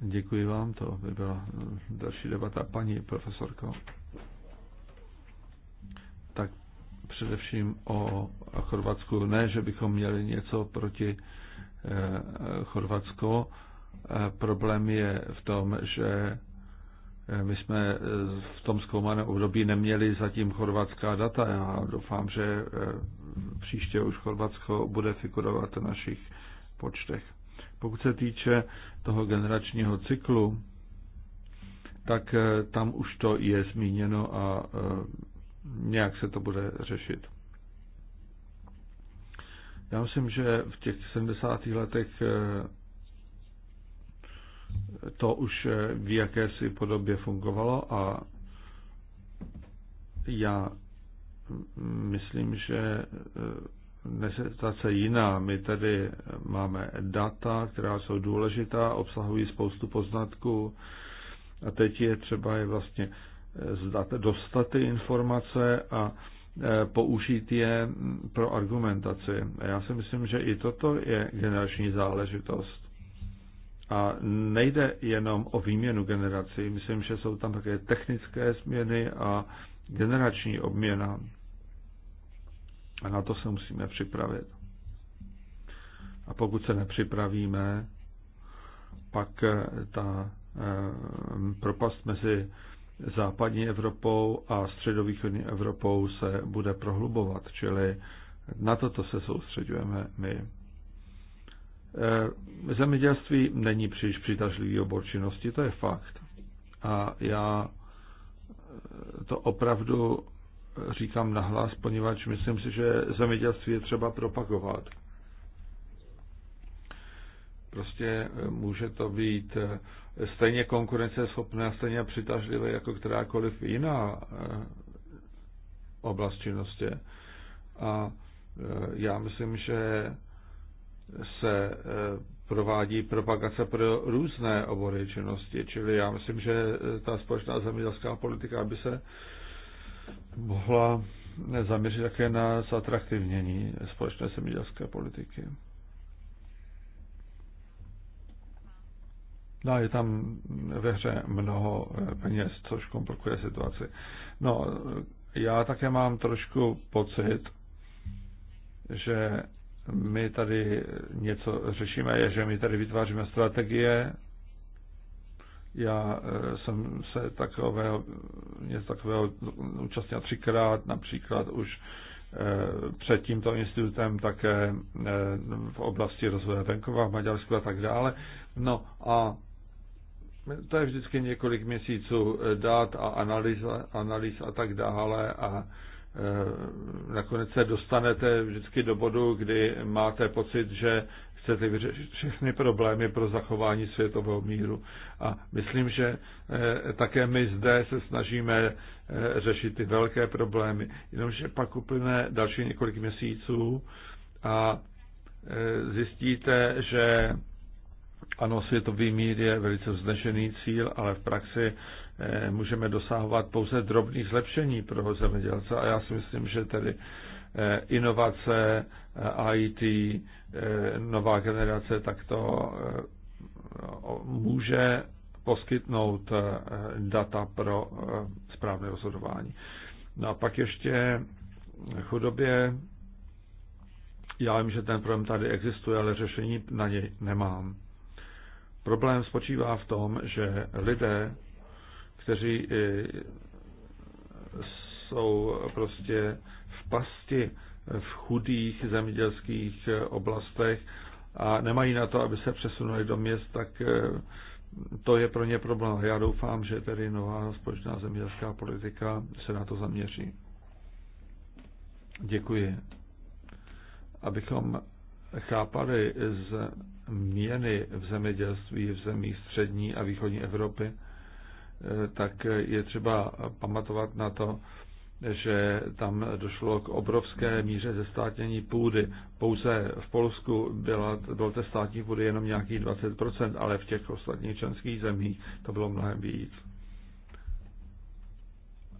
Děkuji vám, to by byla další debata, paní profesorko. Tak především o Chorvatsku. Ne, že bychom měli něco proti eh, Chorvatsku, Problém je v tom, že eh, my jsme eh, v tom zkoumaném období neměli zatím chorvatská data. Já doufám, že eh, příště už Chorvatsko bude figurovat v našich počtech. Pokud se týče toho generačního cyklu, tak tam už to je zmíněno a nějak se to bude řešit. Já myslím, že v těch 70. letech to už eh, v jakési podobě fungovalo a já mm, myslím, že eh, dnes je situace jiná. My tady máme data, která jsou důležitá, obsahují spoustu poznatků a teď je třeba je vlastně eh, zdat, dostat ty informace a použít je mm, pro argumentaci. já si myslím, že i toto je generační záležitost. A nejde jenom o výměnu generací, myslím, že jsou tam také technické změny a generační obměna. A na to se musíme připravit. A pokud se nepřipravíme, pak eh, ta eh, propast mezi západní Evropou a středovýchodní Evropou se bude prohlubovat, čili na toto se soustředujeme my. Eh, zemědělství není příliš přitažlivý obor činnosti, to je fakt. A já eh, to opravdu říkám nahlas, poněvadž myslím si, že zemědělství je třeba propagovat. Prostě eh, může to být stejně konkurenceschopné a stejně přitažlivé jako kterákoliv jiná oblast činnosti. A já myslím, že se eh, provádí propagace pro různé obory činnosti. Čili já myslím, že eh, ta společná zemědělská politika by se mohla zaměřit také na zatraktivnění společné zemědělské politiky. No, je tam ve hře mnoho eh, peněz, což komplikuje situaci. No, já také mám trošku pocit, že my tady něco řešíme, je, že my tady vytváříme strategie. Já eh, jsem se takového, něco takového účastnil třikrát, například už eh, před tímto institutem také eh, v oblasti rozvoje venkova v Maďarsku a tak dále. No a to je vždycky několik měsíců dát a analýz, analýz a tak dále a Eh, nakonec se dostanete vždycky do bodu, kdy máte pocit, že chcete vyřešit všechny problémy pro zachování světového míru. A myslím, že eh, také my zde se snažíme eh, řešit ty velké problémy, jenomže pak uplyne další několik měsíců a zjistíte, že ano, světový mír je velice vznešený cíl, ale v praxi Eh, můžeme dosahovat pouze drobných zlepšení pro zemědělce a já si myslím, že tedy eh, inovace, eh, IT, nová generace, tak to může poskytnout data pro správné rozhodování. No a pak ještě chudobě. Já vím, že ten problém tady existuje, ale řešení na něj nemám. Problém spočívá v tom, že lidé kteří eh, jsou prostě v pasti v chudých zemědělských eh, oblastech a nemají na to, aby se přesunuli do měst, tak eh, to je pro ně problém. Já doufám, že tedy nová společná zemědělská politika se na to zaměří. Děkuji. Abychom chápali změny v zemědělství v zemích střední a východní Evropy, Eh, tak je třeba pamatovat na to, že tam došlo k obrovské míře zestátnění půdy. Pouze v Polsku byla, byl té státní půdy jenom nějakých 20%, ale v těch ostatních členských zemích to bylo mnohem víc.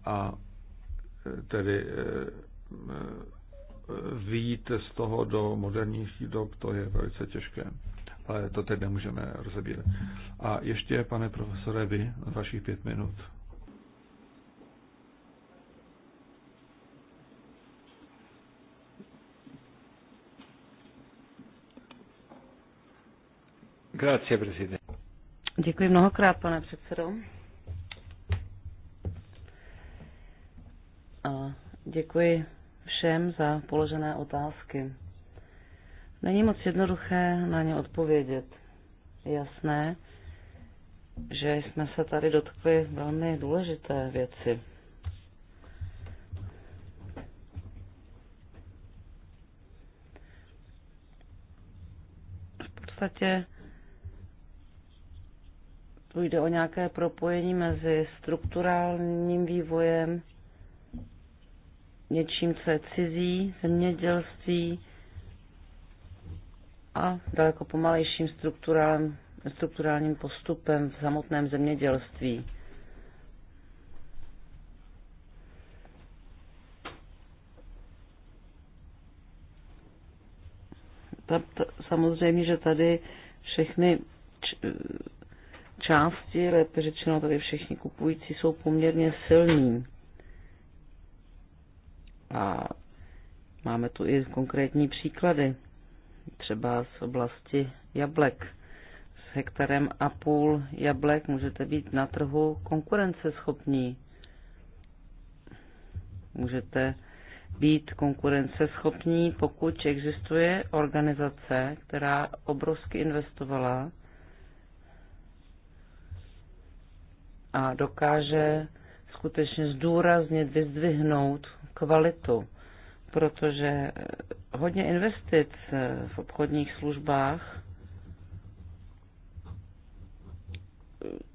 A eh, tedy eh, výjít z toho do moderních dob, to je velice těžké ale to teď nemůžeme rozebírat. A ještě, pane profesore, vy, vašich pět minut. Grazie, prezident. Děkuji mnohokrát, pane předsedo. A děkuji všem za položené otázky. Není moc jednoduché na ně odpovědět. Je jasné, že jsme se tady dotkli velmi důležité věci. V podstatě tu jde o nějaké propojení mezi strukturálním vývojem, něčím, co je cizí, zemědělství, a daleko pomalejším strukturálním postupem v samotném zemědělství. Samozřejmě, že tady všechny části, lépe řečeno tady všichni kupující, jsou poměrně silní. A máme tu i konkrétní příklady třeba z oblasti jablek. S hektarem a půl jablek můžete být na trhu konkurenceschopní. Můžete být konkurenceschopní, pokud existuje organizace, která obrovsky investovala a dokáže skutečně zdůraznit, vyzdvihnout kvalitu protože eh, hodně investic eh, v obchodních službách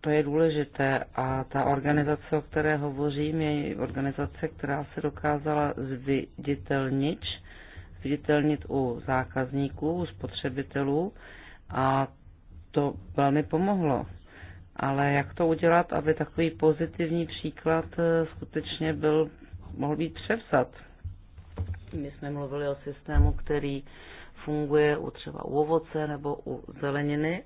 to je důležité a ta organizace, o které hovořím, je organizace, která se dokázala zviditelnit, zviditelnit u zákazníků, u spotřebitelů a to velmi pomohlo. Ale jak to udělat, aby takový pozitivní příklad eh, skutečně byl, mohl být převzat my jsme mluvili o systému, který funguje u třeba u ovoce nebo u zeleniny,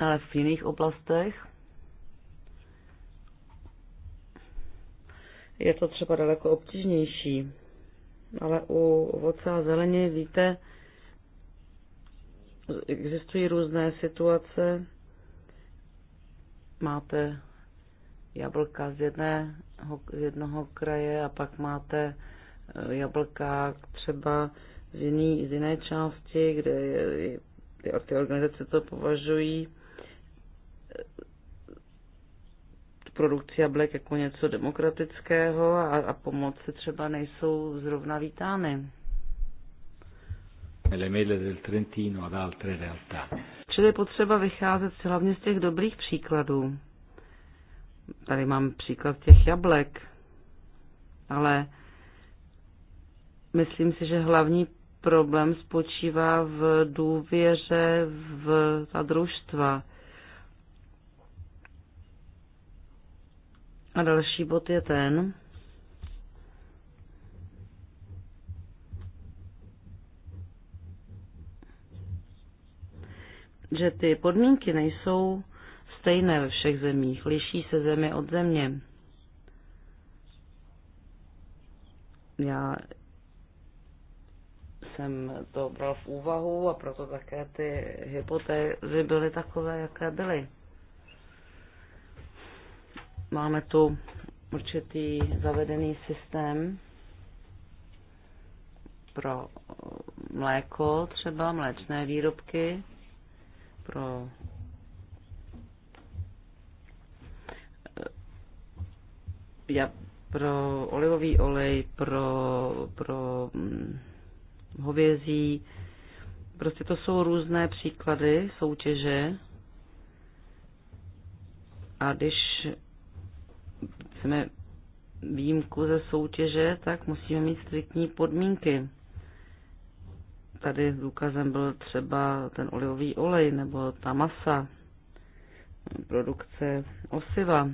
ale v jiných oblastech je to třeba daleko obtížnější. Ale u ovoce a zeleniny, víte, existují různé situace. Máte jablka z, jedného, z jednoho kraje a pak máte eh, jablka třeba z, jiný, z jiné části, kde je, ty, ty organizace to považují eh, produkci jablek jako něco demokratického a, a pomoci třeba nejsou zrovna vítány. Čili je potřeba vycházet hlavně z těch dobrých příkladů. Tady mám příklad těch jablek, ale myslím si, že hlavní problém spočívá v důvěře v ta družstva. A další bod je ten, že ty podmínky nejsou stejné ve všech zemích, liší se země od země. Já jsem to bral v úvahu a proto také ty hypotézy byly takové, jaké byly. Máme tu určitý zavedený systém pro mléko, třeba mléčné výrobky, pro pro olivový olej, pro, pro mm, hovězí. Prostě to jsou různé příklady soutěže. A když chceme výjimku ze soutěže, tak musíme mít striktní podmínky. Tady důkazem byl třeba ten olivový olej nebo ta masa, produkce osiva.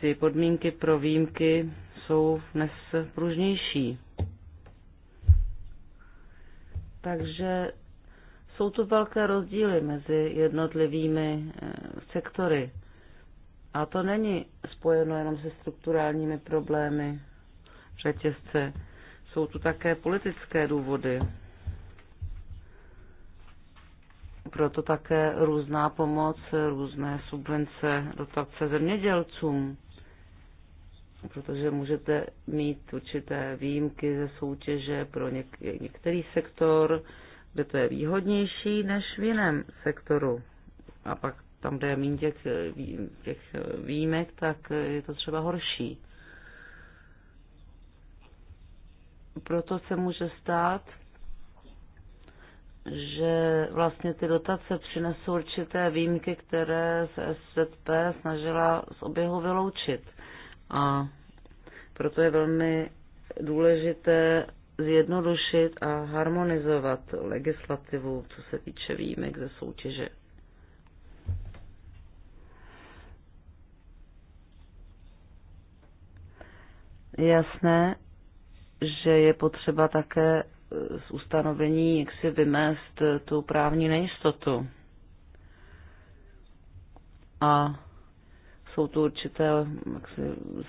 ty podmínky pro výjimky jsou dnes pružnější. Takže jsou tu velké rozdíly mezi jednotlivými eh, sektory. A to není spojeno jenom se strukturálními problémy řetězce. Jsou tu také politické důvody. Proto také různá pomoc, různé subvence, dotace zemědělcům protože můžete mít určité výjimky ze soutěže pro něk- některý sektor, kde to je výhodnější než v jiném sektoru. A pak tam, kde je méně těch, těch výjimek, tak je to třeba horší. Proto se může stát, že vlastně ty dotace přinesou určité výjimky, které se SZP snažila z oběhu vyloučit. A proto je velmi důležité zjednodušit a harmonizovat legislativu, co se týče výjimek ze soutěže. Jasné, že je potřeba také z ustanovení jak si vymést tu právní nejistotu. A jsou tu určité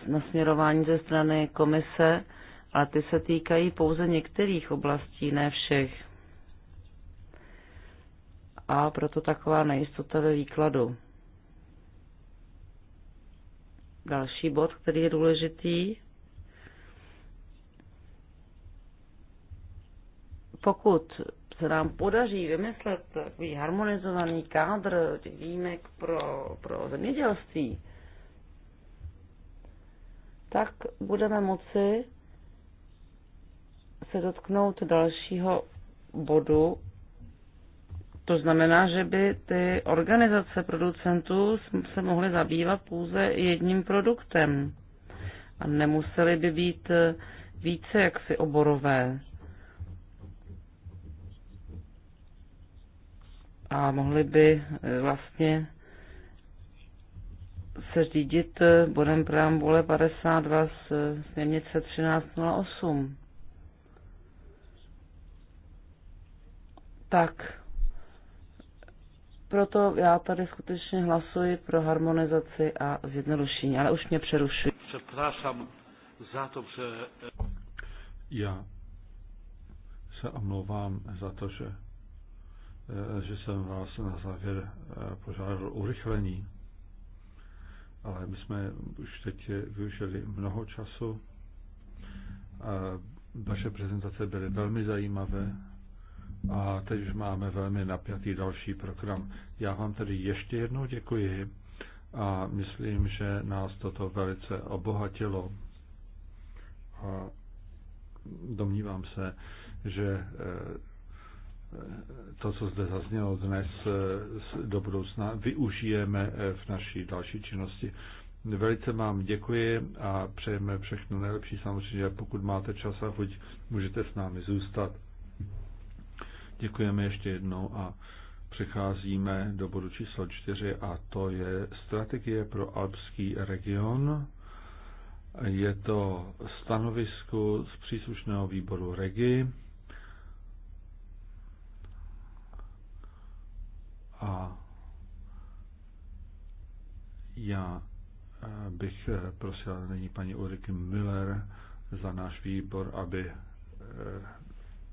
nasměrování ze strany komise, ale ty se týkají pouze některých oblastí, ne všech. A proto taková nejistota ve výkladu. Další bod, který je důležitý, pokud se nám podaří vymyslet takový harmonizovaný kádr výjimek pro, pro zemědělství, tak budeme moci se dotknout dalšího bodu. To znamená, že by ty organizace producentů se mohly zabývat pouze jedním produktem a nemusely by být více jaksi oborové. A mohly by eh, vlastně se řídit eh, bodem preambule 52 z eh, směrnice 1308. Tak, proto já tady skutečně hlasuji pro harmonizaci a zjednodušení, ale už mě přerušuji. Přepraszam za to, že... Eh, já se omlouvám za to, že, že jsem vás na závěr požádal urychlení ale my jsme už teď využili mnoho času a vaše prezentace byly velmi zajímavé a teď už máme velmi napjatý další program. Já vám tedy ještě jednou děkuji a myslím, že nás toto velice obohatilo a domnívám se, že eh, to, co zde zaznělo dnes, eh, do budoucna využijeme eh, v naší další činnosti. Velice vám děkuji a přejeme všechno nejlepší. Samozřejmě, pokud máte čas a chuť, můžete s námi zůstat. Děkujeme ještě jednou a přecházíme do bodu číslo čtyři a to je strategie pro alpský region. Je to stanovisko z příslušného výboru REGI. A já eh, bych eh, prosil nyní paní Ulriky Miller za náš výbor, aby eh,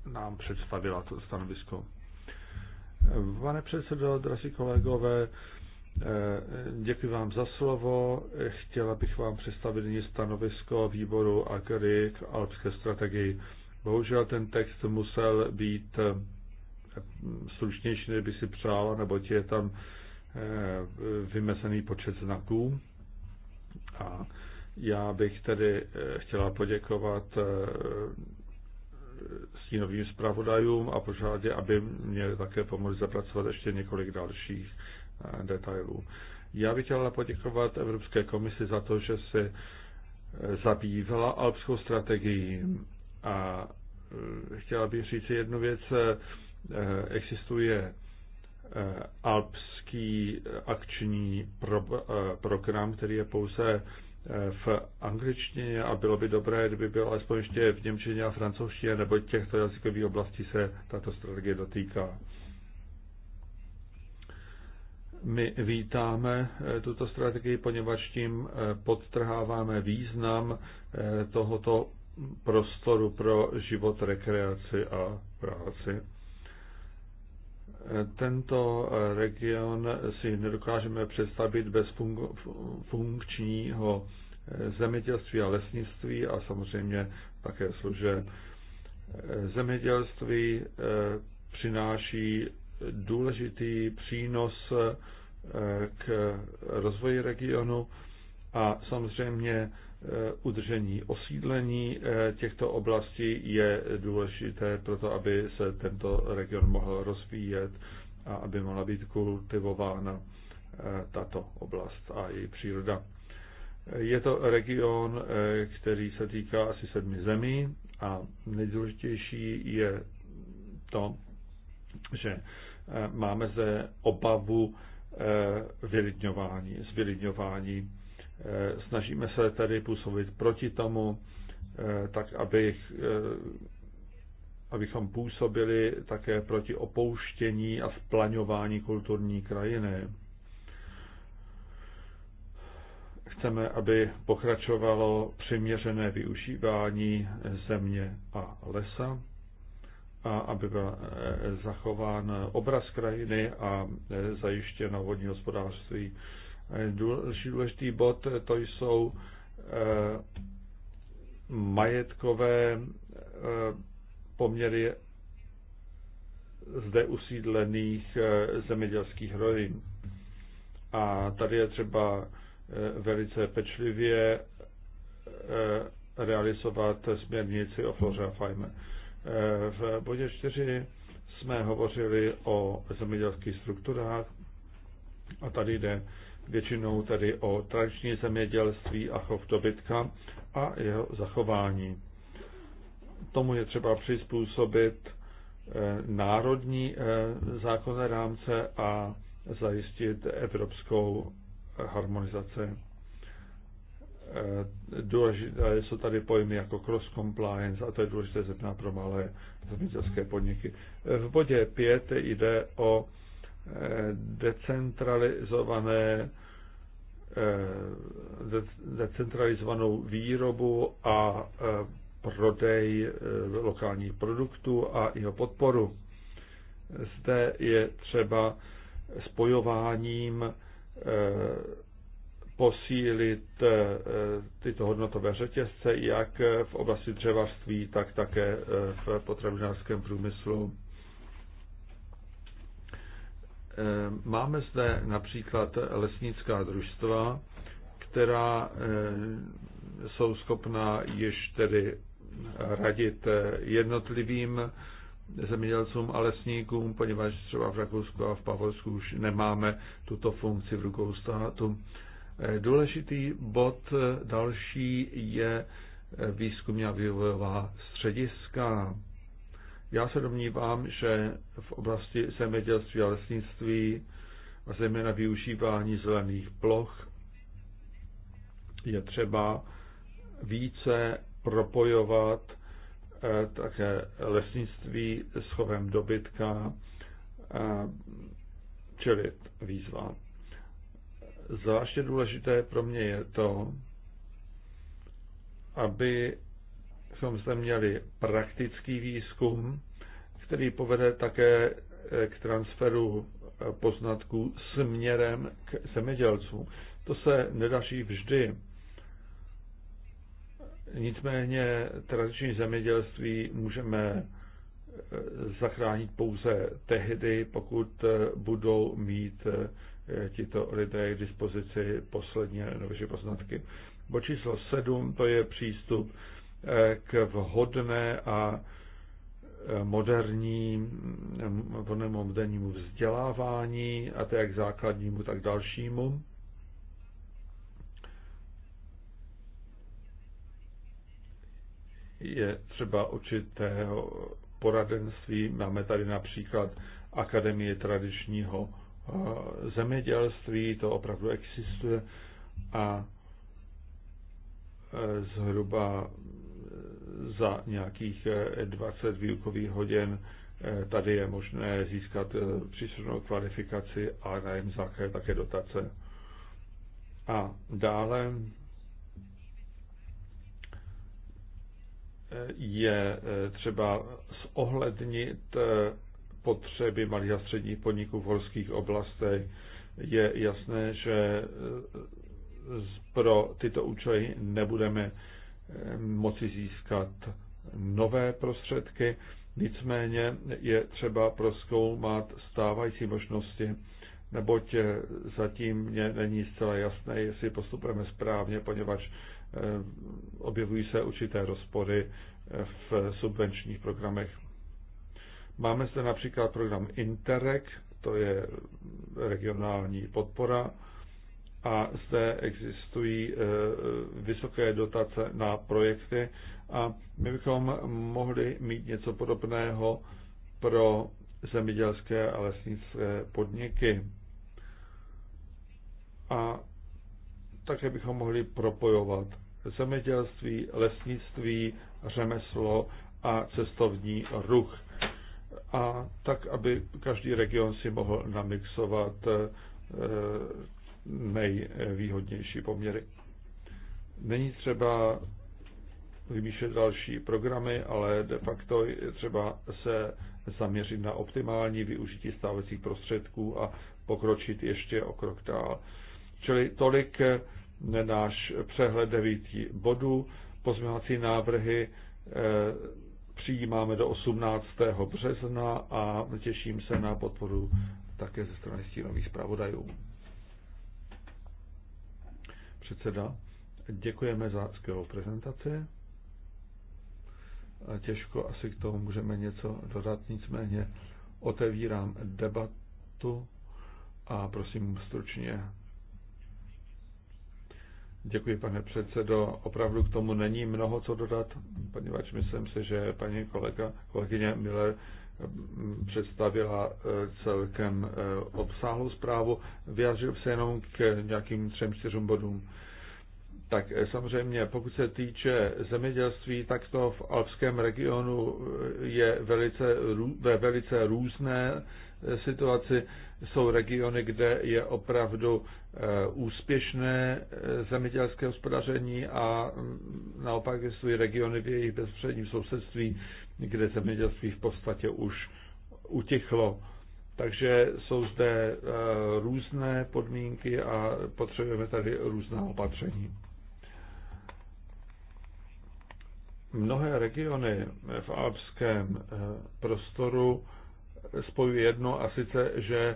nám představila to stanovisko. Pane předsedo, drazí kolegové, děkuji vám za slovo. Chtěla bych vám představit nyní stanovisko výboru Agri k alpské strategii. Bohužel ten text musel být stručnější, než by si přála, ti je tam eh, vymezený počet znaků. A já bych tedy eh, chtěla poděkovat eh, stínovým zpravodajům a požádat aby mě také pomohli zapracovat ještě několik dalších detailů. Já bych chtěla poděkovat Evropské komisi za to, že se zabývala alpskou strategií a chtěla bych říct jednu věc, Eh, existuje eh, alpský akční eh, program, který je pouze v angličtině a bylo by dobré, kdyby byl alespoň ještě v němčině a francouzštině, nebo těchto jazykových oblastí se tato strategie dotýká. My vítáme tuto strategii, poněvadž tím podtrháváme význam tohoto prostoru pro život, rekreaci a práci. Tento region si nedokážeme představit bez funkčního eh, zemědělství a lesnictví a samozřejmě také služeb. Eh, zemědělství eh, přináší důležitý přínos k rozvoji regionu a samozřejmě Eh, udržení osídlení eh, těchto oblastí je důležité pro to, aby se tento region mohl rozvíjet a aby mohla být kultivována eh, tato oblast a její příroda. Je to region, který se týká asi sedmi zemí a nejdůležitější je to, že máme zde obavu vylidňování, zvylidňování Eh, snažíme se tedy působit proti tomu, eh, tak abych, eh, abychom působili také proti opouštění a splaňování kulturní krajiny. Chceme, aby pokračovalo přiměřené využívání země a lesa a aby byl zachován obraz krajiny a zajištěno vodní hospodářství Další důležitý bod to jsou eh, majetkové eh, poměry zde usídlených eh, zemědělských rodin. A tady je třeba velice pečlivě realizovat směrnici o floře a fajme. V bodě 4 jsme hovořili o zemědělských strukturách a tady jde většinou tedy o tradiční zemědělství a chov dobytka a jeho zachování. Tomu je třeba přizpůsobit eh, národní eh, zákonné rámce a zajistit evropskou harmonizaci. Eh, důležité jsou tady pojmy jako cross compliance a to je důležité zejména pro malé zemědělské podniky. V bodě 5 jde o Eh, decentralizované eh, decentralizovanou výrobu a eh, prodej lokálních produktů a jeho podporu. Zde je třeba spojováním posílit tyto hodnotové řetězce jak v oblasti dřevařství, tak také v potravinářském průmyslu. Eh, máme zde například lesnická družstva, která eh, jsou schopna již tedy radit eh, jednotlivým zemědělcům a lesníkům, poněvadž třeba v Rakousku a v Pavolsku už nemáme tuto funkci v rukou státu. Důležitý bod další je výzkumně a vývojová střediska. Já se domnívám, že v oblasti zemědělství a lesnictví a zejména využívání zelených ploch je třeba více propojovat eh, také lesnictví s chovem dobytka, eh, čili výzva. Zvláště důležité pro mě je to, aby abychom zde měli praktický výzkum, který povede také eh, k transferu eh, poznatků směrem k zemědělcům. To se nedaří vždy. Nicméně tradiční zemědělství můžeme eh, zachránit pouze tehdy, pokud budou mít tito lidé k dispozici poslední novější poznatky. Bo číslo 7 to je přístup k vhodné a moderní, vhodnému modernímu vzdělávání, a to jak základnímu, tak dalšímu. Je třeba určitého poradenství. Máme tady například Akademie tradičního eh, zemědělství, to opravdu existuje a eh, zhruba za nějakých 20 eh, výukových hodin eh, tady je možné získat eh, příslušnou kvalifikaci a na za také dotace. A dále je třeba zohlednit potřeby malých a středních podniků v horských oblastech. Je jasné, že pro tyto účely nebudeme moci získat nové prostředky, nicméně je třeba proskoumat stávající možnosti, neboť zatím mě není zcela jasné, jestli postupujeme správně, poněvadž eh, objevují se určité rozpory eh, v subvenčních programech. Máme zde například program Interreg, to je regionální podpora, a zde existují e, e, vysoké dotace na projekty a my bychom mohli mít něco podobného pro zemědělské a lesnické podniky. A také bychom mohli propojovat zemědělství, lesnictví, řemeslo a cestovní ruch. A tak, aby každý region si mohl namixovat e, nejvýhodnější poměry. Není třeba vymýšlet další programy, ale de facto je třeba se zaměřit na optimální využití stávajících prostředků a pokročit ještě o krok dál. Čili tolik eh, náš přehled devíti bodů. Pozměňovací návrhy eh, přijímáme do 18. března a těším se na podporu také ze strany stínových zpravodajů předseda. Děkujeme za skvělou prezentaci. Těžko asi k tomu můžeme něco dodat, nicméně otevírám debatu a prosím stručně. Děkuji, pane předsedo. Opravdu k tomu není mnoho co dodat, poněvadž myslím si, že paní kolega, kolegyně Miller představila eh, celkem eh, obsáhlou zprávu. Vyjádřil se jenom k nějakým třem, čtyřům bodům. Tak eh, samozřejmě, pokud se týče zemědělství, tak to v alpském regionu je velice, ve velice různé situaci. Jsou regiony, kde je opravdu úspěšné zemědělské hospodaření a mm, naopak jsou regiony v jejich bezpředním sousedství, kde zemědělství v podstatě už utichlo. Takže jsou zde e, různé podmínky a potřebujeme tady různá opatření. Mnohé regiony v alpském e, prostoru spojují jedno a sice, že e,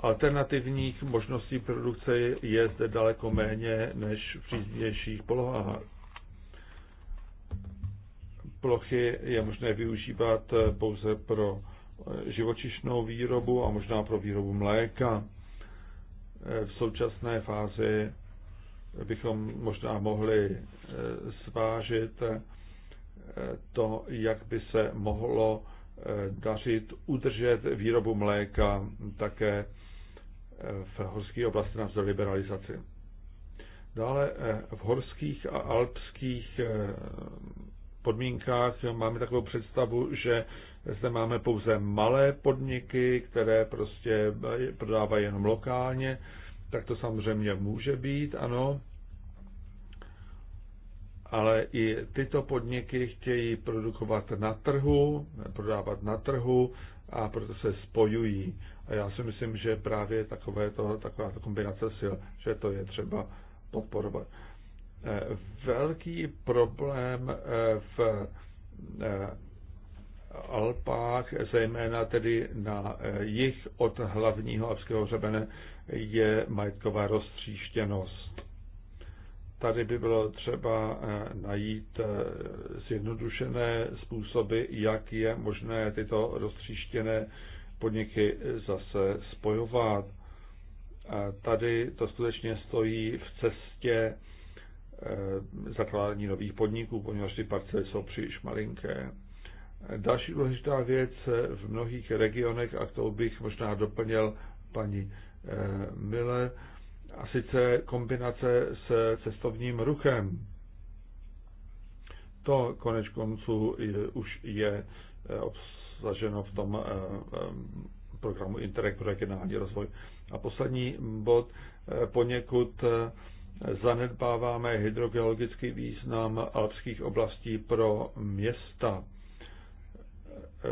alternativních možností produkce je zde daleko méně než v příznivějších polohách plochy je možné využívat pouze pro eh, živočišnou výrobu a možná pro výrobu mléka. Eh, v současné fázi bychom možná mohli eh, zvážit to, jak by se mohlo dařit udržet výrobu mléka také v horské oblasti na liberalizaci. Dále v horských a alpských podmínkách máme takovou představu, že zde máme pouze malé podniky, které prostě prodávají jenom lokálně, tak to samozřejmě může být, ano. Ale i tyto podniky chtějí produkovat na trhu, prodávat na trhu a proto se spojují. A já si myslím, že právě takové to, taková kombinace sil, že to je třeba podporovat. Velký problém eh, v eh, Alpách, zejména tedy na eh, jich od hlavního alpského řebene, je majetková roztříštěnost. Tady by bylo třeba najít zjednodušené způsoby, jak je možné tyto roztříštěné podniky zase spojovat. Tady to skutečně stojí v cestě Eh, zakládání nových podniků, poněvadž ty parcely jsou příliš malinké. Další důležitá věc eh, v mnohých regionech, a to bych možná doplnil paní eh, Mile, a sice kombinace s cestovním ruchem. To konec konců už je obsaženo v tom programu Interreg pro regionální rozvoj. A poslední bod, poněkud zanedbáváme hydrogeologický význam alpských oblastí pro města. Eh,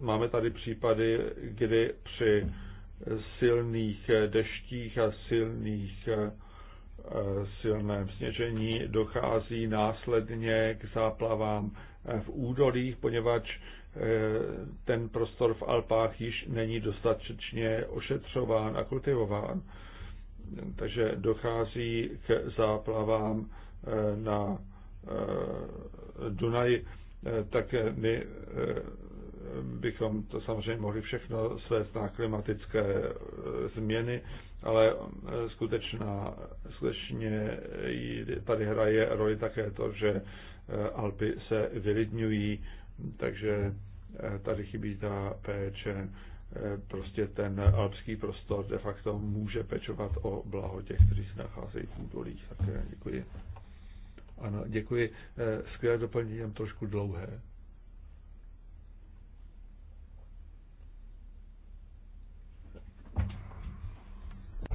máme tady případy, kdy při silných deštích a silných eh, silném sněžení dochází následně k záplavám v údolích, poněvadž eh, ten prostor v Alpách již není dostatečně ošetřován a kultivován takže dochází k záplavám eh, na eh, Dunaji, eh, tak my bychom to samozřejmě mohli všechno svést na klimatické změny, ale skutečná, skutečně tady hraje roli také to, že Alpy se vylidňují, takže tady chybí ta péče. Eh, prostě ten alpský prostor de facto může pečovat o blaho těch, kteří se nacházejí v údolích. Tak eh, děkuji. Ano, děkuji. Eh, skvělé doplnění, jen trošku dlouhé.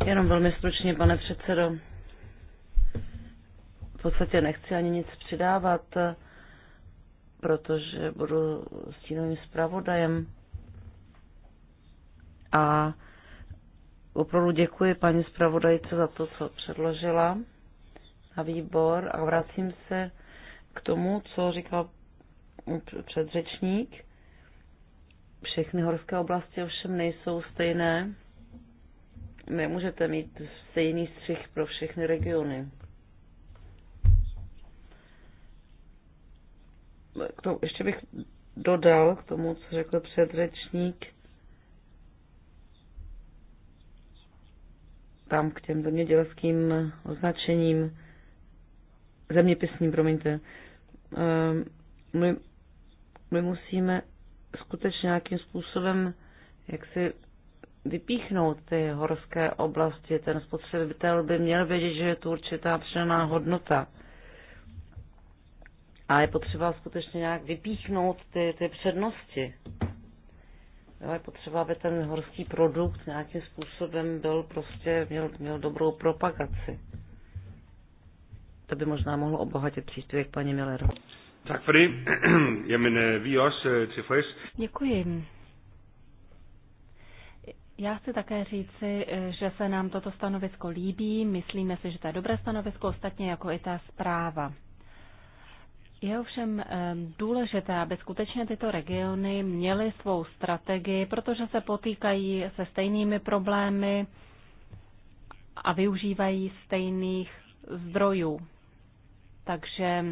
Jenom velmi stručně, pane předsedo. V podstatě nechci ani nic přidávat, protože budu stínovým zpravodajem a opravdu děkuji paní zpravodajce za to, co předložila na výbor a vracím se k tomu, co říkal předřečník. Všechny horské oblasti ovšem nejsou stejné. Nemůžete mít stejný střih pro všechny regiony. K tomu, ještě bych dodal k tomu, co řekl předřečník, tam k těm zemědělským označením, zeměpisním, promiňte, ehm, my, my musíme skutečně nějakým způsobem jak si vypíchnout ty horské oblasti. Ten spotřebitel by měl vědět, že je tu určitá přidaná hodnota. A je potřeba skutečně nějak vypíchnout ty, ty přednosti je potřeba, aby ten horský produkt nějakým způsobem byl prostě, měl, měl dobrou propagaci. To by možná mohlo obohatit příspěvek paní Miller. Tak fri, det. Jamen, vi tilfreds. Děkuji. Já chci také říci, eh, že se nám toto stanovisko líbí. Myslíme si, že to je dobré stanovisko, ostatně jako i ta zpráva. Je ovšem ehm, důležité, aby skutečně tyto regiony měly svou strategii, protože se potýkají se stejnými problémy a využívají stejných zdrojů. Takže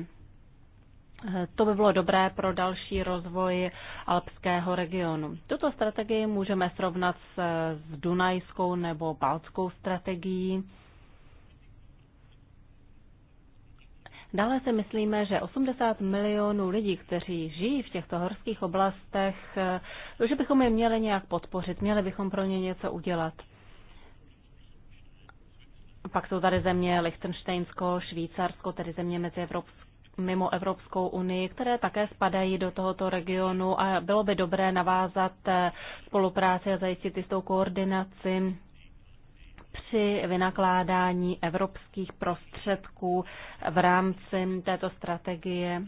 eh, to by bylo dobré pro další rozvoj alpského regionu. Tuto strategii můžeme srovnat s, s dunajskou nebo baltskou strategií Dále si myslíme, že 80 milionů lidí, kteří žijí v těchto horských oblastech, eh, že bychom je měli nějak podpořit, měli bychom pro ně něco udělat. Pak jsou tady země Lichtensteinsko, Švýcarsko, tedy země mezi Evropskou mimo Evropskou unii, které také spadají do tohoto regionu a bylo by dobré navázat eh, spolupráci a zajistit jistou koordinaci při vynakládání evropských prostředků v rámci této strategie.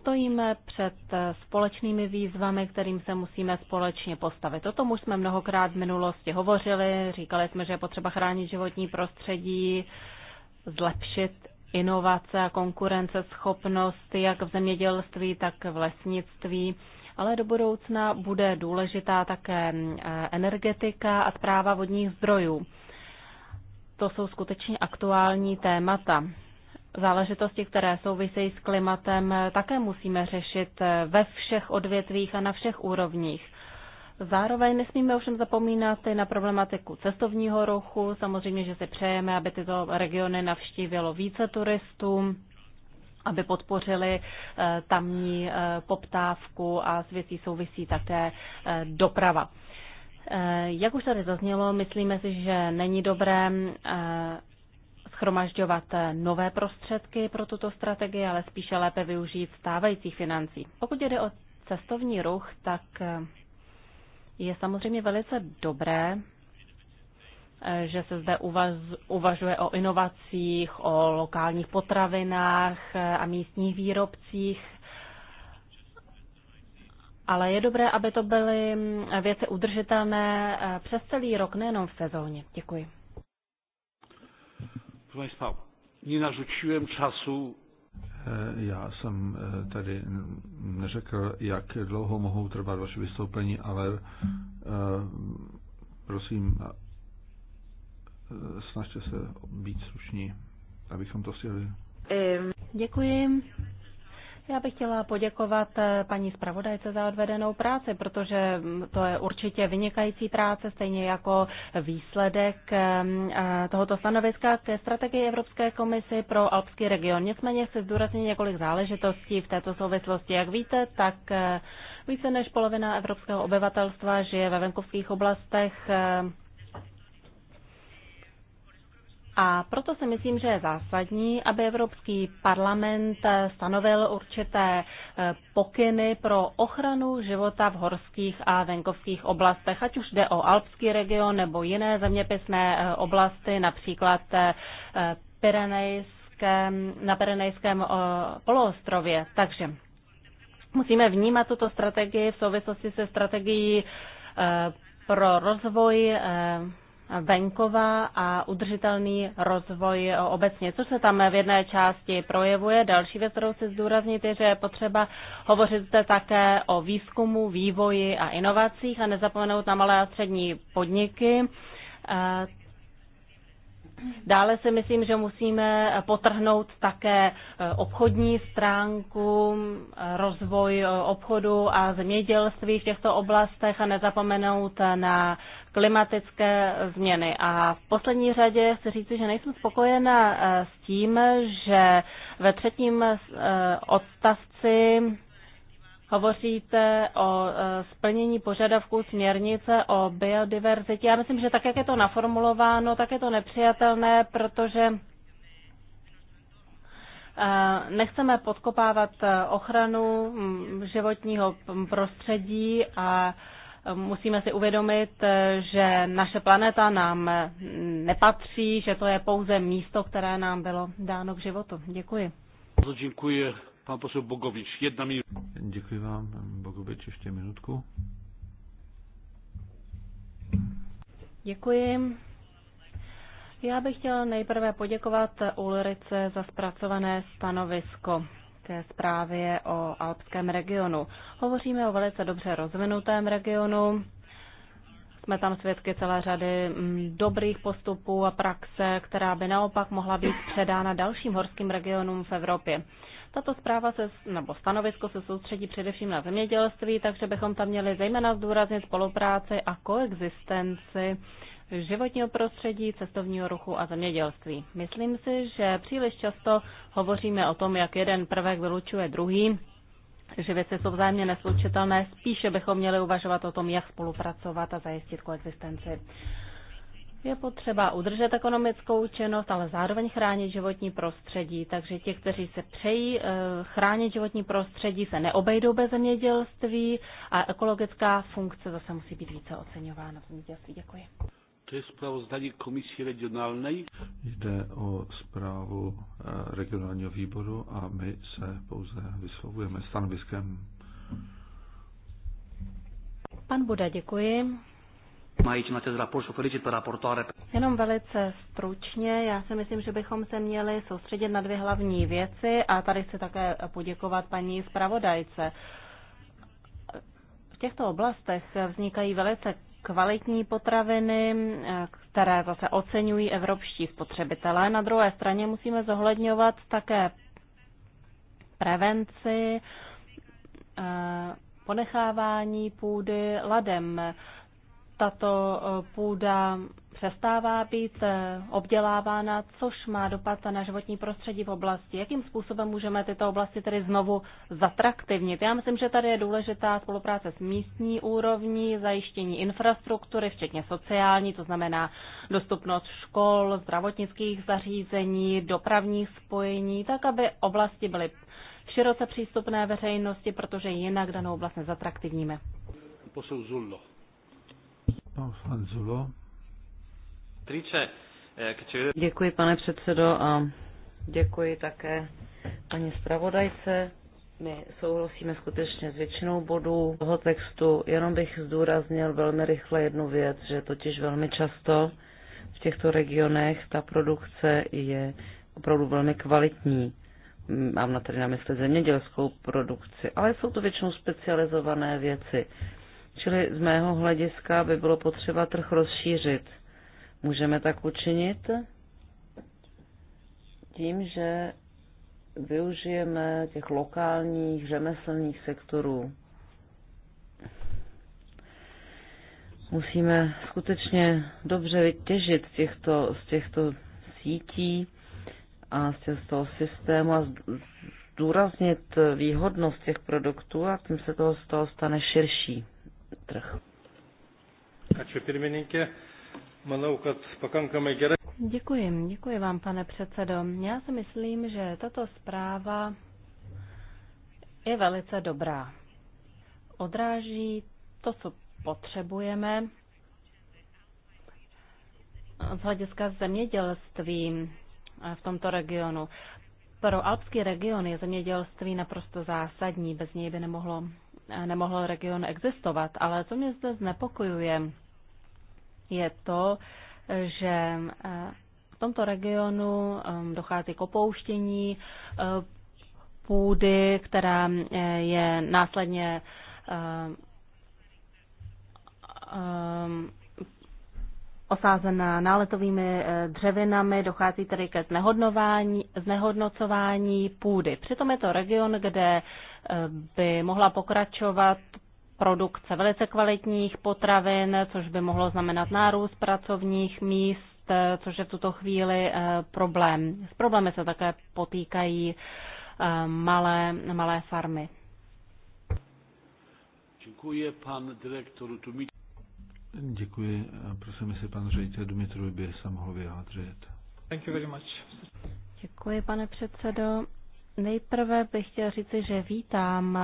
Stojíme před společnými výzvami, kterým se musíme společně postavit. O tom už jsme mnohokrát v minulosti hovořili. Říkali jsme, že je potřeba chránit životní prostředí, zlepšit inovace a konkurenceschopnost jak v zemědělství, tak v lesnictví ale do budoucna bude důležitá také eh, energetika a zpráva vodních zdrojů. To jsou skutečně aktuální témata. Záležitosti, které souvisejí s klimatem, eh, také musíme řešit eh, ve všech odvětvích a na všech úrovních. Zároveň nesmíme ovšem zapomínat i na problematiku cestovního ruchu. Samozřejmě, že si přejeme, aby tyto regiony navštívilo více turistů aby podpořili eh, tamní eh, poptávku a s věcí souvisí také eh, doprava. Jak už tady zaznělo, myslíme si, že není dobré schromažďovat nové prostředky pro tuto strategii, ale spíše lépe využít stávajících financí. Pokud jde o cestovní ruch, tak je samozřejmě velice dobré že se zde uvaz, uvažuje o inovacích, o lokálních potravinách a místních výrobcích. Ale je dobré, aby to byly věci udržitelné eh, přes celý rok, nejenom v sezóně. Děkuji. Proszę eh, Já jsem eh, tady neřekl, jak dlouho mohou trvat vaše vystoupení, ale prosím, Eh, snažte se být slušní, abychom to stihli. Děkuji. Já bych chtěla poděkovat eh, paní zpravodajce za odvedenou práci, protože mm, to je určitě vynikající práce, stejně jako výsledek eh, tohoto stanoviska ke strategii Evropské komisy pro Alpský region. Nicméně chci zdůraznit několik záležitostí v této souvislosti. Jak víte, tak více než polovina evropského obyvatelstva žije ve venkovských oblastech a proto si myslím, že je zásadní, aby Evropský parlament stanovil určité e, pokyny pro ochranu života v horských a venkovských oblastech, ať už jde o alpský region nebo jiné zeměpisné e, oblasti, například e, Pirenejském, na Pirenejském poloostrově. Takže musíme vnímat tuto strategii v souvislosti se strategií pro rozvoj venkova a udržitelný rozvoj obecně. Co se tam v jedné části projevuje? Další věc, kterou chci zdůraznit, je, že je potřeba hovořit zde také o výzkumu, vývoji a inovacích a nezapomenout na malé a střední podniky eh, Dále si myslím, že musíme potrhnout také e, obchodní stránku, rozvoj e, obchodu a zemědělství v těchto oblastech a nezapomenout na klimatické změny. A v poslední řadě chci říci, že nejsem spokojena e, s tím, že ve třetím odstavci Hovoříte o e, splnění požadavků směrnice o biodiverzitě. Já myslím, že tak, jak je to naformulováno, tak je to nepřijatelné, protože e, nechceme podkopávat ochranu životního prostředí a e, musíme si uvědomit, že naše planeta nám nepatří, že to je pouze místo, které nám bylo dáno k životu. Děkuji. Děkuji. Pan poseł Bogovič, jedna minuta. Děkuji vám, Bogovič, ještě minutku. Děkuji. Já bych chtěla nejprve poděkovat Ulrice za zpracované stanovisko té zprávě o alpském regionu. Hovoříme o velice dobře rozvinutém regionu. Jsme tam svědky celé řady mm, dobrých postupů a praxe, která by naopak mohla být předána dalším horským regionům v Evropě. Tato zpráva se, nebo stanovisko se soustředí především na zemědělství, takže bychom tam měli zejména zdůraznit spolupráci a koexistenci životního prostředí, cestovního ruchu a zemědělství. Myslím si, že příliš často hovoříme o tom, jak jeden prvek vylučuje druhý, že věci jsou vzájemně neslučitelné, spíše bychom měli uvažovat o tom, jak spolupracovat a zajistit koexistenci. Je potřeba udržet ekonomickou činnost, ale zároveň chránit životní prostředí. Takže ti, kteří se přejí eh, chránit životní prostředí, se neobejdou bez zemědělství a ekologická funkce zase musí být více oceňována v zemědělství. Děkuji. To je zpravozdání Komisí regionální. Jde o zprávu eh, regionálního výboru a my se pouze vyslovujeme stanoviskem. Pan Buda, děkuji. Mají na acest raport și felicit pe raportoare. Jenom velice stručně, já si myslím, že bychom se měli soustředit na dvě hlavní věci a tady chci také poděkovat paní zpravodajce. V těchto oblastech vznikají velice kvalitní potraviny, které zase oceňují evropští spotřebitelé. Na druhé straně musíme zohledňovat také prevenci, eh, ponechávání půdy ladem tato eh, půda přestává být eh, obdělávána, což má dopad na životní prostředí v oblasti. Jakým způsobem můžeme tyto oblasti tedy znovu zatraktivnit? Já myslím, že tady je důležitá spolupráce s místní úrovní, zajištění infrastruktury, včetně sociální, to znamená dostupnost škol, zdravotnických zařízení, dopravních spojení, tak aby oblasti byly široce přístupné veřejnosti, protože jinak danou oblast nezatraktivníme. Posel Eh, děkuji, pane předsedo, a děkuji také paní zpravodajce. My souhlasíme skutečně s většinou bodů toho textu, jenom bych zdůraznil velmi rychle jednu věc, že totiž velmi často v těchto regionech ta produkce je opravdu velmi kvalitní. Mám na tedy na mysli zemědělskou produkci, ale jsou to většinou specializované věci. Čili z mého hlediska by bylo potřeba trh rozšířit. Můžeme tak učinit tím, že využijeme těch lokálních řemeslných sektorů. Musíme skutečně dobře vytěžit těchto, z těchto sítí a z toho systému a zdůraznit výhodnost těch produktů a tím se toho z toho stane širší trh. Děkuji, děkuji vám, pane předsedo. Já si myslím, že tato zpráva je velice dobrá. Odráží to, co potřebujeme z hlediska zemědělství v tomto regionu. Pro alpský region je zemědělství naprosto zásadní, bez něj by nemohlo nemohl region existovat. Ale co mě zde znepokojuje, je to, že eh, v tomto regionu eh, dochází k opouštění eh, půdy, která je následně osázená náletovými eh, dřevinami, dochází tedy ke znehodnocování půdy. Přitom je to region, kde eh, by mohla pokračovat produkce velice kvalitních potravin, což by mohlo znamenat nárůst pracovních míst, eh, což je v tuto chvíli problém. S problémy se také potýkají malé, malé farmy. Děkuji, pan direktor Děkuji. Prosím, jestli pan ředitel Dumitrovi by se mohl vyjádřit. Thank you very much. Děkuji, pane předsedo. Nejprve bych chtěl říci, že vítám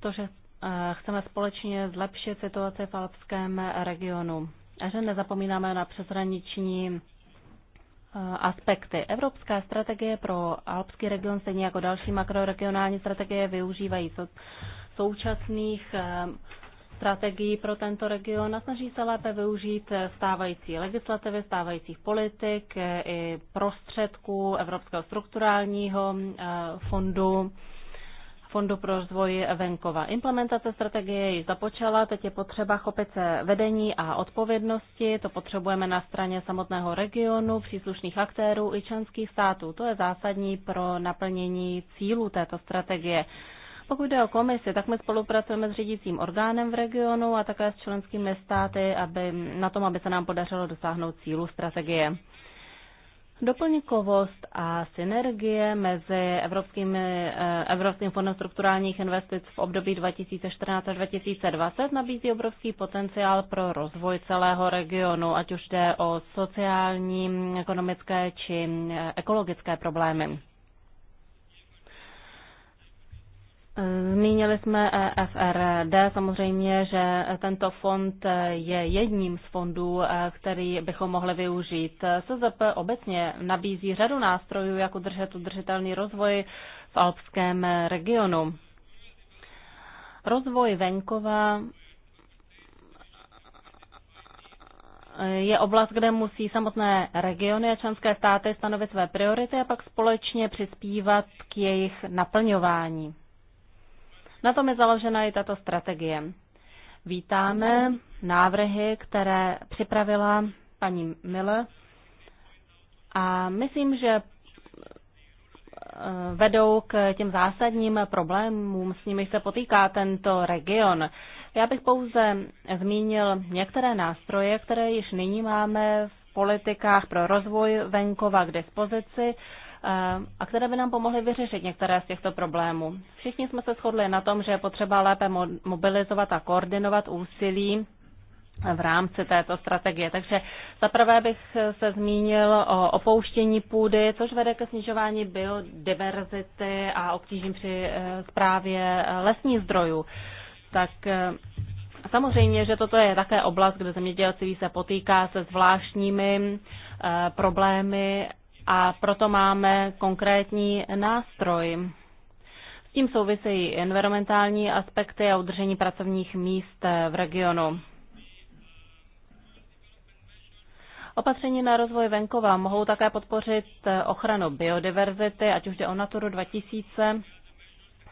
to, že eh, chceme společně zlepšit situaci v alpském regionu a že nezapomínáme na přeshraniční eh, aspekty. Evropská strategie pro alpský region, stejně jako další makroregionální strategie, využívají současných eh, strategii pro tento region a snaží se lépe využít stávající legislativy, stávajících politik i prostředků Evropského strukturálního eh, fondu. Fondu pro rozvoj venkova. Implementace strategie již započala, teď je potřeba chopit se vedení a odpovědnosti, to potřebujeme na straně samotného regionu, příslušných aktérů i členských států. To je zásadní pro naplnění cílů této strategie. Pokud jde o komisi, tak my spolupracujeme s řídícím orgánem v regionu a také s členskými státy aby, na tom, aby se nám podařilo dosáhnout cílu strategie. Doplňkovost a synergie mezi Evropským, eh, Evropským fondem strukturálních investic v období 2014 až 2020 nabízí obrovský potenciál pro rozvoj celého regionu, ať už jde o sociální, ekonomické či eh, ekologické problémy. Zmínili jsme e FRD, samozřejmě, že tento fond je jedním z fondů, který bychom mohli využít. SZP obecně nabízí řadu nástrojů, jak udržet udržitelný rozvoj v alpském regionu. Rozvoj venkova je oblast, kde musí samotné regiony a členské státy stanovit své priority a pak společně přispívat k jejich naplňování. Na tom je založena i tato strategie. Vítáme návrhy, které připravila paní Mille a myslím, že eh, vedou k těm zásadním problémům, s nimi se potýká tento region. Já bych pouze zmínil některé nástroje, které již nyní máme v politikách pro rozvoj venkova k dispozici Eh, a které by nám pomohly vyřešit některé z těchto problémů. Všichni jsme se shodli na tom, že je potřeba lépe mobilizovat a koordinovat úsilí v rámci této strategie. Takže zaprvé bych se zmínil o opouštění půdy, což vede ke snižování biodiverzity a obtížím při zprávě eh, eh, lesních zdrojů. Tak samozřejmě, že toto je také oblast, kde zemědělci se potýká se zvláštními problémy a proto máme konkrétní nástroj. S tím souvisejí environmentální aspekty a udržení pracovních míst v regionu. Opatření na rozvoj venkova mohou také podpořit ochranu biodiverzity, ať už jde o Naturu 2000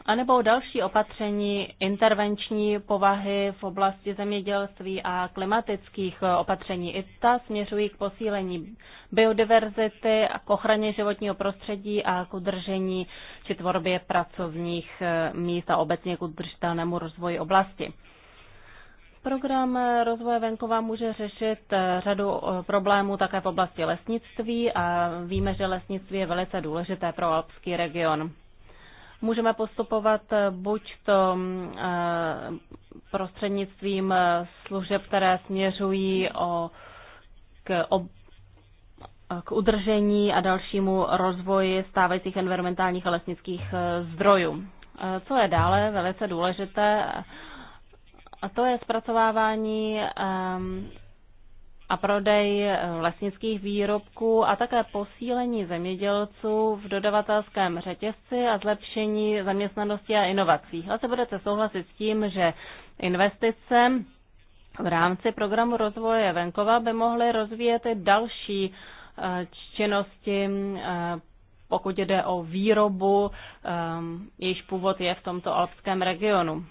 anebo další opatření intervenční povahy v oblasti zemědělství a klimatických eh, opatření. I ta směřují k posílení biodiverzity, k ochraně životního prostředí a k udržení či tvorbě pracovních eh, míst a obecně k udržitelnému rozvoji oblasti. Program eh, rozvoje venkova může řešit řadu problémů také v oblasti lesnictví a víme, že lesnictví je velice důležité pro alpský region můžeme postupovat eh, buď to mm, eh, prostřednictvím eh, služeb, které směřují o, k, o, k udržení a dalšímu rozvoji stávajících environmentálních a lesnických zdrojů. Co je dále velice důležité, a to je zpracovávání ehm, a prodej eh, lesnických výrobků a také posílení zemědělců v dodavatelském řetězci a zlepšení zaměstnanosti a inovací. se budete souhlasit s tím, že investice v rámci programu rozvoje venkova by mohly rozvíjet i další eh, činnosti, eh, pokud jde o výrobu, jejíž původ je v tomto alpském regionu.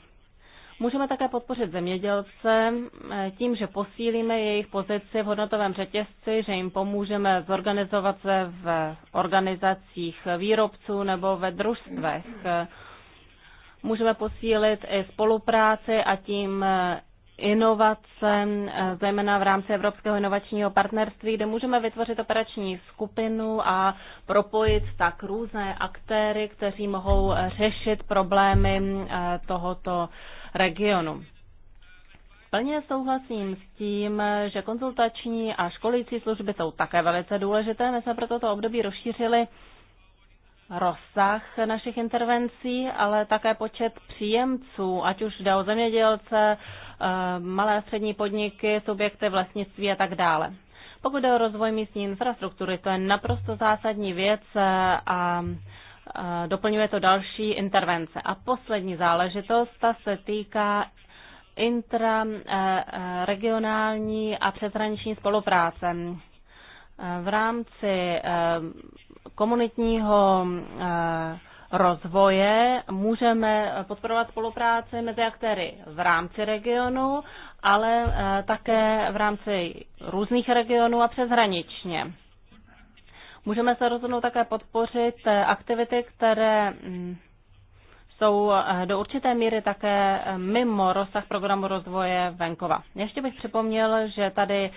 Můžeme také podpořit zemědělce eh, tím, že posílíme jejich pozici v hodnotovém řetězci, že jim pomůžeme zorganizovat se v organizacích výrobců nebo ve družstvech. Eh, můžeme posílit i spolupráci a tím eh, inovace, zejména v rámci Evropského inovačního partnerství, kde můžeme vytvořit operační skupinu a propojit tak různé aktéry, kteří mohou řešit problémy tohoto regionu. Plně souhlasím s tím, že konzultační a školící služby jsou také velice důležité. My jsme pro toto období rozšířili rozsah našich intervencí, ale také počet příjemců, ať už jde o zemědělce, eh, malé a střední podniky, subjekty vlastnictví a tak dále. Pokud jde o rozvoj místní infrastruktury, to je naprosto zásadní věc eh, a doplňuje to další intervence. A poslední záležitost, ta se týká intraregionální eh, eh, a přeshraniční spolupráce. Eh, v rámci komunitního rozvoje můžeme podporovat spolupráci mezi aktéry v rámci regionu, ale také v rámci různých regionů a přeshraničně. Můžeme se rozhodnout také podpořit eh, aktivity, které mm, jsou eh, do určité míry také eh, mimo rozsah programu rozvoje venkova. Ještě bych připomněl, že tady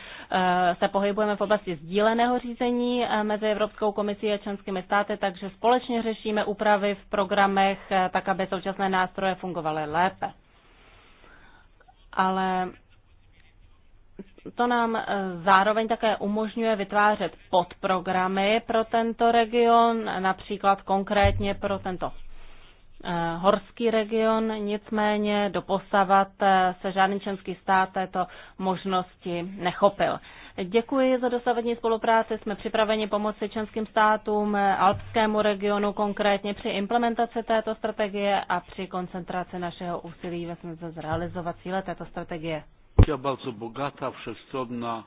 se pohybujeme v oblasti sdíleného řízení mezi Evropskou komisí a členskými státy, takže společně řešíme úpravy v programech tak, aby současné nástroje fungovaly lépe. Ale to nám eh, zároveň také umožňuje vytvářet podprogramy pro tento region, například konkrétně pro tento eh, horský region, nicméně doposavat eh, se žádný členský stát této možnosti nechopil. Děkuji za dosavadní spolupráci. Jsme připraveni pomoci členským státům, alpskému regionu konkrétně při implementaci této strategie a při koncentraci našeho úsilí ve smyslu zrealizovat cíle této strategie. Já bardzo bogata, wszechstronna.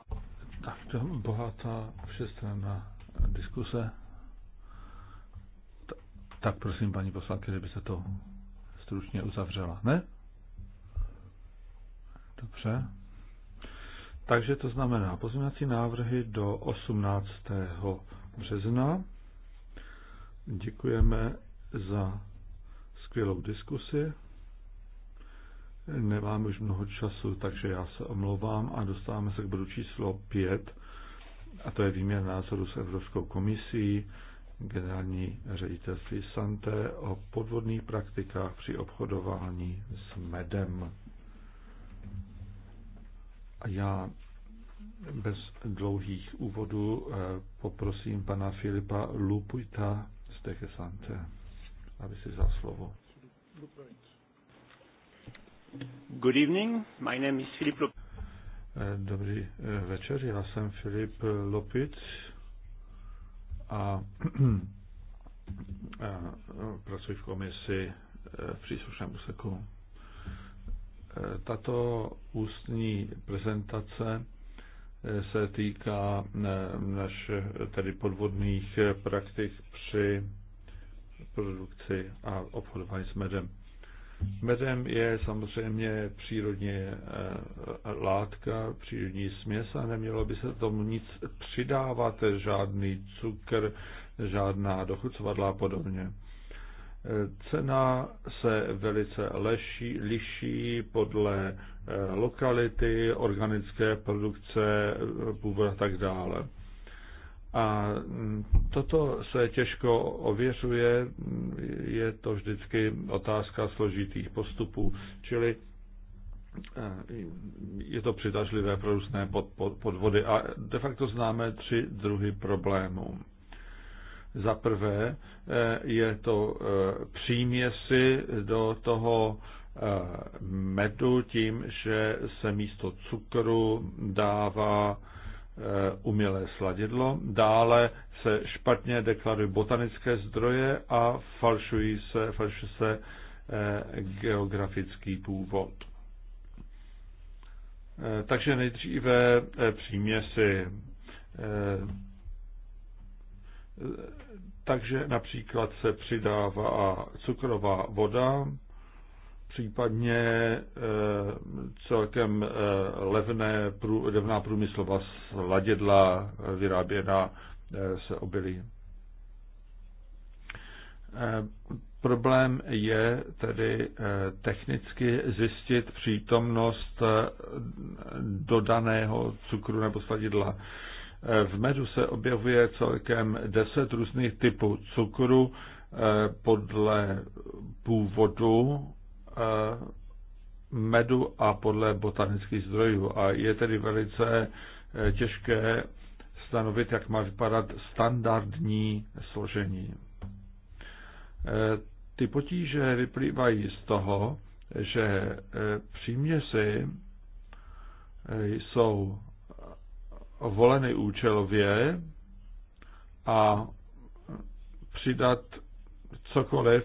Tak to bogata, wszechstronna dyskusja. T- tak prosím, pani poslankyně, żeby się to strusznie uzawrzała, ne? Dobrze. Takže to znamená pozměňovací návrhy do 18. března. Děkujeme za skvělou diskusi. Nemám už mnoho času, takže já se omlouvám a dostáváme se k bodu číslo 5, a to je výměr názoru s Evropskou komisí, generální ředitelství Santé o podvodných praktikách při obchodování s medem. A já bez dlouhých úvodů eh, poprosím pana Filipa Lupujta z Teche Santé, aby si za slovo. Lupujta. Good evening, my name is Filip Lopic. Eh, dobrý eh, večer, já jsem Filip Lopic a, a eh, pracuji v komisi v příslušném úseku. Tato ústní prezentace se týká našich tedy podvodných praktik při produkci a obchodování s medem. Medem je samozřejmě přírodní eh, látka, přírodní směs a nemělo by se tomu nic přidávat, žádný cukr, žádná dochucovadla a podobně. Eh, cena se velice leší, liší podle eh, lokality, organické produkce, původu a tak dále. A mm, toto se těžko ověřuje, je to vždycky otázka složitých postupů, čili e, je to přitažlivé pro různé podvody. A de facto známe tři druhy problémů. Za prvé e, je to e, příměsi do toho medu tím, že se místo cukru dává Eh, umělé sladidlo, dále se špatně deklarují botanické zdroje a falšují se, falšuje se eh, geografický původ. Eh, takže nejdříve příměsi. Takže například se přidává cukrová voda, případně eh, celkem eh, levné, levná průmyslová sladědla vyráběná eh, se obilí. Problém je tedy technicky zjistit přítomnost dodaného cukru nebo sladidla. V medu se objevuje celkem 10 různých typů cukru podle původu Eh, medu a podle botanických zdrojů. A je tedy velice eh, těžké stanovit, jak má vypadat standardní složení. Eh, ty potíže vyplývají z toho, že příměsi jsou voleny účelově a přidat cokoliv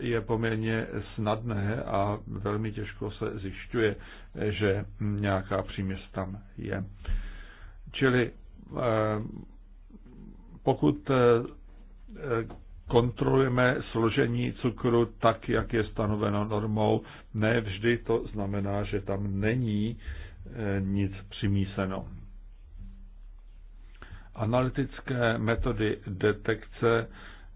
je poměrně snadné a velmi těžko se zjišťuje, že nějaká příměst tam je. Čili eh, pokud eh, kontrolujeme složení cukru tak, jak je stanoveno normou, ne vždy to znamená, že tam není eh, nic přimíseno. Analytické metody detekce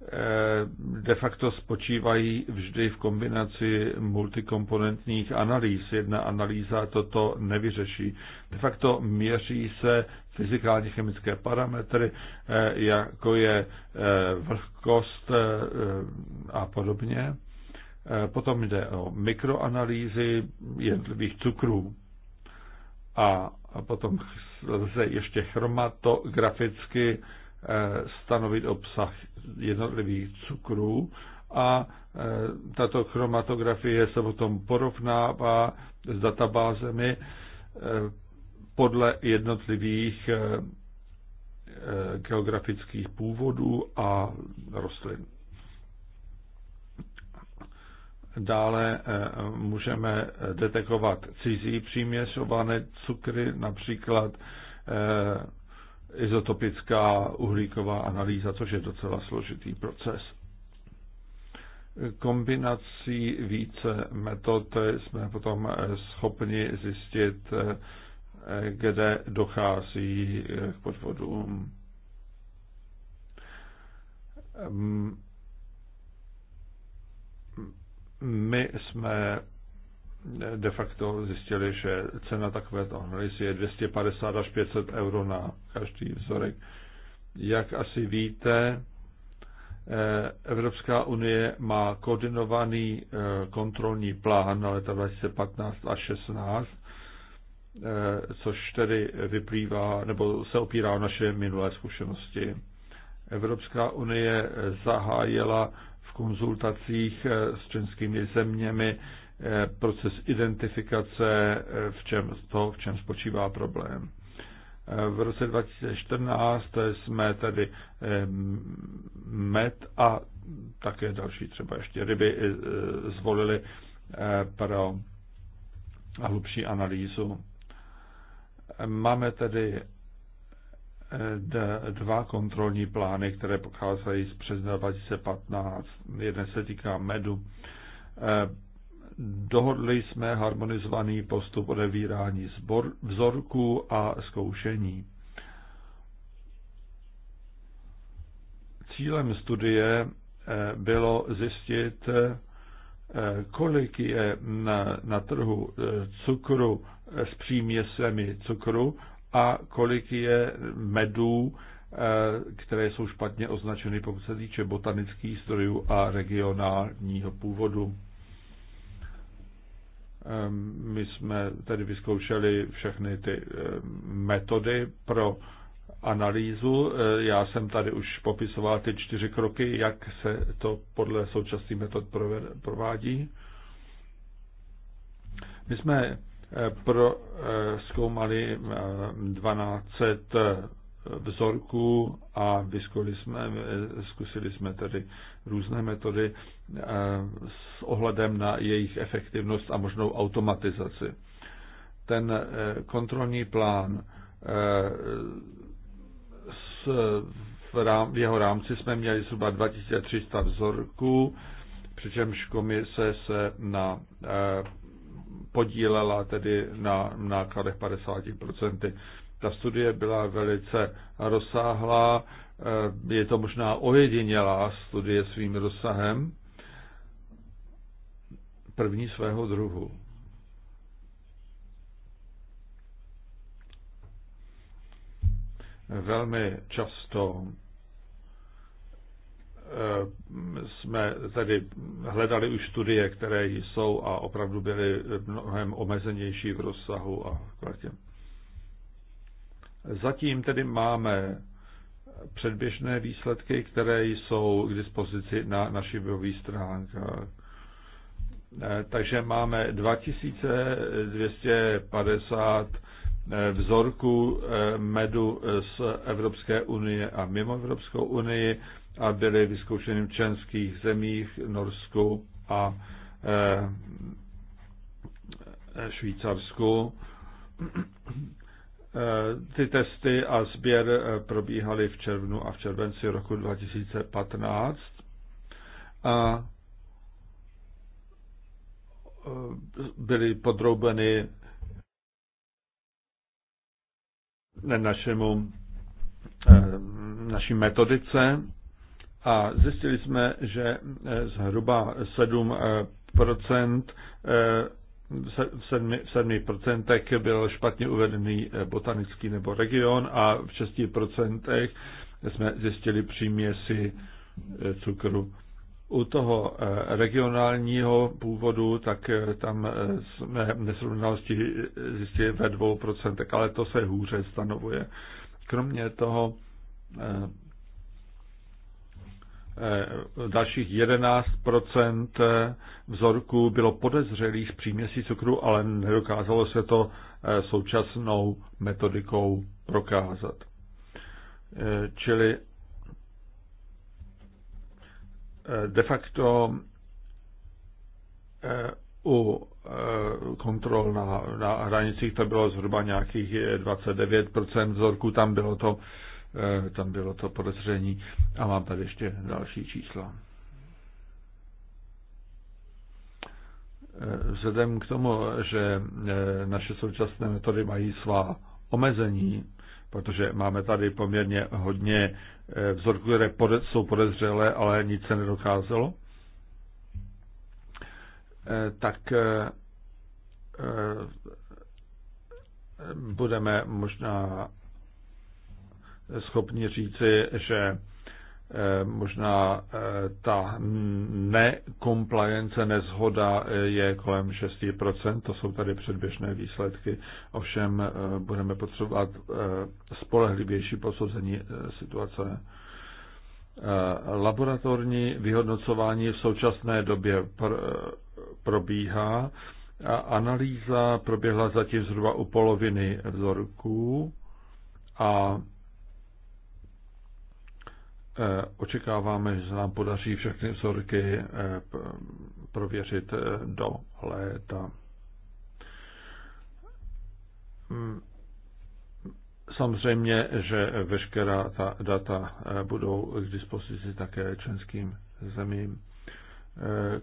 Eh, de facto spočívají vždy v kombinaci multikomponentních analýz. Jedna analýza toto nevyřeší. De facto měří se fyzikálně chemické parametry, eh, jako je eh, vlhkost a podobně. Potom jde o mikroanalýzy jednotlivých cukrů. A potom lze ještě chromatograficky Eh, stanovit obsah jednotlivých cukrů a eh, tato chromatografie se potom porovnává s databázemi eh, podle jednotlivých geografických původů a rostlin. Dále můžeme detekovat cizí příměšované cukry, například izotopická uhlíková analýza, což je docela složitý proces. Kombinací více metod jsme potom schopni zjistit, kde dochází k podvodům. My jsme de facto zjistili, že cena takovéto analýzy je 250 až 500 euro na každý vzorek. Jak asi víte, eh, Evropská unie má koordinovaný eh, kontrolní plán na leta 2015 a 16, eh, což tedy vyplývá nebo se opírá o naše minulé zkušenosti. Evropská unie zahájila v konzultacích s členskými zeměmi proces identifikace, v čem, toho, v čem spočívá problém. V roce 2014 jsme tady eh, med a také další třeba ještě ryby eh, zvolili eh, pro hlubší analýzu. Máme tedy dva kontrolní plány, které pocházejí z března 2015. Jeden se týká medu dohodli jsme harmonizovaný postup odevírání vzorků a zkoušení. Cílem studie eh, bylo zjistit, eh, kolik je na, na trhu eh, cukru s příměsemi cukru a kolik je medů, které jsou špatně označeny, pokud se týče botanických zdrojů a regionálního původu. Ehm, my jsme tedy vyzkoušeli všechny ty ehm, metody pro analýzu. Eh, já jsem tady už popisoval ty čtyři kroky, jak se to podle současných metod provádí. My jsme eh, pro, eh, zkoumali 12 ehm, vzorků a vyzkoušeli jsme, zkusili jsme tedy různé metody eh, s ohledem na jejich efektivnost a možnou automatizaci. Ten eh, kontrolní plán eh, v, v jeho rámci jsme měli zhruba 2300 vzorků, přičemž komise se na podílela tedy na nákladech 50%. Ta studie byla velice rozsáhlá, eh, je to možná ojedinělá studie svým rozsahem, první svého druhu. Velmi často eh, jsme tady hledali už studie, které jsou a opravdu byly mnohem omezenější v rozsahu a v kvalitě. Zatím tedy máme předběžné výsledky, které jsou k dispozici na našich webových stránkách. Eh, takže máme 2250 eh, vzorků eh, medu z Evropské unie a mimo Evropskou unii a byly vyzkoušeny v členských zemích Norsku a Švýcarsku Eh, ty testy a sběr eh, probíhaly v červnu a v červenci roku 2015. A eh, byly podrobeny našemu, naší metodice a zjistili jsme, že zhruba 7 procent v sedmi, procentech byl špatně uvedený eh, botanický nebo region a v 6% procentech jsme zjistili příměsi eh, cukru. U toho eh, regionálního původu, tak tam jsme nesrovnalosti zjistili ve 2%, procentech, ale to se hůře stanovuje. Kromě toho Eh, dalších 11 eh, vzorků bylo podezřelých z příměsí cukru, ale nedokázalo se to eh, současnou metodikou prokázat. Čili de facto u kontrol na, na hranicích to bylo zhruba nějakých 29 vzorků, tam bylo to Eh, tam bylo to podezření a mám tady ještě další čísla. Eh, vzhledem k tomu, že eh, naše současné metody mají svá omezení, protože máme tady poměrně hodně vzorků, které jsou podezřelé, ale nic se nedokázalo, tak budeme možná schopni říci, že eh, možná eh, ta nekompliance, nezhoda eh, je kolem 6%, to jsou tady předběžné výsledky, ovšem budeme potřebovat spolehlivější posouzení situace. Laboratorní vyhodnocování v současné době probíhá a analýza proběhla zatím zhruba u poloviny vzorků a Eh, očekáváme, že se nám podaří všechny vzorky eh, prověřit eh, do léta. Hmm. Samozřejmě, že veškerá ta data budou k dispozici také členským zemím.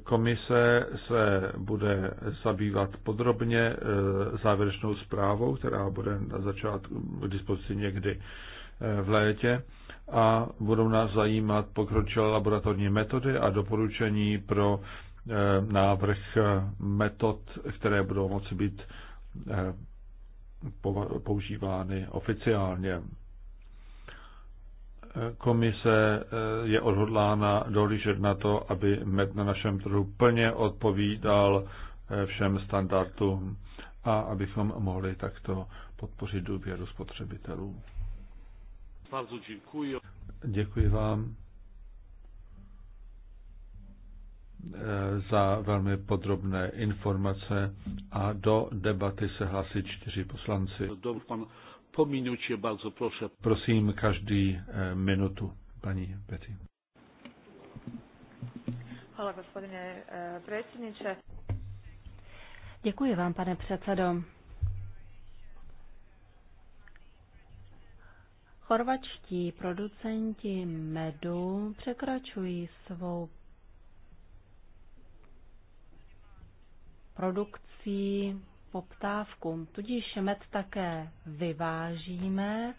Komise se bude zabývat podrobně závěrečnou zprávou, která bude na začátku k dispozici někdy v létě a budou nás zajímat pokročilé laboratorní metody a doporučení pro eh, návrh eh, metod, které budou moci být eh, používány oficiálně. Komise je odhodlána dohlížet na to, aby med na našem trhu plně odpovídal všem standardům a abychom mohli takto podpořit důvěru spotřebitelů. Bardzo dziękuję. Děkuji vám eh, za velmi podrobné informace a do debaty se hlásí čtyři poslanci. Po minutě, bardzo proszę. Prosím každý eh, minutu, paní Betty. Hvala, gospodine eh, predsjedniče. Děkuji vám, pane předsedo. Chorvačtí producenti medu překračují svou produkcí poptávku. Tudíž med také vyvážíme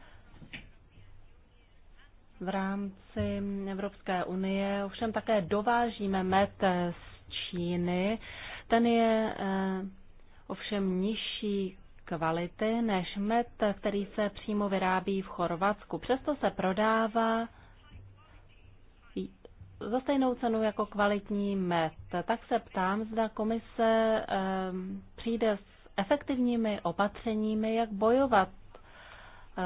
v rámci Evropské unie, ovšem také dovážíme med z Číny. Ten je eh, ovšem nižší kvality než med, který se přímo vyrábí v Chorvatsku. Přesto se prodává za stejnou cenu jako kvalitní med. Tak se ptám, zda komise přijde s efektivními opatřeními, jak bojovat e,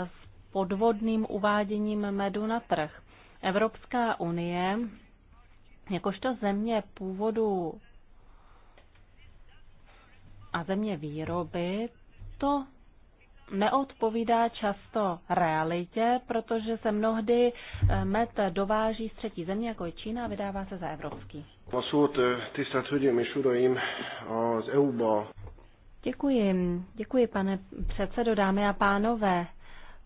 s podvodným uváděním medu na trh. Evropská unie, jakožto země původu a země výroby, to neodpovídá často realitě, protože se mnohdy eh, met dováží z třetí země, jako je Čína, a vydává se za evropský. Eh, e děkuji, děkuji pane předsedo, dámy a pánové.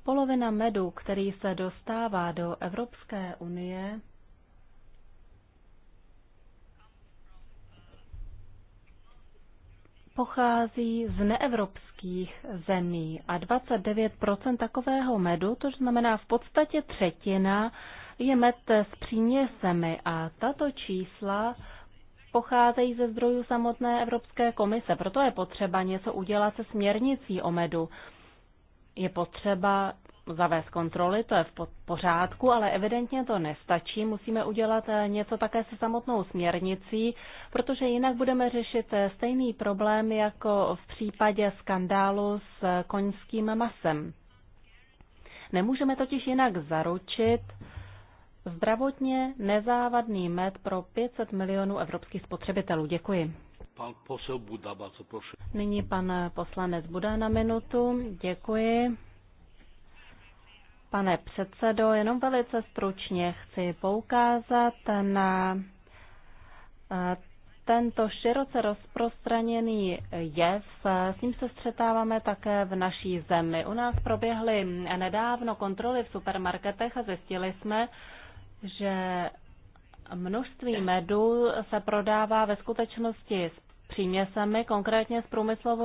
Polovina medu, který se dostává do Evropské unie, pochází z neevropských zemí a 29% takového medu, to znamená v podstatě třetina, je med s příměsemi a tato čísla pocházejí ze zdrojů samotné Evropské komise. Proto je potřeba něco udělat se směrnicí o medu. Je potřeba zavést kontroly, to je v pořádku, ale evidentně to nestačí. Musíme udělat eh, něco také se samotnou směrnicí, protože jinak budeme řešit eh, stejný problém jako v případě skandálu s eh, koňským masem. Nemůžeme totiž jinak zaručit zdravotně nezávadný med pro 500 milionů evropských spotřebitelů. Děkuji. Pan posel Buda, co Nyní pan poslanec Buda na minutu. Děkuji. Pane předsedo, jenom velice stručně chci poukázat na eh, tento široce rozprostraněný jev, s ním se střetáváme také v naší zemi. U nás proběhly nedávno kontroly v supermarketech a zjistili jsme, že množství medu se prodává ve skutečnosti příměsemi, konkrétně s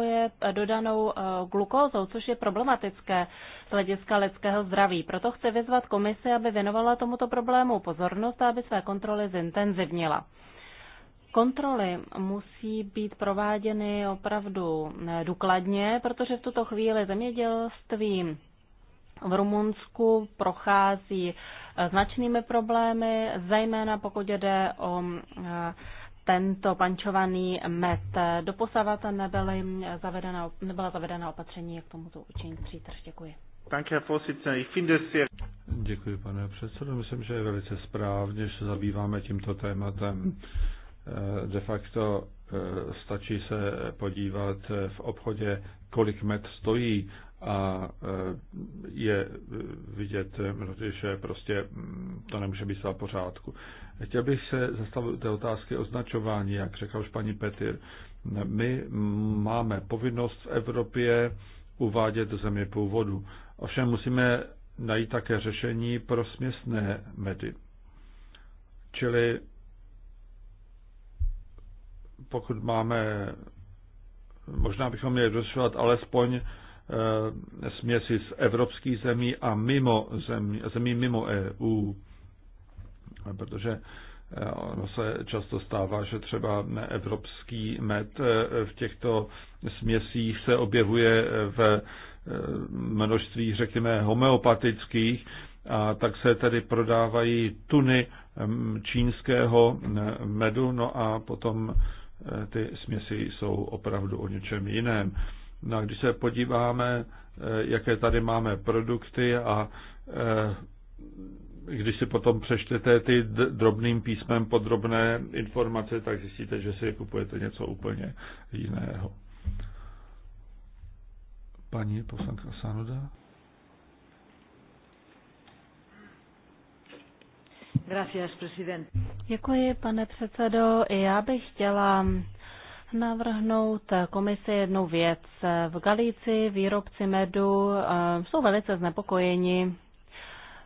je dodanou eh, glukózou, což je problematické z hlediska lidského zdraví. Proto chci vyzvat komisi, aby věnovala tomuto problému pozornost a aby své kontroly zintenzivnila. Kontroly musí být prováděny opravdu eh, důkladně, protože v tuto chvíli zemědělství v Rumunsku prochází eh, značnými problémy, zejména pokud jde o tento pančovaný med. Doposavat nebyly zavedena, nebyla zavedena opatření, jak tomuto učinit přítrž. Děkuji. Děkuji, pane předsedo. Myslím, že je velice správně, že se zabýváme tímto tématem. Eh, de facto eh, stačí se podívat eh, v obchodě, kolik met stojí a je vidět, že prostě mm, to nemůže být za pořádku. Chtěl bych se zastavit té otázky označování, jak řekla už paní Petir. My máme povinnost v Evropě uvádět do země původu. Ovšem musíme najít také řešení pro směsné medy. Čili pokud máme, možná bychom měli rozšovat alespoň eh, směsi z evropských zemí a mimo zemí, zemí mimo EU protože eh, ono se často stává, že třeba evropský med eh, v těchto směsích se objevuje eh, v množství, řekněme, homeopatických, a tak se tedy prodávají tuny mm, čínského mm, medu, no a potom ty směsi jsou opravdu o něčem jiném. No a když se podíváme, jaké tady máme produkty a když si potom přečtete ty drobným písmem podrobné informace, tak zjistíte, že si kupujete něco úplně jiného. Paní poslanka Sanoda. Gracias, president. Děkuji, pane předsedo. Já bych chtěla navrhnout komisi jednu věc. V Galici výrobci medu eh, jsou velice znepokojeni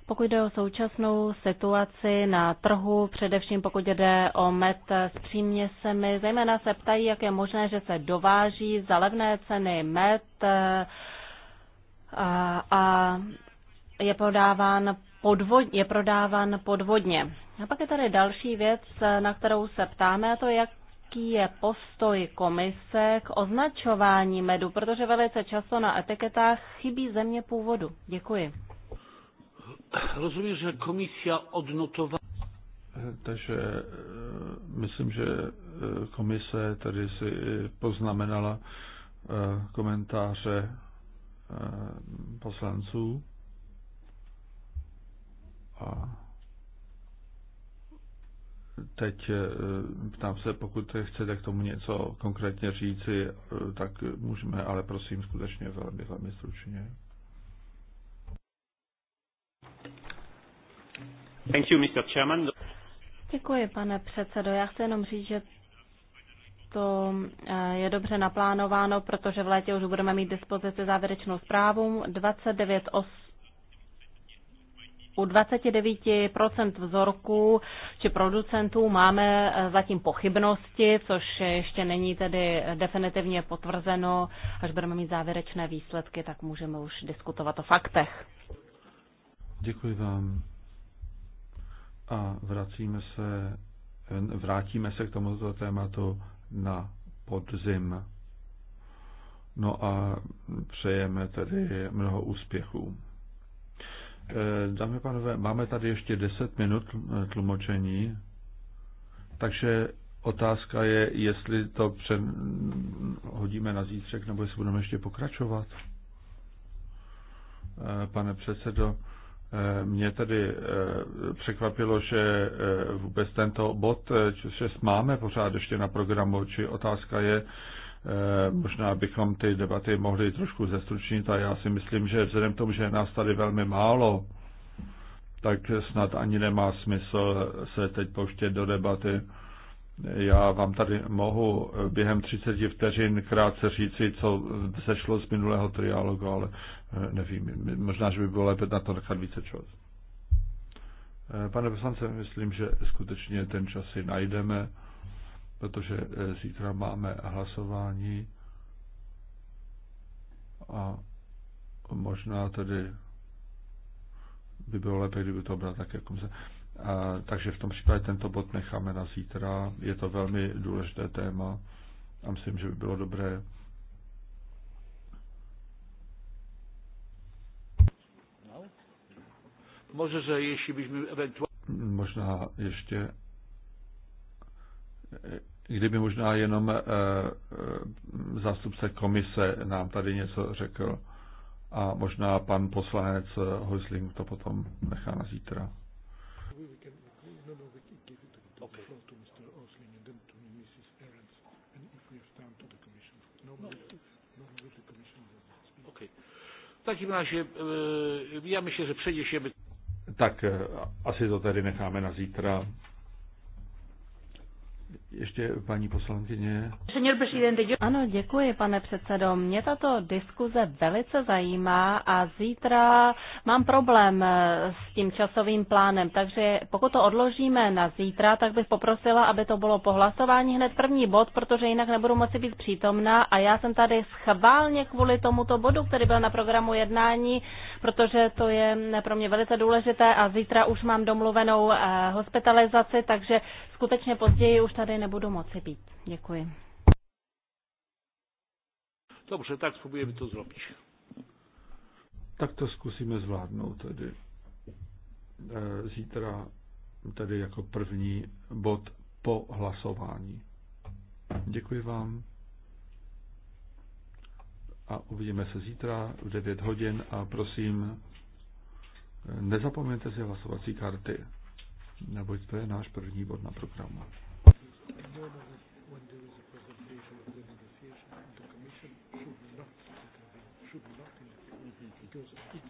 pokud jde o současnou situaci na trhu, především pokud jde o met s příměsemi, zejména se ptají, jak je možné, že se dováží za levné ceny met eh, a, a je prodáván podvod, je prodáván podvodně. A pak je tady další věc, na kterou se ptáme, a to jak jaký je postoj komise k označování medu, protože velice často na etiketách chybí země původu. Děkuji. Rozumím, že komisia odnotovala. Eh, takže eh, myslím, že eh, komise tady si poznamenala komentáře poslanců a teď ptám se, pokud chcete k tomu něco konkrétně říci, tak můžeme, ale prosím skutečně velmi, velmi stručně. Thank you, Mr. Chairman. Děkuji, pane předsedo. Já chci jenom říct, že to eh, je dobře naplánováno, protože v létě už budeme mít dispozici závěrečnou zprávu. 29 os u 29% vzorků či producentů máme eh, zatím pochybnosti, což ještě není tedy definitivně potvrzeno. Až budeme mít závěrečné výsledky, tak můžeme už diskutovat o faktech. Děkuji vám a vracíme se, vrátíme se k tomuto tématu na podzim. No a přejeme tedy mnoho úspěchů. Eh, dámy a pánové, máme tady ještě 10 minut tlumočení, takže otázka je, jestli to před, hodíme na zítřek, nebo jestli budeme ještě pokračovat. Eh, pane předsedo, Eh, mě tedy eh, překvapilo, že eh, vůbec tento bod že máme pořád ještě na programu, či otázka je, možná bychom ty debaty mohli trošku zestručnit a já si myslím, že vzhledem k tomu, že nás tady velmi málo, tak snad ani nemá smysl se teď pouštět do debaty. Já vám tady mohu během 30 vteřin krátce říci, co sešlo z minulého triálogu, ale Eh, nevím, možná, že by bylo lépe na to nechat více čas. Eh, pane poslance, myslím, že skutečně ten čas si najdeme, protože eh, zítra máme hlasování a možná tedy by bylo lépe, kdyby to tak, také se. A, takže v tom případě tento bod necháme na zítra. Je to velmi důležité téma a myslím, že by bylo dobré Może, że jeśli byśmy ewentualnie... Možná ještě, kdyby možná jenom eh, eh, zástupce komise nám tady něco řekl a možná pan poslanec eh, Hojsling to potom nechá na zítra. W Takým razie ja myślę, że tak eh, asi to tady necháme na zítra. Ještě paní poslankyně. Ano, děkuji, pane předsedo. Mě tato diskuze velice zajímá a zítra mám problém eh, s tím časovým plánem, takže pokud to odložíme na zítra, tak bych poprosila, aby to bylo po hlasování hned první bod, protože jinak nebudu moci být přítomná a já jsem tady schválně kvůli tomuto bodu, který byl na programu jednání, protože to je eh, pro mě velice důležité a zítra už mám domluvenou eh, hospitalizaci, takže skutečně později už tady nebudu moci být. Děkuji. Dobře, tak spróbujemy to zrobić. Tak to zkusíme zvládnout tedy. E, zítra tedy jako první bod po hlasování. Děkuji vám a uvidíme se zítra v 9 hodin a prosím, nezapomeňte si hlasovací karty, neboť to je náš první bod na programu because it